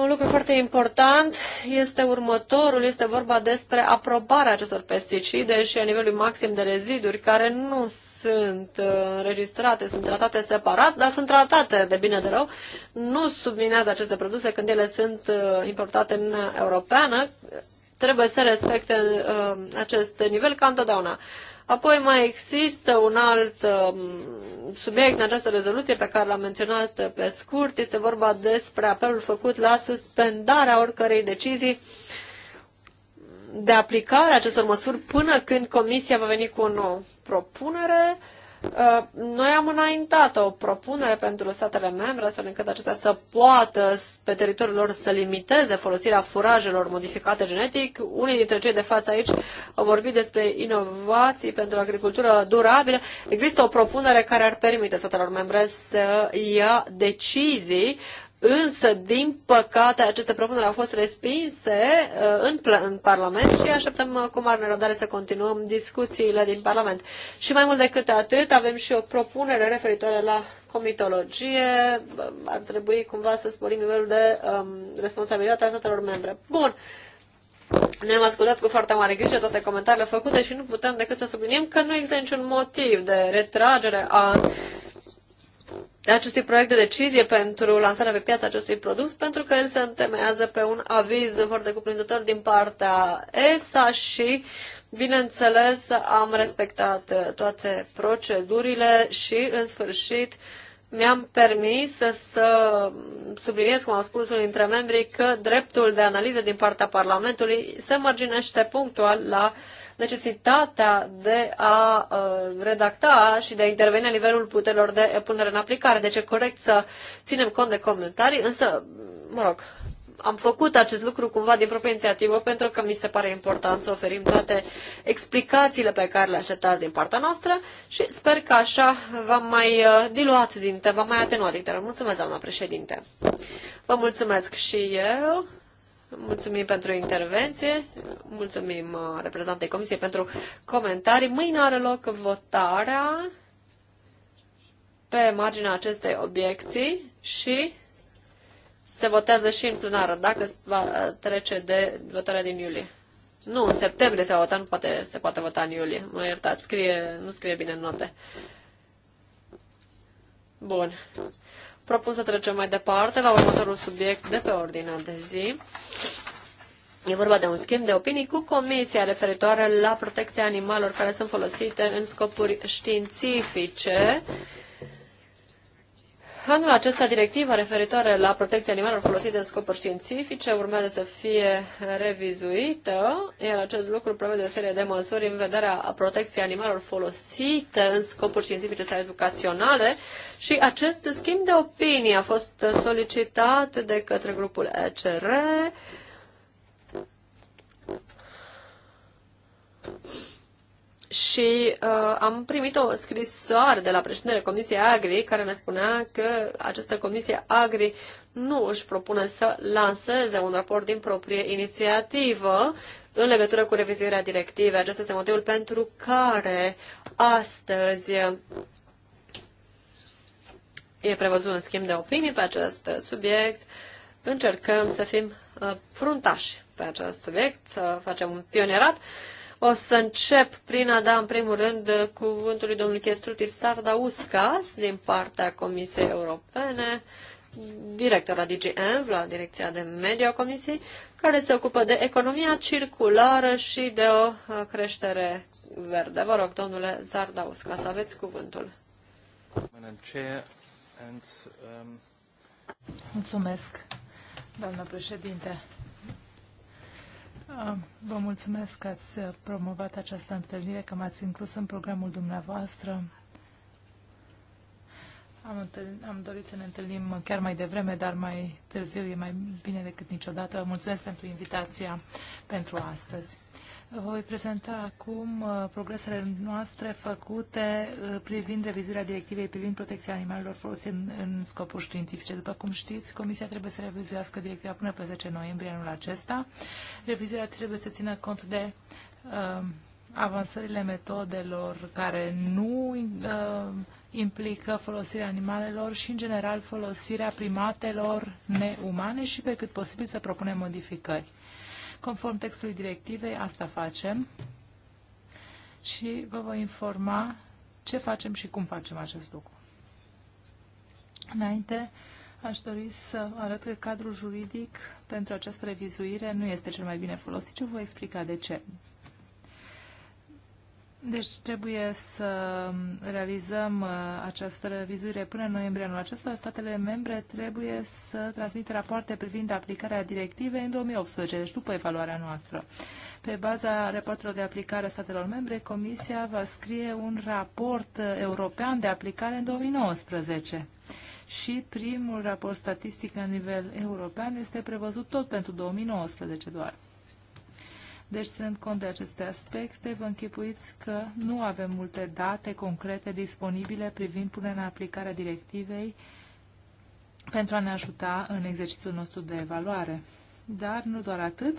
un lucru foarte important este următorul, este vorba despre aprobarea acestor pesticide și a nivelului maxim de reziduri care nu sunt uh, înregistrate, sunt tratate separat, dar sunt tratate de bine de rău. Nu subminează aceste produse când ele sunt uh, importate în Europeană. Trebuie să respecte uh, acest nivel ca întotdeauna. Apoi mai există un alt um, subiect în această rezoluție pe care l-am menționat pe scurt. Este vorba despre apelul făcut la suspendarea oricărei decizii de aplicare a acestor măsuri până când Comisia va veni cu o nouă propunere. Uh, noi am înaintat o propunere pentru statele membre, astfel încât acestea să poată pe teritoriul lor să limiteze folosirea furajelor modificate genetic. Unii dintre cei de față aici au vorbit despre inovații pentru agricultură durabilă. Există o propunere care ar permite statelor membre să ia decizii uh, Însă, din păcate, aceste propuneri au fost respinse uh, în, în Parlament și așteptăm uh, cu mare nerăbdare să continuăm discuțiile din Parlament. Și mai mult decât atât, avem și o propunere referitoare la comitologie. Uh, ar trebui cumva să sporim nivelul de um, responsabilitate a statelor membre. Bun. Ne-am ascultat cu foarte mare grijă toate comentariile făcute și nu putem decât să subliniem că nu există niciun motiv de retragere a acestui proiect de decizie pentru lansarea pe piață acestui produs, pentru că el se întemeiază pe un aviz foarte cuprinzător din partea EFSA și, bineînțeles, am respectat toate procedurile și, în sfârșit, mi-am permis să, să subliniez, cum au spus unul dintre membrii, că dreptul de analiză din partea Parlamentului se mărginește punctual la necesitatea de a uh, redacta și de a interveni la nivelul puterilor de punere în aplicare. Deci e corect să ținem cont de comentarii, însă, mă rog, am făcut acest lucru cumva din proprie inițiativă pentru că mi se pare important să oferim toate explicațiile pe care le așteptați din partea noastră și sper că așa v-am mai uh, diluat din te, v-am mai atenuat din te. Mulțumesc, doamna președinte. Vă mulțumesc și eu. Mulțumim pentru intervenție, mulțumim uh, reprezentantei Comisiei pentru comentarii. Mâine are loc votarea pe marginea acestei obiecții și se votează și în plenară, dacă va uh, trece de votarea din iulie. Nu, în septembrie se va vota, nu poate, se poate vota în iulie. Mă iertați, scrie, nu scrie bine în note. Bun. Propun să trecem mai departe la următorul subiect de pe ordinea de zi. E vorba de un schimb de opinii cu comisia referitoare la protecția animalelor care sunt folosite în scopuri științifice. Uh, Anul acesta, directiva referitoare la protecția animalelor folosite în scopuri științifice urmează să fie revizuită, iar acest lucru prevede o serie de măsuri în vederea protecției animalelor folosite în scopuri științifice sau educaționale și acest schimb de opinii a fost solicitat de către grupul ECR și uh, am primit o scrisoare de la președintele Comisiei Agri care ne spunea că această Comisie Agri nu își propune să lanseze un raport din proprie inițiativă în legătură cu revizuirea directivei. Acesta este motivul pentru care astăzi e prevăzut un schimb de opinii pe acest subiect. Încercăm să fim uh, fruntași pe acest subiect, să facem un pionierat. Uh, o să încep prin a da, în primul rând, cuvântul lui domnul Chestruti Sardauskas din partea Comisiei Europene, directora DGM, la Direcția de Mediu a Comisiei, care se ocupă de economia circulară și de o creștere verde. Vă rog, domnule Zardauskas, să aveți cuvântul. Um, Mulțumesc, doamnă președinte. Ah, vă mulțumesc că ați promovat această întâlnire, că m-ați inclus în programul dumneavoastră. Am, am dorit să ne întâlnim chiar mai devreme, dar mai târziu e mai bine decât niciodată. Vă mulțumesc pentru invitația pentru astăzi. Voi prezenta acum uh, progresele noastre făcute uh, privind revizuirea directivei privind protecția animalelor folosite în, în scopuri științifice. După cum știți, Comisia trebuie să revizuiască directiva până pe 10 noiembrie anul acesta. Revizuirea trebuie să țină cont de uh, avansările metodelor care nu uh, implică folosirea animalelor și, în general, folosirea primatelor neumane și, pe cât posibil, să propunem modificări. Conform textului directivei, asta facem și vă voi informa ce facem și cum facem acest lucru. Înainte, uh, Aș dori să arăt că cadrul juridic pentru această revizuire nu este cel mai bine folosit și voi explica de ce. Deci trebuie să realizăm uh, această revizuire până în noiembrie anul acesta. Statele membre trebuie să transmită rapoarte privind aplicarea directivei în 2018, deci după evaluarea noastră. Pe baza rapoartelor de aplicare a statelor membre, Comisia va scrie un raport european de aplicare în 2019 și primul raport statistic la nivel european este prevăzut tot pentru 2019 doar. Deci, ținând cont de aceste aspecte, vă închipuiți că nu avem multe date concrete disponibile privind punerea în aplicare a directivei pentru a ne ajuta în exercițiul nostru de evaluare. Dar nu doar atât,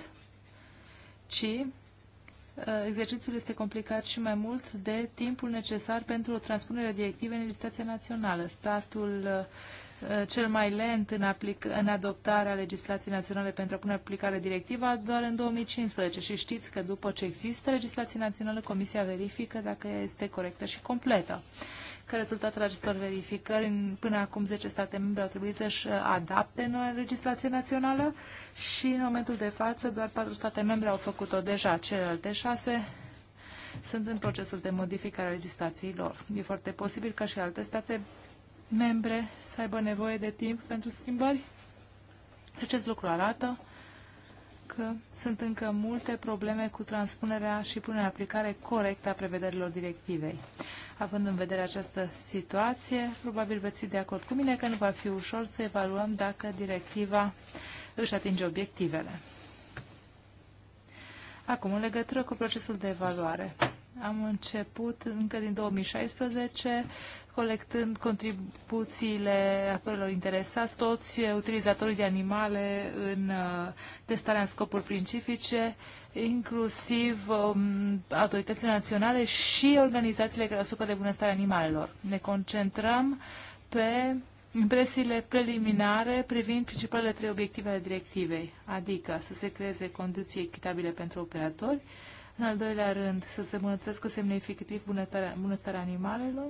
ci Uh, exercițiul este complicat și mai mult de timpul necesar pentru o transpunere directivei în legislația națională. Statul uh, uh, cel mai lent în, aplic în adoptarea legislației naționale pentru a pune aplicare directiva doar în 2015 și știți că după ce există legislație națională, Comisia verifică dacă ea este corectă și completă că rezultatele acestor verificări, până acum 10 state membre au trebuit să-și adapte noua legislație națională și în momentul de față doar 4 state membre au făcut-o deja, celelalte 6 sunt în procesul de modificare a legislației lor. E foarte posibil ca și alte state membre să aibă nevoie de timp pentru schimbări. Acest lucru arată că sunt încă multe probleme cu transpunerea și punerea în aplicare corectă a prevederilor directivei. Având în vedere această situație, probabil veți fi de acord cu mine că nu va fi ușor să evaluăm dacă directiva își atinge obiectivele. Acum, în legătură cu procesul de evaluare. Am început încă din 2016 colectând contribuțiile actorilor interesați, toți utilizatorii de animale în uh, testarea în scopuri principice, inclusiv um, autoritățile naționale și organizațiile care asupra de bunăstare animalelor. Ne concentrăm pe impresiile preliminare privind principalele trei obiective ale directivei, adică să se creeze condiții echitabile pentru operatori, în al doilea rând, să se îmbunătățească semnificativ bunătarea, bunătarea animalelor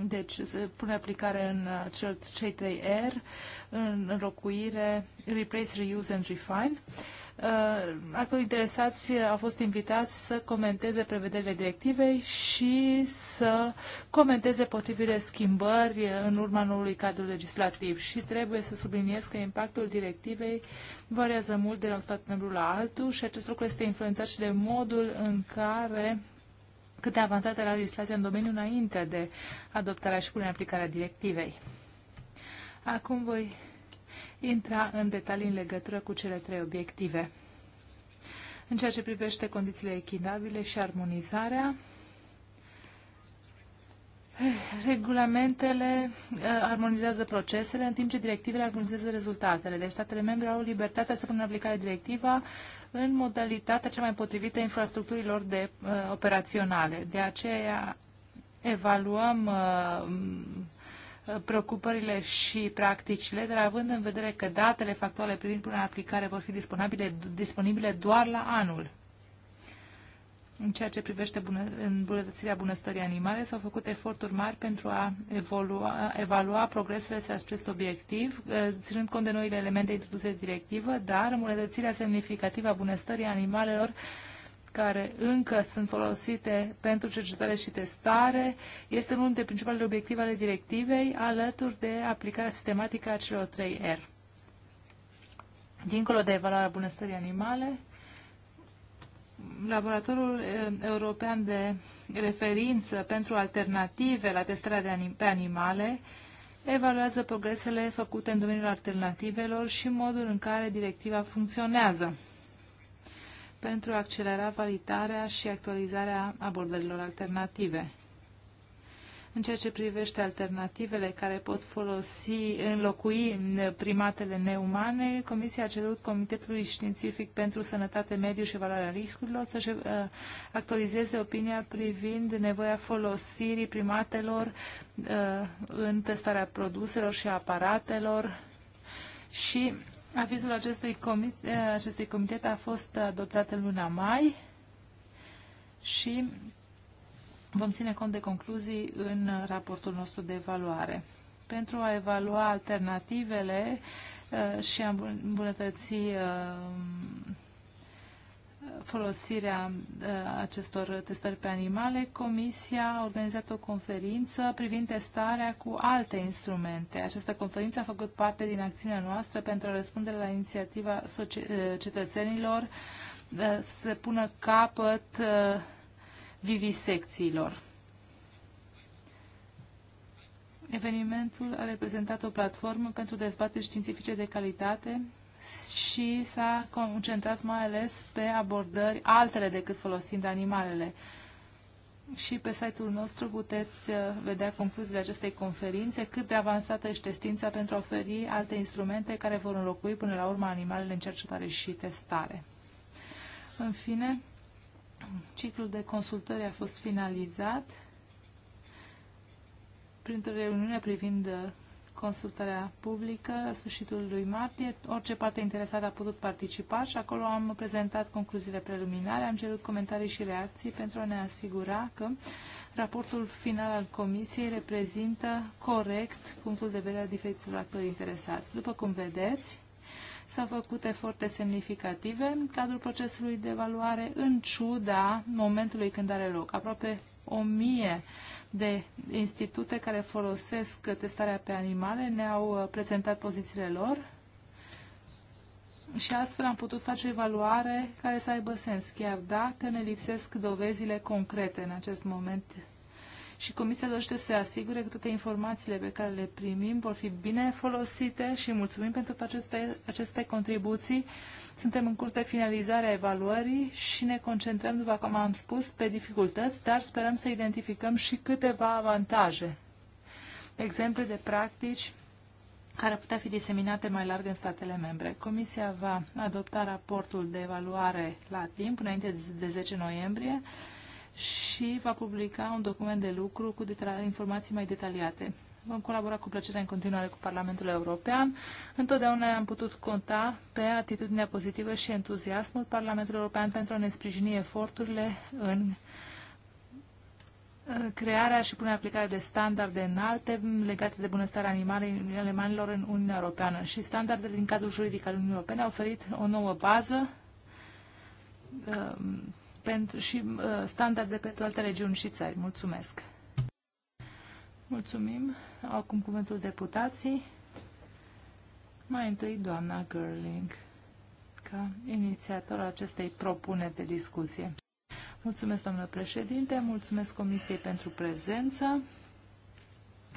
deci se pune aplicare în uh, cel, c 3 R, în înlocuire, replace, reuse and refine. Uh, actorii interesați au fost invitați să comenteze prevederile directivei și să comenteze potrivile schimbări în urma noului cadru legislativ. Și trebuie să subliniez că impactul directivei variază mult de la un stat membru la altul și acest lucru este influențat și de modul în care cât de avansată era legislația în domeniu înainte de adoptarea și punerea în aplicare a directivei. Acum voi intra în detalii în legătură cu cele trei obiective. În ceea ce privește condițiile echitabile și armonizarea, Regulamentele uh, armonizează procesele, în timp ce directivele armonizează rezultatele. Deci statele membre au libertatea să pună în aplicare directiva în modalitatea cea mai potrivită infrastructurilor de, uh, operaționale. De aceea evaluăm uh, preocupările și practicile, dar având în vedere că datele factuale privind până în aplicare vor fi disponibile, disponibile doar la anul. În ceea ce privește bună, îmbunătățirea bunăstării animale, s-au făcut eforturi mari pentru a evolua, evalua progresele spre acest obiectiv, uh, ținând cont de noile elemente introduse de directivă, dar îmbunătățirea semnificativă a bunăstării animalelor care încă sunt folosite pentru cercetare și testare, este unul dintre principalele obiective ale directivei, alături de aplicarea sistematică a celor 3 R. Dincolo de evaluarea bunăstării animale, laboratorul eh, european de referință pentru alternative la testarea de anim pe animale evaluează progresele făcute în domeniul alternativelor și modul în care directiva funcționează pentru a accelera validarea și actualizarea abordărilor alternative. În ceea ce privește alternativele care pot folosi, înlocui primatele neumane, Comisia a cerut Comitetului Științific pentru Sănătate, Mediu și Valoarea Riscurilor să-și uh, actualizeze opinia privind nevoia folosirii primatelor uh, în testarea produselor și aparatelor și avizul acestui, comis, uh, acestui comitet a fost adoptat în luna mai și Vom ține cont de concluzii în raportul nostru de evaluare. Pentru a evalua alternativele uh, și a îmbunătăți uh, folosirea uh, acestor testări pe animale, Comisia a organizat o conferință privind testarea cu alte instrumente. Această conferință a făcut parte din acțiunea noastră pentru a răspunde la inițiativa cetățenilor să pună capăt vivisecțiilor. Evenimentul a reprezentat o platformă pentru dezbateri științifice de calitate și s-a concentrat mai ales pe abordări altele decât folosind animalele. Și pe site-ul nostru puteți uh, vedea concluziile acestei conferințe, cât de avansată este știința pentru a oferi alte instrumente care vor înlocui până la urmă animalele în cercetare și testare. În fine, Ciclul de consultări a fost finalizat printr-o reuniune privind uh, consultarea publică la sfârșitul lui martie. Orice parte interesată a putut participa și acolo am prezentat concluziile preliminare, am cerut comentarii și reacții pentru a ne asigura că raportul final al comisiei reprezintă corect punctul de vedere al diferiților actori interesați. După cum vedeți, S-au făcut eforte semnificative în cadrul procesului de evaluare, în ciuda momentului când are loc. Aproape o mie de institute care folosesc testarea pe animale ne-au uh, prezentat pozițiile lor și astfel am putut face evaluare care să aibă sens, chiar dacă ne lipsesc dovezile concrete în acest moment și Comisia dorește să se asigure că toate informațiile pe care le primim vor fi bine folosite și mulțumim pentru toate aceste, aceste contribuții. Suntem în curs de finalizare a evaluării și ne concentrăm, după cum am spus, pe dificultăți, dar sperăm să identificăm și câteva avantaje. Exemple de practici care putea fi diseminate mai larg în statele membre. Comisia va adopta raportul de evaluare la timp, înainte de 10 noiembrie, și va publica un document de lucru cu informații mai detaliate. Vom colabora cu plăcere în continuare cu Parlamentul European. Întotdeauna am putut conta pe atitudinea pozitivă și entuziasmul Parlamentului European pentru a ne sprijini eforturile în crearea și punerea aplicare de standarde înalte legate de bunăstarea animalelor în Uniunea Europeană și standardele din cadrul juridic al Uniunii Europene au oferit o nouă bază um, pentru, și uh, standarde pentru alte regiuni și țări. Mulțumesc! Mulțumim! Acum cuvântul deputații. Mai întâi doamna Gerling, ca inițiator acestei propuneri de discuție. Mulțumesc, domnule președinte, mulțumesc Comisiei pentru prezență.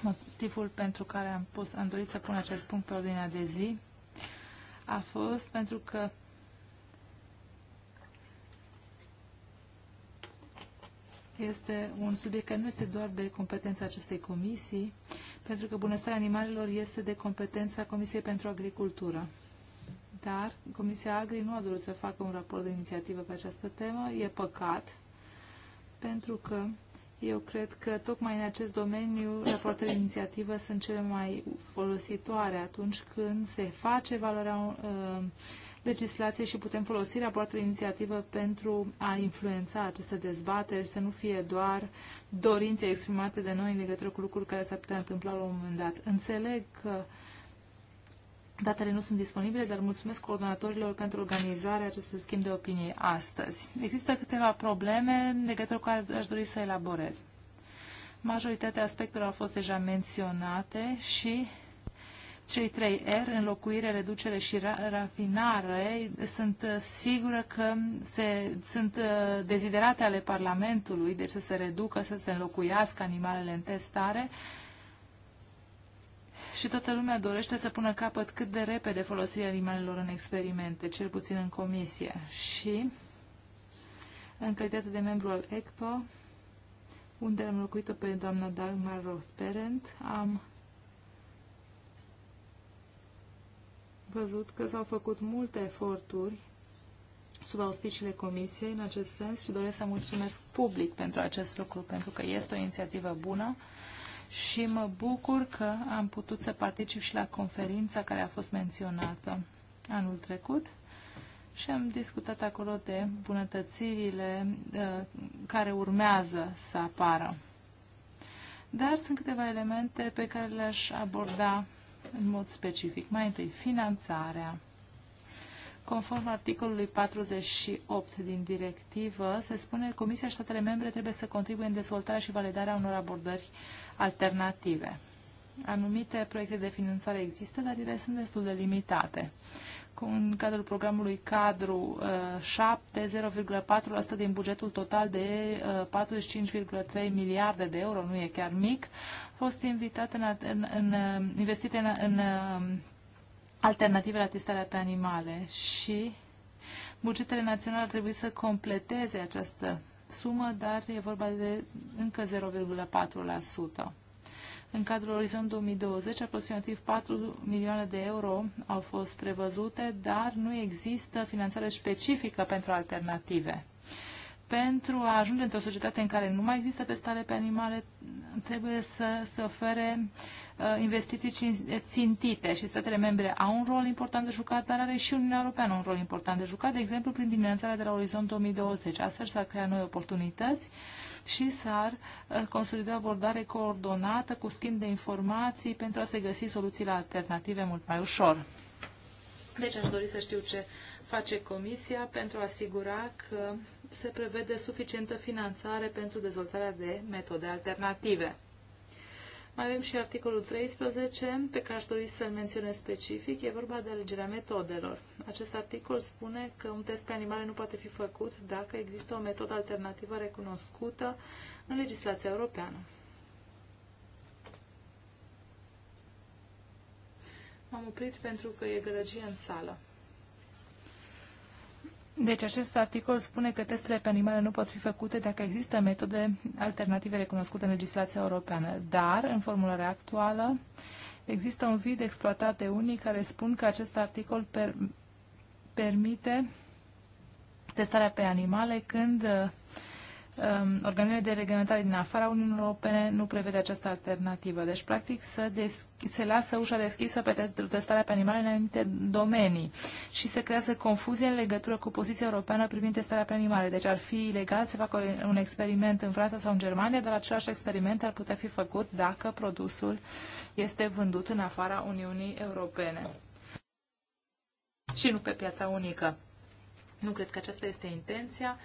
Motivul pentru care am, pus, am dorit să pun acest punct pe ordinea de zi a fost pentru că este un subiect care nu este doar de competența acestei comisii, pentru că bunăstarea animalelor este de competența Comisiei pentru Agricultură. Dar Comisia Agri nu a dorit să facă un raport de inițiativă pe această temă. E păcat, pentru că eu cred că tocmai în acest domeniu de inițiativă sunt cele mai folositoare atunci când se face valoarea uh, legislației și putem folosi rapoartele inițiativă pentru a influența aceste dezbateri, să nu fie doar dorințe exprimate de noi în legătură cu lucruri care s-ar putea întâmpla la un moment dat. Înțeleg că Datele nu sunt disponibile, dar mulțumesc coordonatorilor pentru organizarea acestui schimb de opinie astăzi. Există câteva probleme în legătură cu care aș dori să elaborez. Majoritatea aspectelor au fost deja menționate și cei trei R, înlocuire, reducere și ra rafinare, sunt uh, sigură că se, sunt uh, deziderate ale Parlamentului, deci să se reducă, să se înlocuiască animalele în testare și toată lumea dorește să pună capăt cât de repede folosirea animalelor în experimente, cel puțin în comisie. Și, în calitate de membru al ECPO, unde am locuit-o pe doamna Dagmar roth perent am văzut că s-au făcut multe eforturi sub auspiciile Comisiei în acest sens și doresc să mulțumesc public pentru acest lucru, pentru că este o inițiativă bună și mă bucur că am putut să particip și la conferința care a fost menționată anul trecut și am discutat acolo de bunătățirile uh, care urmează să apară. Dar sunt câteva elemente pe care le-aș aborda în mod specific. Mai întâi, finanțarea. Conform articolului 48 din directivă, se spune că Comisia și statele membre trebuie să contribuie în dezvoltarea și validarea unor abordări alternative. Anumite proiecte de finanțare există, dar ele sunt destul de limitate în cadrul programului cadru 7, uh, 0,4% din bugetul total de 45,3 uh, miliarde de euro, nu e chiar mic, a fost invitat în, în, în, uh, investit în, în alternative la testarea pe animale și bugetele naționale ar trebui să completeze această sumă, dar e vorba de încă 0,4%. În cadrul Orizont 2020, aproximativ 4 milioane de euro au fost prevăzute, dar nu există finanțare specifică pentru alternative. Pentru a ajunge într-o societate în care nu mai există testare pe animale, trebuie să se ofere uh, investiții țintite și statele membre au un rol important de jucat, dar are și Uniunea Europeană un rol important de jucat, de exemplu prin finanțarea de la Orizont 2020. Astfel s-ar crea noi oportunități uh, și s-ar uh, consolida o abordare coordonată cu schimb de informații pentru a se găsi soluțiile alternative mult mai ușor. Deci aș dori să știu ce face Comisia pentru a asigura că se prevede suficientă finanțare pentru dezvoltarea de metode alternative. Mai avem și articolul 13, pe care aș dori să-l menționez specific. E vorba de alegerea metodelor. Acest articol spune că un test pe animale nu poate fi făcut dacă există o metodă alternativă recunoscută în legislația europeană. M-am oprit pentru că e gălăgie în sală. Deci acest articol spune că testele pe animale nu pot fi făcute dacă există metode alternative recunoscute în legislația europeană, dar în formularea actuală există un vid exploatat de unii care spun că acest articol per permite testarea pe animale când Um, organele de reglementare din afara Uniunii Europene nu prevede această alternativă. Deci, practic, să se lasă ușa deschisă pentru testarea pe animale în anumite domenii și se creează confuzie în legătură cu poziția europeană privind testarea pe animale. Deci ar fi ilegal să facă un experiment în Franța sau în Germania, dar același experiment ar putea fi făcut dacă produsul este vândut în afara Uniunii Europene și nu pe piața unică. Nu cred că aceasta este intenția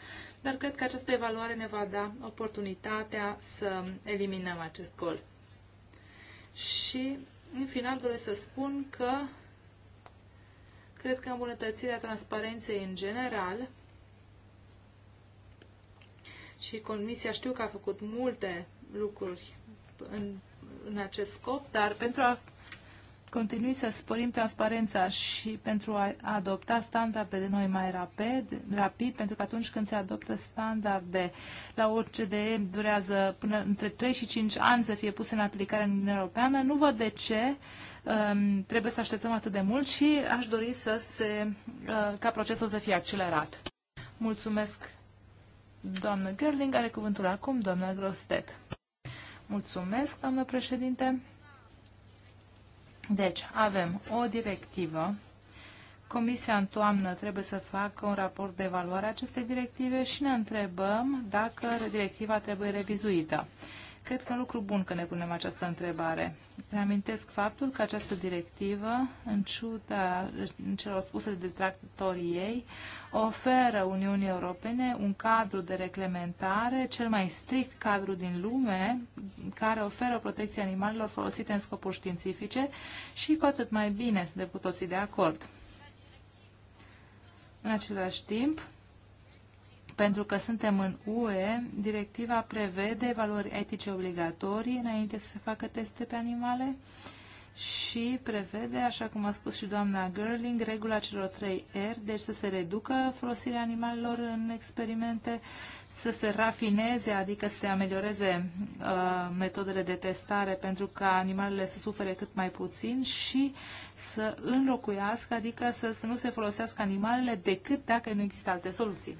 dar cred că această evaluare ne va da oportunitatea să eliminăm acest gol. Și, în final, doresc să spun că cred că îmbunătățirea transparenței în general și Comisia știu că a făcut multe lucruri în, în acest scop, dar pentru a continui să sporim transparența și pentru a adopta standarde de noi mai rapid, rapid, pentru că atunci când se adoptă standarde la OCDE durează până între 3 și 5 ani să fie puse în aplicare în Uniunea Europeană, nu văd de ce um, trebuie să așteptăm atât de mult și aș dori să se, uh, ca procesul să fie accelerat. Mulțumesc, doamnă Gerling. Are cuvântul acum doamnă Grostet. Mulțumesc, doamnă președinte. Deci, avem o directivă. Comisia în toamnă trebuie să facă un raport de evaluare a acestei directive și ne întrebăm dacă directiva trebuie revizuită cred că un lucru bun că ne punem această întrebare. Reamintesc faptul că această directivă, în ciuda celor spuse de tractorii ei, oferă Uniunii Europene un cadru de reglementare, cel mai strict cadru din lume, care oferă protecție animalelor folosite în scopuri științifice și cu atât mai bine suntem cu toții de acord. În același timp, pentru că suntem în UE, directiva prevede valori etice obligatorii înainte să se facă teste pe animale și prevede, așa cum a spus și doamna Gerling, regula celor 3 R, deci să se reducă folosirea animalelor în experimente, să se rafineze, adică să se amelioreze uh, metodele de testare pentru ca animalele să sufere cât mai puțin și să înlocuiască, adică să, să nu se folosească animalele decât dacă nu există alte soluții.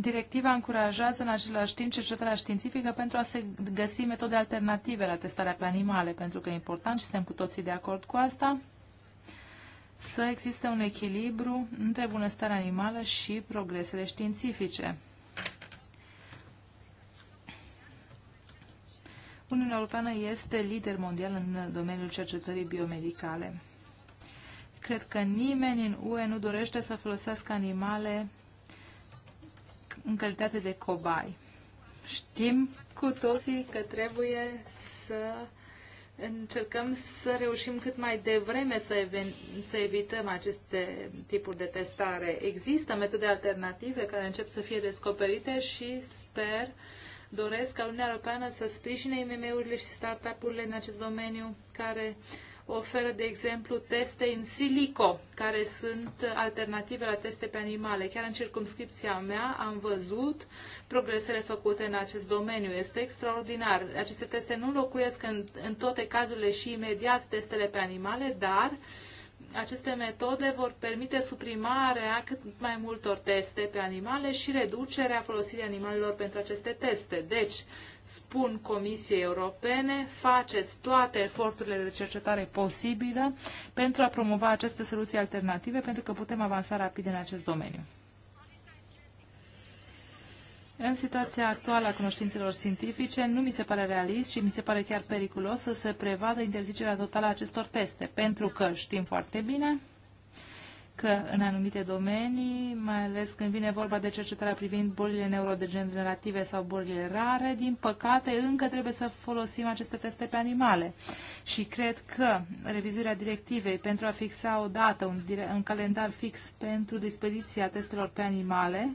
Directiva încurajează în același timp cercetarea științifică pentru a se găsi metode alternative la testarea pe animale, pentru că e important și suntem cu toții de acord cu asta, să existe un echilibru între bunăstarea animală și progresele științifice. Uniunea Europeană este lider mondial în domeniul cercetării biomedicale. Cred că nimeni în UE nu dorește să folosească animale în calitate de cobai. Știm cu toții că trebuie să încercăm să reușim cât mai devreme să, să evităm aceste tipuri de testare. Există metode alternative care încep să fie descoperite și sper, doresc ca Uniunea Europeană să sprijine IMM-urile și startup-urile în acest domeniu care uh, oferă, de exemplu, teste în silico, care sunt alternative la teste pe animale. Chiar în circumscripția mea am văzut progresele făcute în acest domeniu. Este extraordinar. Aceste teste nu locuiesc în, în toate cazurile și imediat testele pe animale, dar uh, aceste metode vor permite suprimarea cât mai multor teste pe animale și reducerea folosirii animalelor pentru aceste teste. Deci, spun Comisiei Europene, faceți toate eforturile de cercetare posibilă pentru a promova aceste soluții alternative, pentru că putem avansa rapid în acest domeniu. În situația actuală a cunoștințelor științifice, nu mi se pare realist și mi se pare chiar periculos să se prevadă interzicerea totală a acestor teste, pentru că știm foarte bine că în anumite domenii, mai ales când vine vorba de cercetarea privind bolile neurodegenerative sau bolile rare, din păcate încă trebuie să folosim aceste teste pe animale. Și cred că revizuirea directivei pentru a fixa o dată, un, un calendar fix pentru dispoziția testelor pe animale,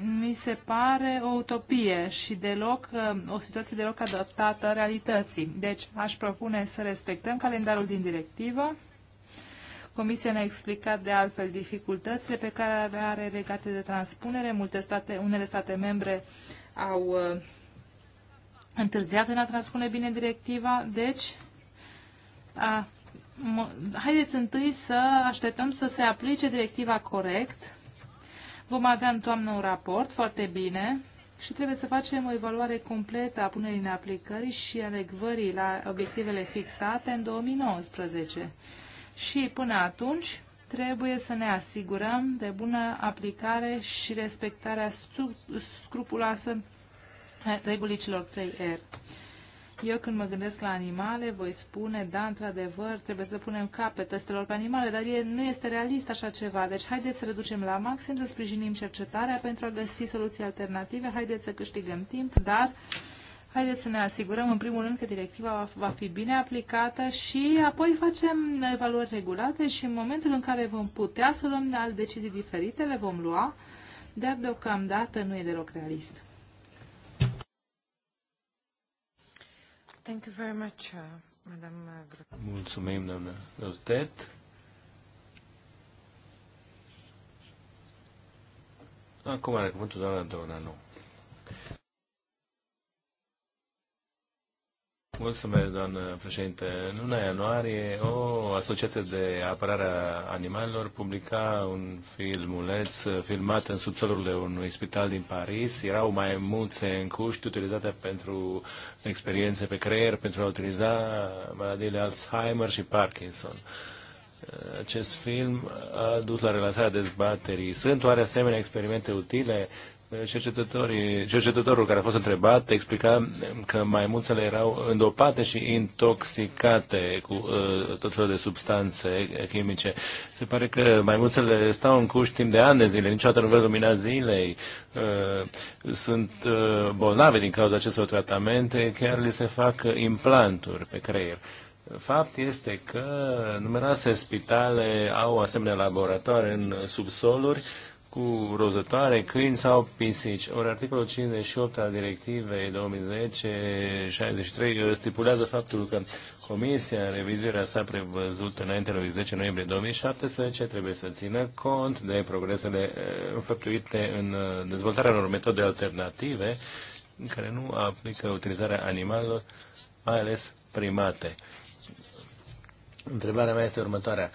mi se pare o utopie și deloc, uh, o situație deloc adaptată realității. Deci aș propune să respectăm calendarul din directivă. Comisia ne-a explicat de altfel dificultățile pe care le are legate de transpunere. Multe state, unele state membre au uh, întârziat în a transpune bine directiva, deci a, mă, haideți întâi să așteptăm să se aplice directiva corect Vom avea în toamnă un raport, foarte bine, și trebuie să facem o evaluare completă a punerii în aplicări și alegvării la obiectivele fixate în 2019. Și până atunci trebuie să ne asigurăm de bună aplicare și respectarea scrupuloasă regulii celor 3R. Eu când mă gândesc la animale, voi spune, da, într-adevăr, trebuie să punem capăt testelor pe animale, dar e, nu este realist așa ceva. Deci haideți să reducem la maxim, să sprijinim cercetarea pentru a găsi soluții alternative, haideți să câștigăm timp, dar haideți să ne asigurăm în primul rând că directiva va fi bine aplicată și apoi facem evaluări regulate și în momentul în care vom putea să luăm decizii diferite, le vom lua, dar deocamdată nu e deloc realist. Thank you very much, uh, Madame uh, Mulțumim, doamnă Rostet. Acum are cuvântul doamna Donanu. Mulțumesc, doamnă președinte. În luna ianuarie, o asociație de apărare a animalelor publica un filmuleț filmat în de unui spital din Paris. Erau mai mulți în cuști utilizate pentru experiențe pe creier, pentru a utiliza maladiile Alzheimer și Parkinson. Acest film a dus la relansarea dezbaterii. Sunt oare asemenea experimente utile? cercetătorul care a fost întrebat explica că multele erau îndopate și intoxicate cu uh, tot felul de substanțe chimice. Se pare că multele stau în cuști timp de ani de zile, niciodată nu văd lumina zilei, uh, sunt uh, bolnave din cauza acestor tratamente, chiar li se fac implanturi pe creier. Fapt este că numeroase spitale au asemenea laboratoare în subsoluri cu rozătoare, câini sau pisici. Ori articolul 58 al directivei 2010-63 uh, stipulează faptul că Comisia, în revizuirea sa prevăzută înainte lui 10 noiembrie 2017, trebuie să țină cont de progresele uh, înfăptuite în uh, dezvoltarea unor metode alternative care nu aplică utilizarea animalelor, mai ales primate. Întrebarea mea este următoarea.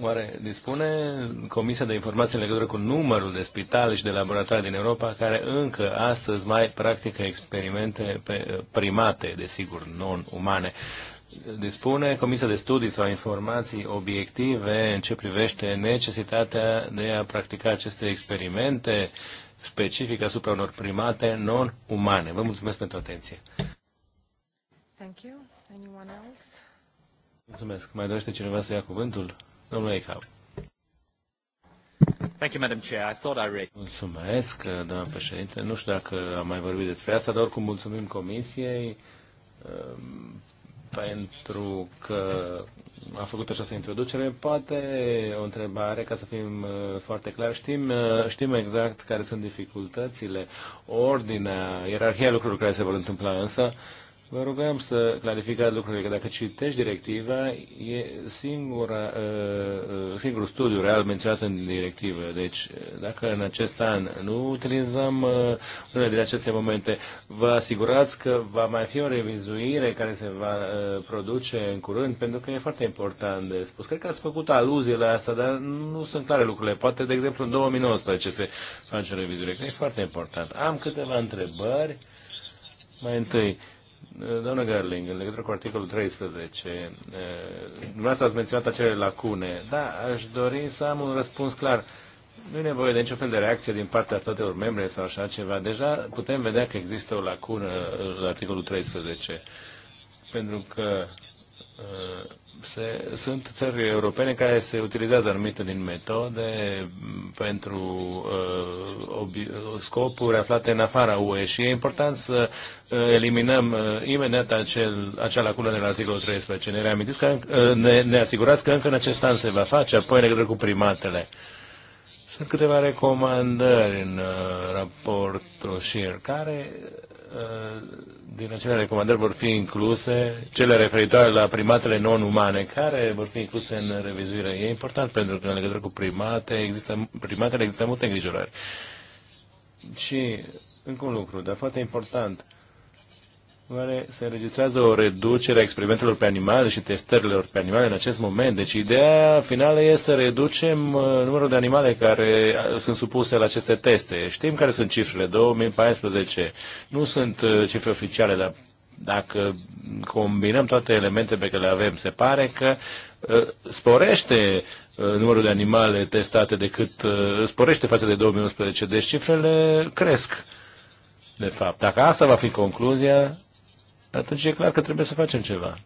Oare dispune Comisia de Informații în legătură cu numărul de spitale și de laboratoare din Europa care încă astăzi mai practică experimente pe primate, desigur, non-umane? Dispune Comisia de Studii sau informații obiective în ce privește necesitatea de a practica aceste experimente specific asupra unor primate non-umane? Vă mulțumesc pentru atenție. Thank you. Anyone else? Mulțumesc. Mai dorește cineva să ia cuvântul? Domnule Thank you, Madam Chair. I thought I read. Mulțumesc, doamna președinte. Nu știu dacă am mai vorbit despre asta, dar oricum mulțumim Comisiei um, pentru că a făcut această introducere. Poate o întrebare, ca să fim uh, foarte clar, știm, uh, știm exact care sunt dificultățile, ordinea, ierarhia lucrurilor care se vor întâmpla, însă Vă rugăm să clarificați lucrurile, că dacă citești directiva, e singura, uh, uh, singurul studiu real menționat în directivă. Deci, dacă în acest an nu utilizăm uh, unele din aceste momente, vă asigurați că va mai fi o revizuire care se va produce în curând, pentru că e foarte important de spus. Cred că ați făcut aluzie la asta, dar nu sunt clare lucrurile. Poate, de exemplu, în 2019 ce se face o revizuire. că e foarte important. Am câteva întrebări. Mai întâi, Doamna Gerling, în legătură cu articolul 13, eh, dumneavoastră ați menționat acele lacune. Da, aș dori să am un răspuns clar. Nu e nevoie de niciun fel de reacție din partea statelor membre sau așa ceva. Deja putem vedea că există o lacună la articolul 13. Pentru că Uh, se, sunt țări europene care se utilizează anumite din metode pentru uh, ob, uh, scopuri aflate în afara UE și e important să uh, eliminăm uh, imediat acel, acea lacună de la articolul 13. Ne reamintiți că uh, ne, ne asigurați că încă în acest an se va face, apoi în legătură cu primatele. Sunt câteva recomandări în uh, raportul SHIR care din acele recomandări vor fi incluse cele referitoare la primatele non-umane, care vor fi incluse în revizuire. E important pentru că în legătură cu primate există, primatele există multe îngrijorări. Și încă un lucru, dar foarte important, uh, Oare se înregistrează o reducere a experimentelor pe animale și testărilor pe animale în acest moment? Deci ideea finală este să reducem uh, numărul de animale care uh, sunt supuse la aceste teste. Știm care sunt cifrele, 2014. Nu sunt uh, cifre oficiale, dar dacă combinăm toate elementele pe care le avem, se pare că sporește numărul de animale testate decât sporește față de 2011, deci cifrele cresc de fapt. Dacă asta va fi concluzia, atunci e clar că trebuie să facem ceva.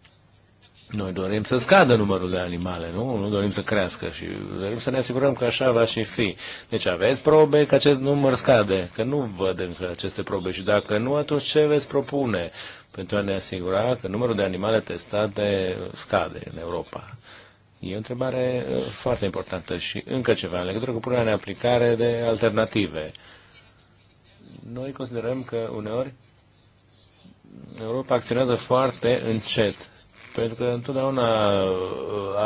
Noi dorim să scadă numărul de animale, nu? Nu dorim să crească și dorim să ne asigurăm că așa va și fi. Deci aveți probe că acest număr scade, că nu văd încă aceste probe și dacă nu, atunci ce veți propune pentru a ne asigura că numărul de animale testate scade în Europa? E o întrebare uh, foarte importantă și încă ceva în legătură cu punerea în aplicare de alternative. Noi considerăm că uneori Europa acționează foarte încet, pentru că întotdeauna uh,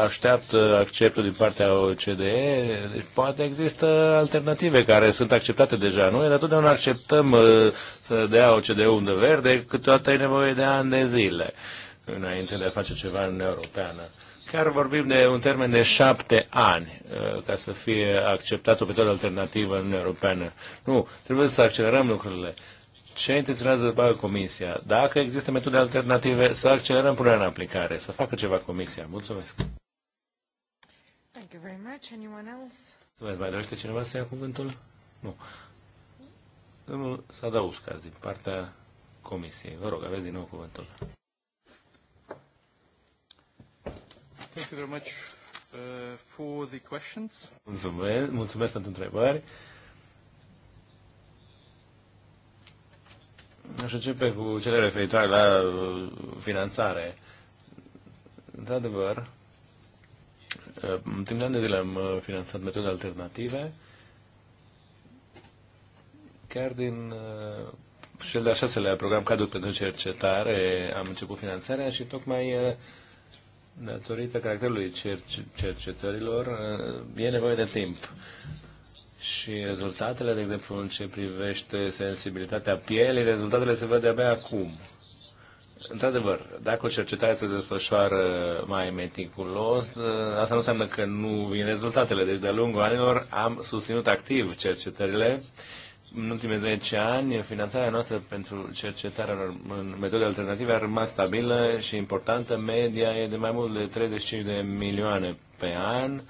așteaptă acceptul din partea OCDE, deci poate există alternative care sunt acceptate deja Nu, dar totdeauna acceptăm uh, să dea OCDE undă verde, câteodată e nevoie de ani de zile înainte de a face ceva în Europeană. Chiar vorbim de un termen de șapte ani uh, ca să fie acceptat o perioadă alternativă în Europeană. Nu, trebuie să accelerăm lucrurile ce intenționează să facă Comisia? Dacă există metode alternative, să accelerăm punerea în aplicare, să facă ceva Comisia. Mulțumesc! Thank you very much. Anyone else? Mulțumesc. Mai dorește cineva să ia cuvântul? Nu. Domnul Sadauska, din partea Comisiei. Vă rog, aveți din nou cuvântul. Thank you very much uh, for the questions. Mulțumesc, mulțumesc pentru întrebări. Aș începe cu cele referitoare la uh, finanțare. Într-adevăr, uh, în timp de ani de zile am uh, finanțat metode alternative, chiar din cel de-a șaselea program cadru pentru cercetare am început finanțarea și tocmai datorită caracterului cerc cercetărilor e nevoie de timp și rezultatele, de exemplu, în ce privește sensibilitatea pielii, rezultatele se văd de-abia acum. Într-adevăr, dacă o cercetare se desfășoară mai meticulos, ă, asta nu înseamnă că nu vin rezultatele. Deci, de-a lungul anilor, am susținut activ cercetările. În ultimii 10 ani, finanțarea noastră pentru cercetarea în metode alternative a rămas stabilă și importantă. Media e de mai mult de 35 de milioane pe an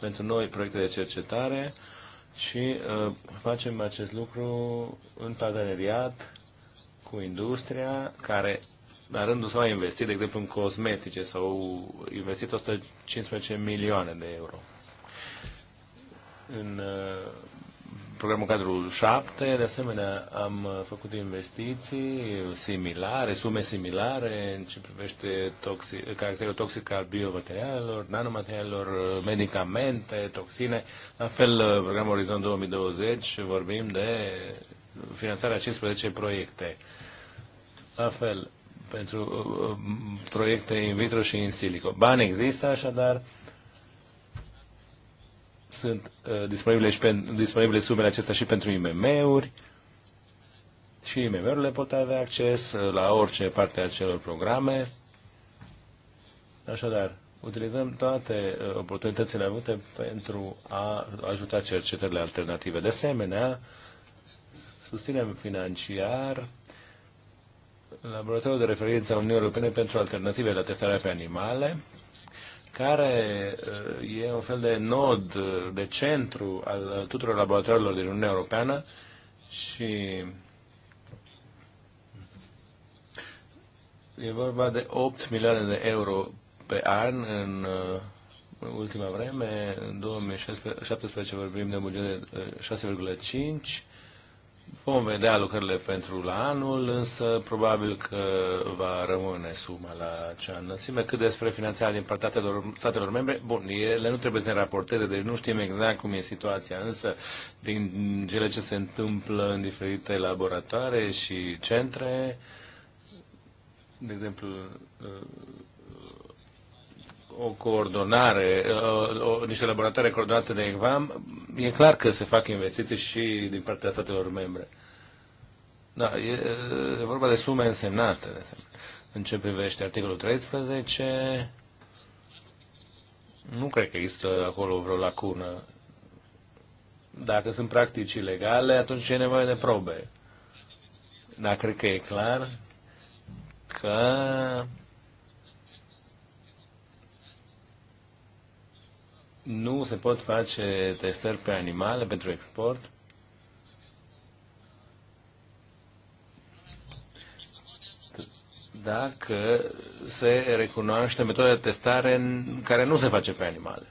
pentru noi proiecte de cercetare și uh, facem acest lucru în parteneriat cu industria care la rândul său a investit, de exemplu, în cosmetice sau investit 115 milioane de euro în uh, programul cadru 7, de asemenea am uh, făcut investiții similare, sume similare în ce privește toxic, caracterul toxic al biomaterialelor, nanomaterialelor, uh, medicamente, toxine. La fel, uh, programul Orizont 2020 vorbim de finanțarea 15 proiecte. La fel, pentru proiecte in vitro și in silico. Bani există așadar, sunt uh, disponibile, și pe, disponibile sumele acestea și pentru IMM-uri și IMM-urile pot avea acces uh, la orice parte a celor programe. Așadar, utilizăm toate uh, oportunitățile avute pentru a ajuta cercetările alternative. De asemenea, susținem financiar laboratorul de referință a Uniunii Europene pentru alternative la testarea pe animale, care uh, e un fel de nod, uh, de centru al uh, tuturor laboratoarelor din Uniunea Europeană și e vorba de 8 milioane de euro pe an în ultima vreme. În 2017 vorbim de buget de 6,5 Vom vedea lucrările pentru la anul, însă probabil că va rămâne suma la cea înălțime. Cât despre finanțarea din partea statelor, statelor membre, bun, ele nu trebuie să ne raporteze, deci nu știm exact cum e situația, însă din cele ce se întâmplă în diferite laboratoare și centre, de exemplu, o coordonare, o, uh, o, niște laboratoare coordonate de EGVAM, e clar că se fac investiții și din partea statelor membre. Da, e, e vorba de sume însemnate. De în ce privește articolul 13, nu cred că există acolo vreo lacună. Dacă sunt practici ilegale, atunci e nevoie de probe. Dar cred că e clar că nu se pot face testări pe animale pentru export. dacă se recunoaște metoda de testare în care nu se face pe animale.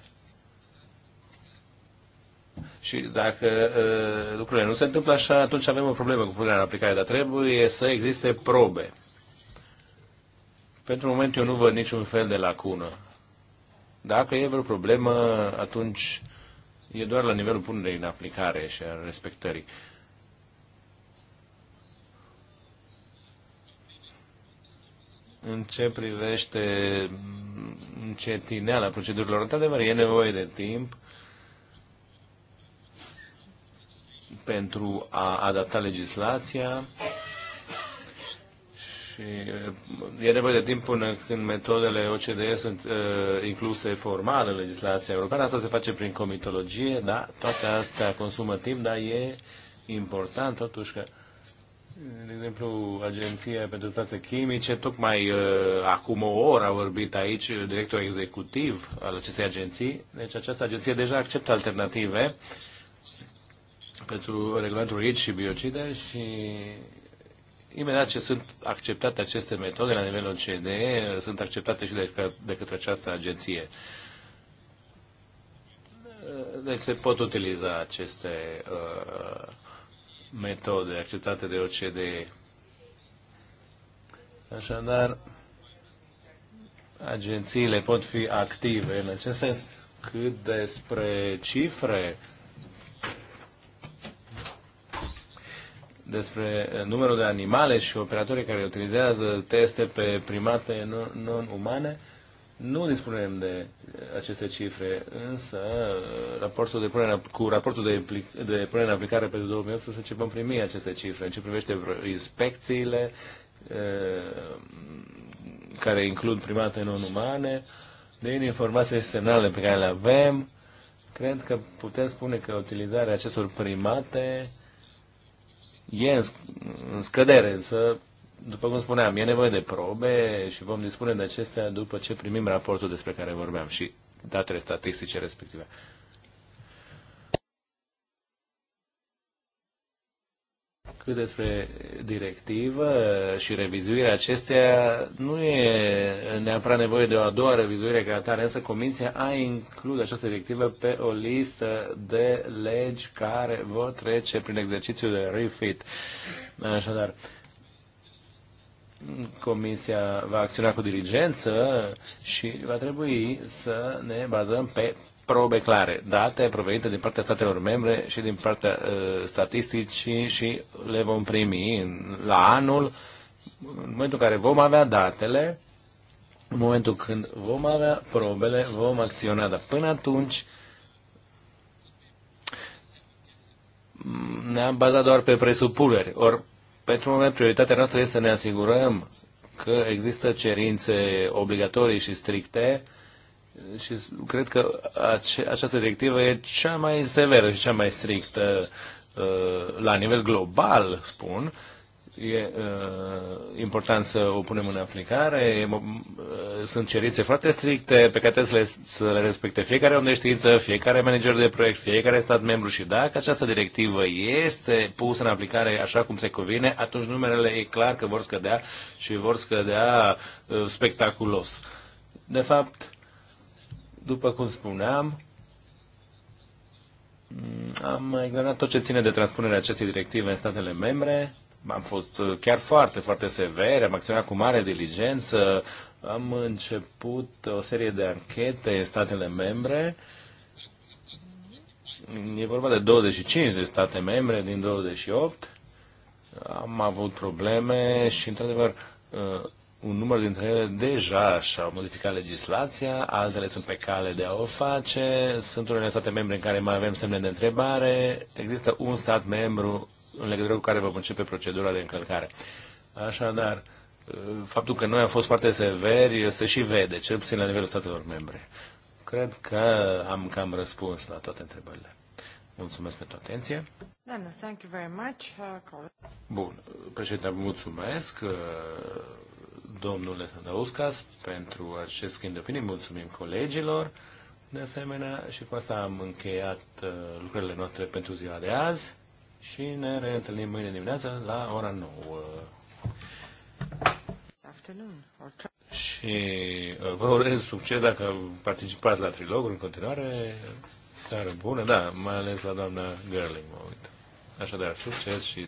Și dacă uh, lucrurile nu se întâmplă așa, atunci avem o problemă cu punerea în aplicare, dar trebuie să existe probe. Pentru moment eu nu văd niciun fel de lacună dacă e vreo problemă, atunci e doar la nivelul punerii în aplicare și a respectării. În ce privește încetineala procedurilor, într-adevăr, e nevoie de timp pentru a adapta legislația și e nevoie de timp până când metodele OCDE sunt uh, incluse formal în legislația europeană. Asta se face prin comitologie, da, toate astea consumă timp, dar e important totuși că, de exemplu, Agenția pentru Toate Chimice, tocmai uh, acum o oră a vorbit aici directorul executiv al acestei agenții, deci această agenție deja acceptă alternative pentru regulamentul RIC și biocide și Imediat ce sunt acceptate aceste metode la nivelul OCDE, sunt acceptate și de, de către această agenție. Deci se pot utiliza aceste uh, metode acceptate de OCDE. Așadar, agențiile pot fi active în acest sens. Cât despre cifre, despre eh, numărul de animale și operatori care utilizează teste pe primate non-umane, nu dispunem de eh, aceste cifre, însă eh, raportul de punere, cu raportul de, de punere în aplicare pentru 2018 vom primi aceste cifre în ce privește inspecțiile care includ primate non-umane, din informații semnale pe care le avem, cred că putem spune că utilizarea acestor primate uh, e în, în scădere, însă, după cum spuneam, e nevoie de probe și vom dispune de acestea după ce primim raportul despre care vorbeam și datele statistice respective. Cât despre directivă și revizuirea acesteia, nu e neapărat nevoie de o a doua revizuire ca atare, însă Comisia a inclus această directivă pe o listă de legi care vor trece prin exercițiul de refit. Așadar, Comisia va acționa cu diligență și va trebui să ne bazăm pe probe clare, date provenite din partea statelor membre și din partea uh, statisticii și le vom primi în, la anul, în momentul în care vom avea datele, în momentul când vom avea probele, vom acționa, dar până atunci ne-am bazat doar pe presupuneri. Or, pentru moment, prioritatea noastră este să ne asigurăm că există cerințe obligatorii și stricte uh, și cred că ace- această directivă e cea mai severă și cea mai strictă uh, la nivel global, spun, e uh, important să o punem în aplicare. E, uh, sunt cerințe foarte stricte pe care trebuie să le, să le respecte fiecare om de știință, fiecare manager de proiect, fiecare stat membru și dacă această directivă este pusă în aplicare așa cum se cuvine, atunci numerele e clar că vor scădea și vor scădea uh, spectaculos. De fapt, după cum spuneam, am examinat tot ce ține de transpunerea acestei directive în statele membre. Am fost chiar foarte, foarte sever, am acționat cu mare diligență, am început o serie de anchete în statele membre. E vorba de 25 de state membre din 28. Am avut probleme și, într-adevăr, un număr dintre ele deja și-au modificat legislația, altele sunt pe cale de a o face, sunt unele state membre în care mai avem semne de întrebare, există un stat membru în legătură cu care vom începe procedura de încălcare. Așadar, faptul că noi am fost foarte severi se și vede, cel puțin la nivelul statelor membre. Cred că am cam răspuns la toate întrebările. Mulțumesc pentru atenție. thank you very much. Uh, Bun, președinte, mulțumesc. Uh, domnule Sadauskas pentru acest schimb de opinii. Mulțumim colegilor de asemenea și cu asta am încheiat uh, lucrurile noastre pentru ziua de azi și ne reîntâlnim mâine dimineață la ora 9. Și uh, vă urez succes dacă participați la triloguri în continuare. Seară bună, da, mai ales la doamna Gerling, mă uit. Așadar, succes și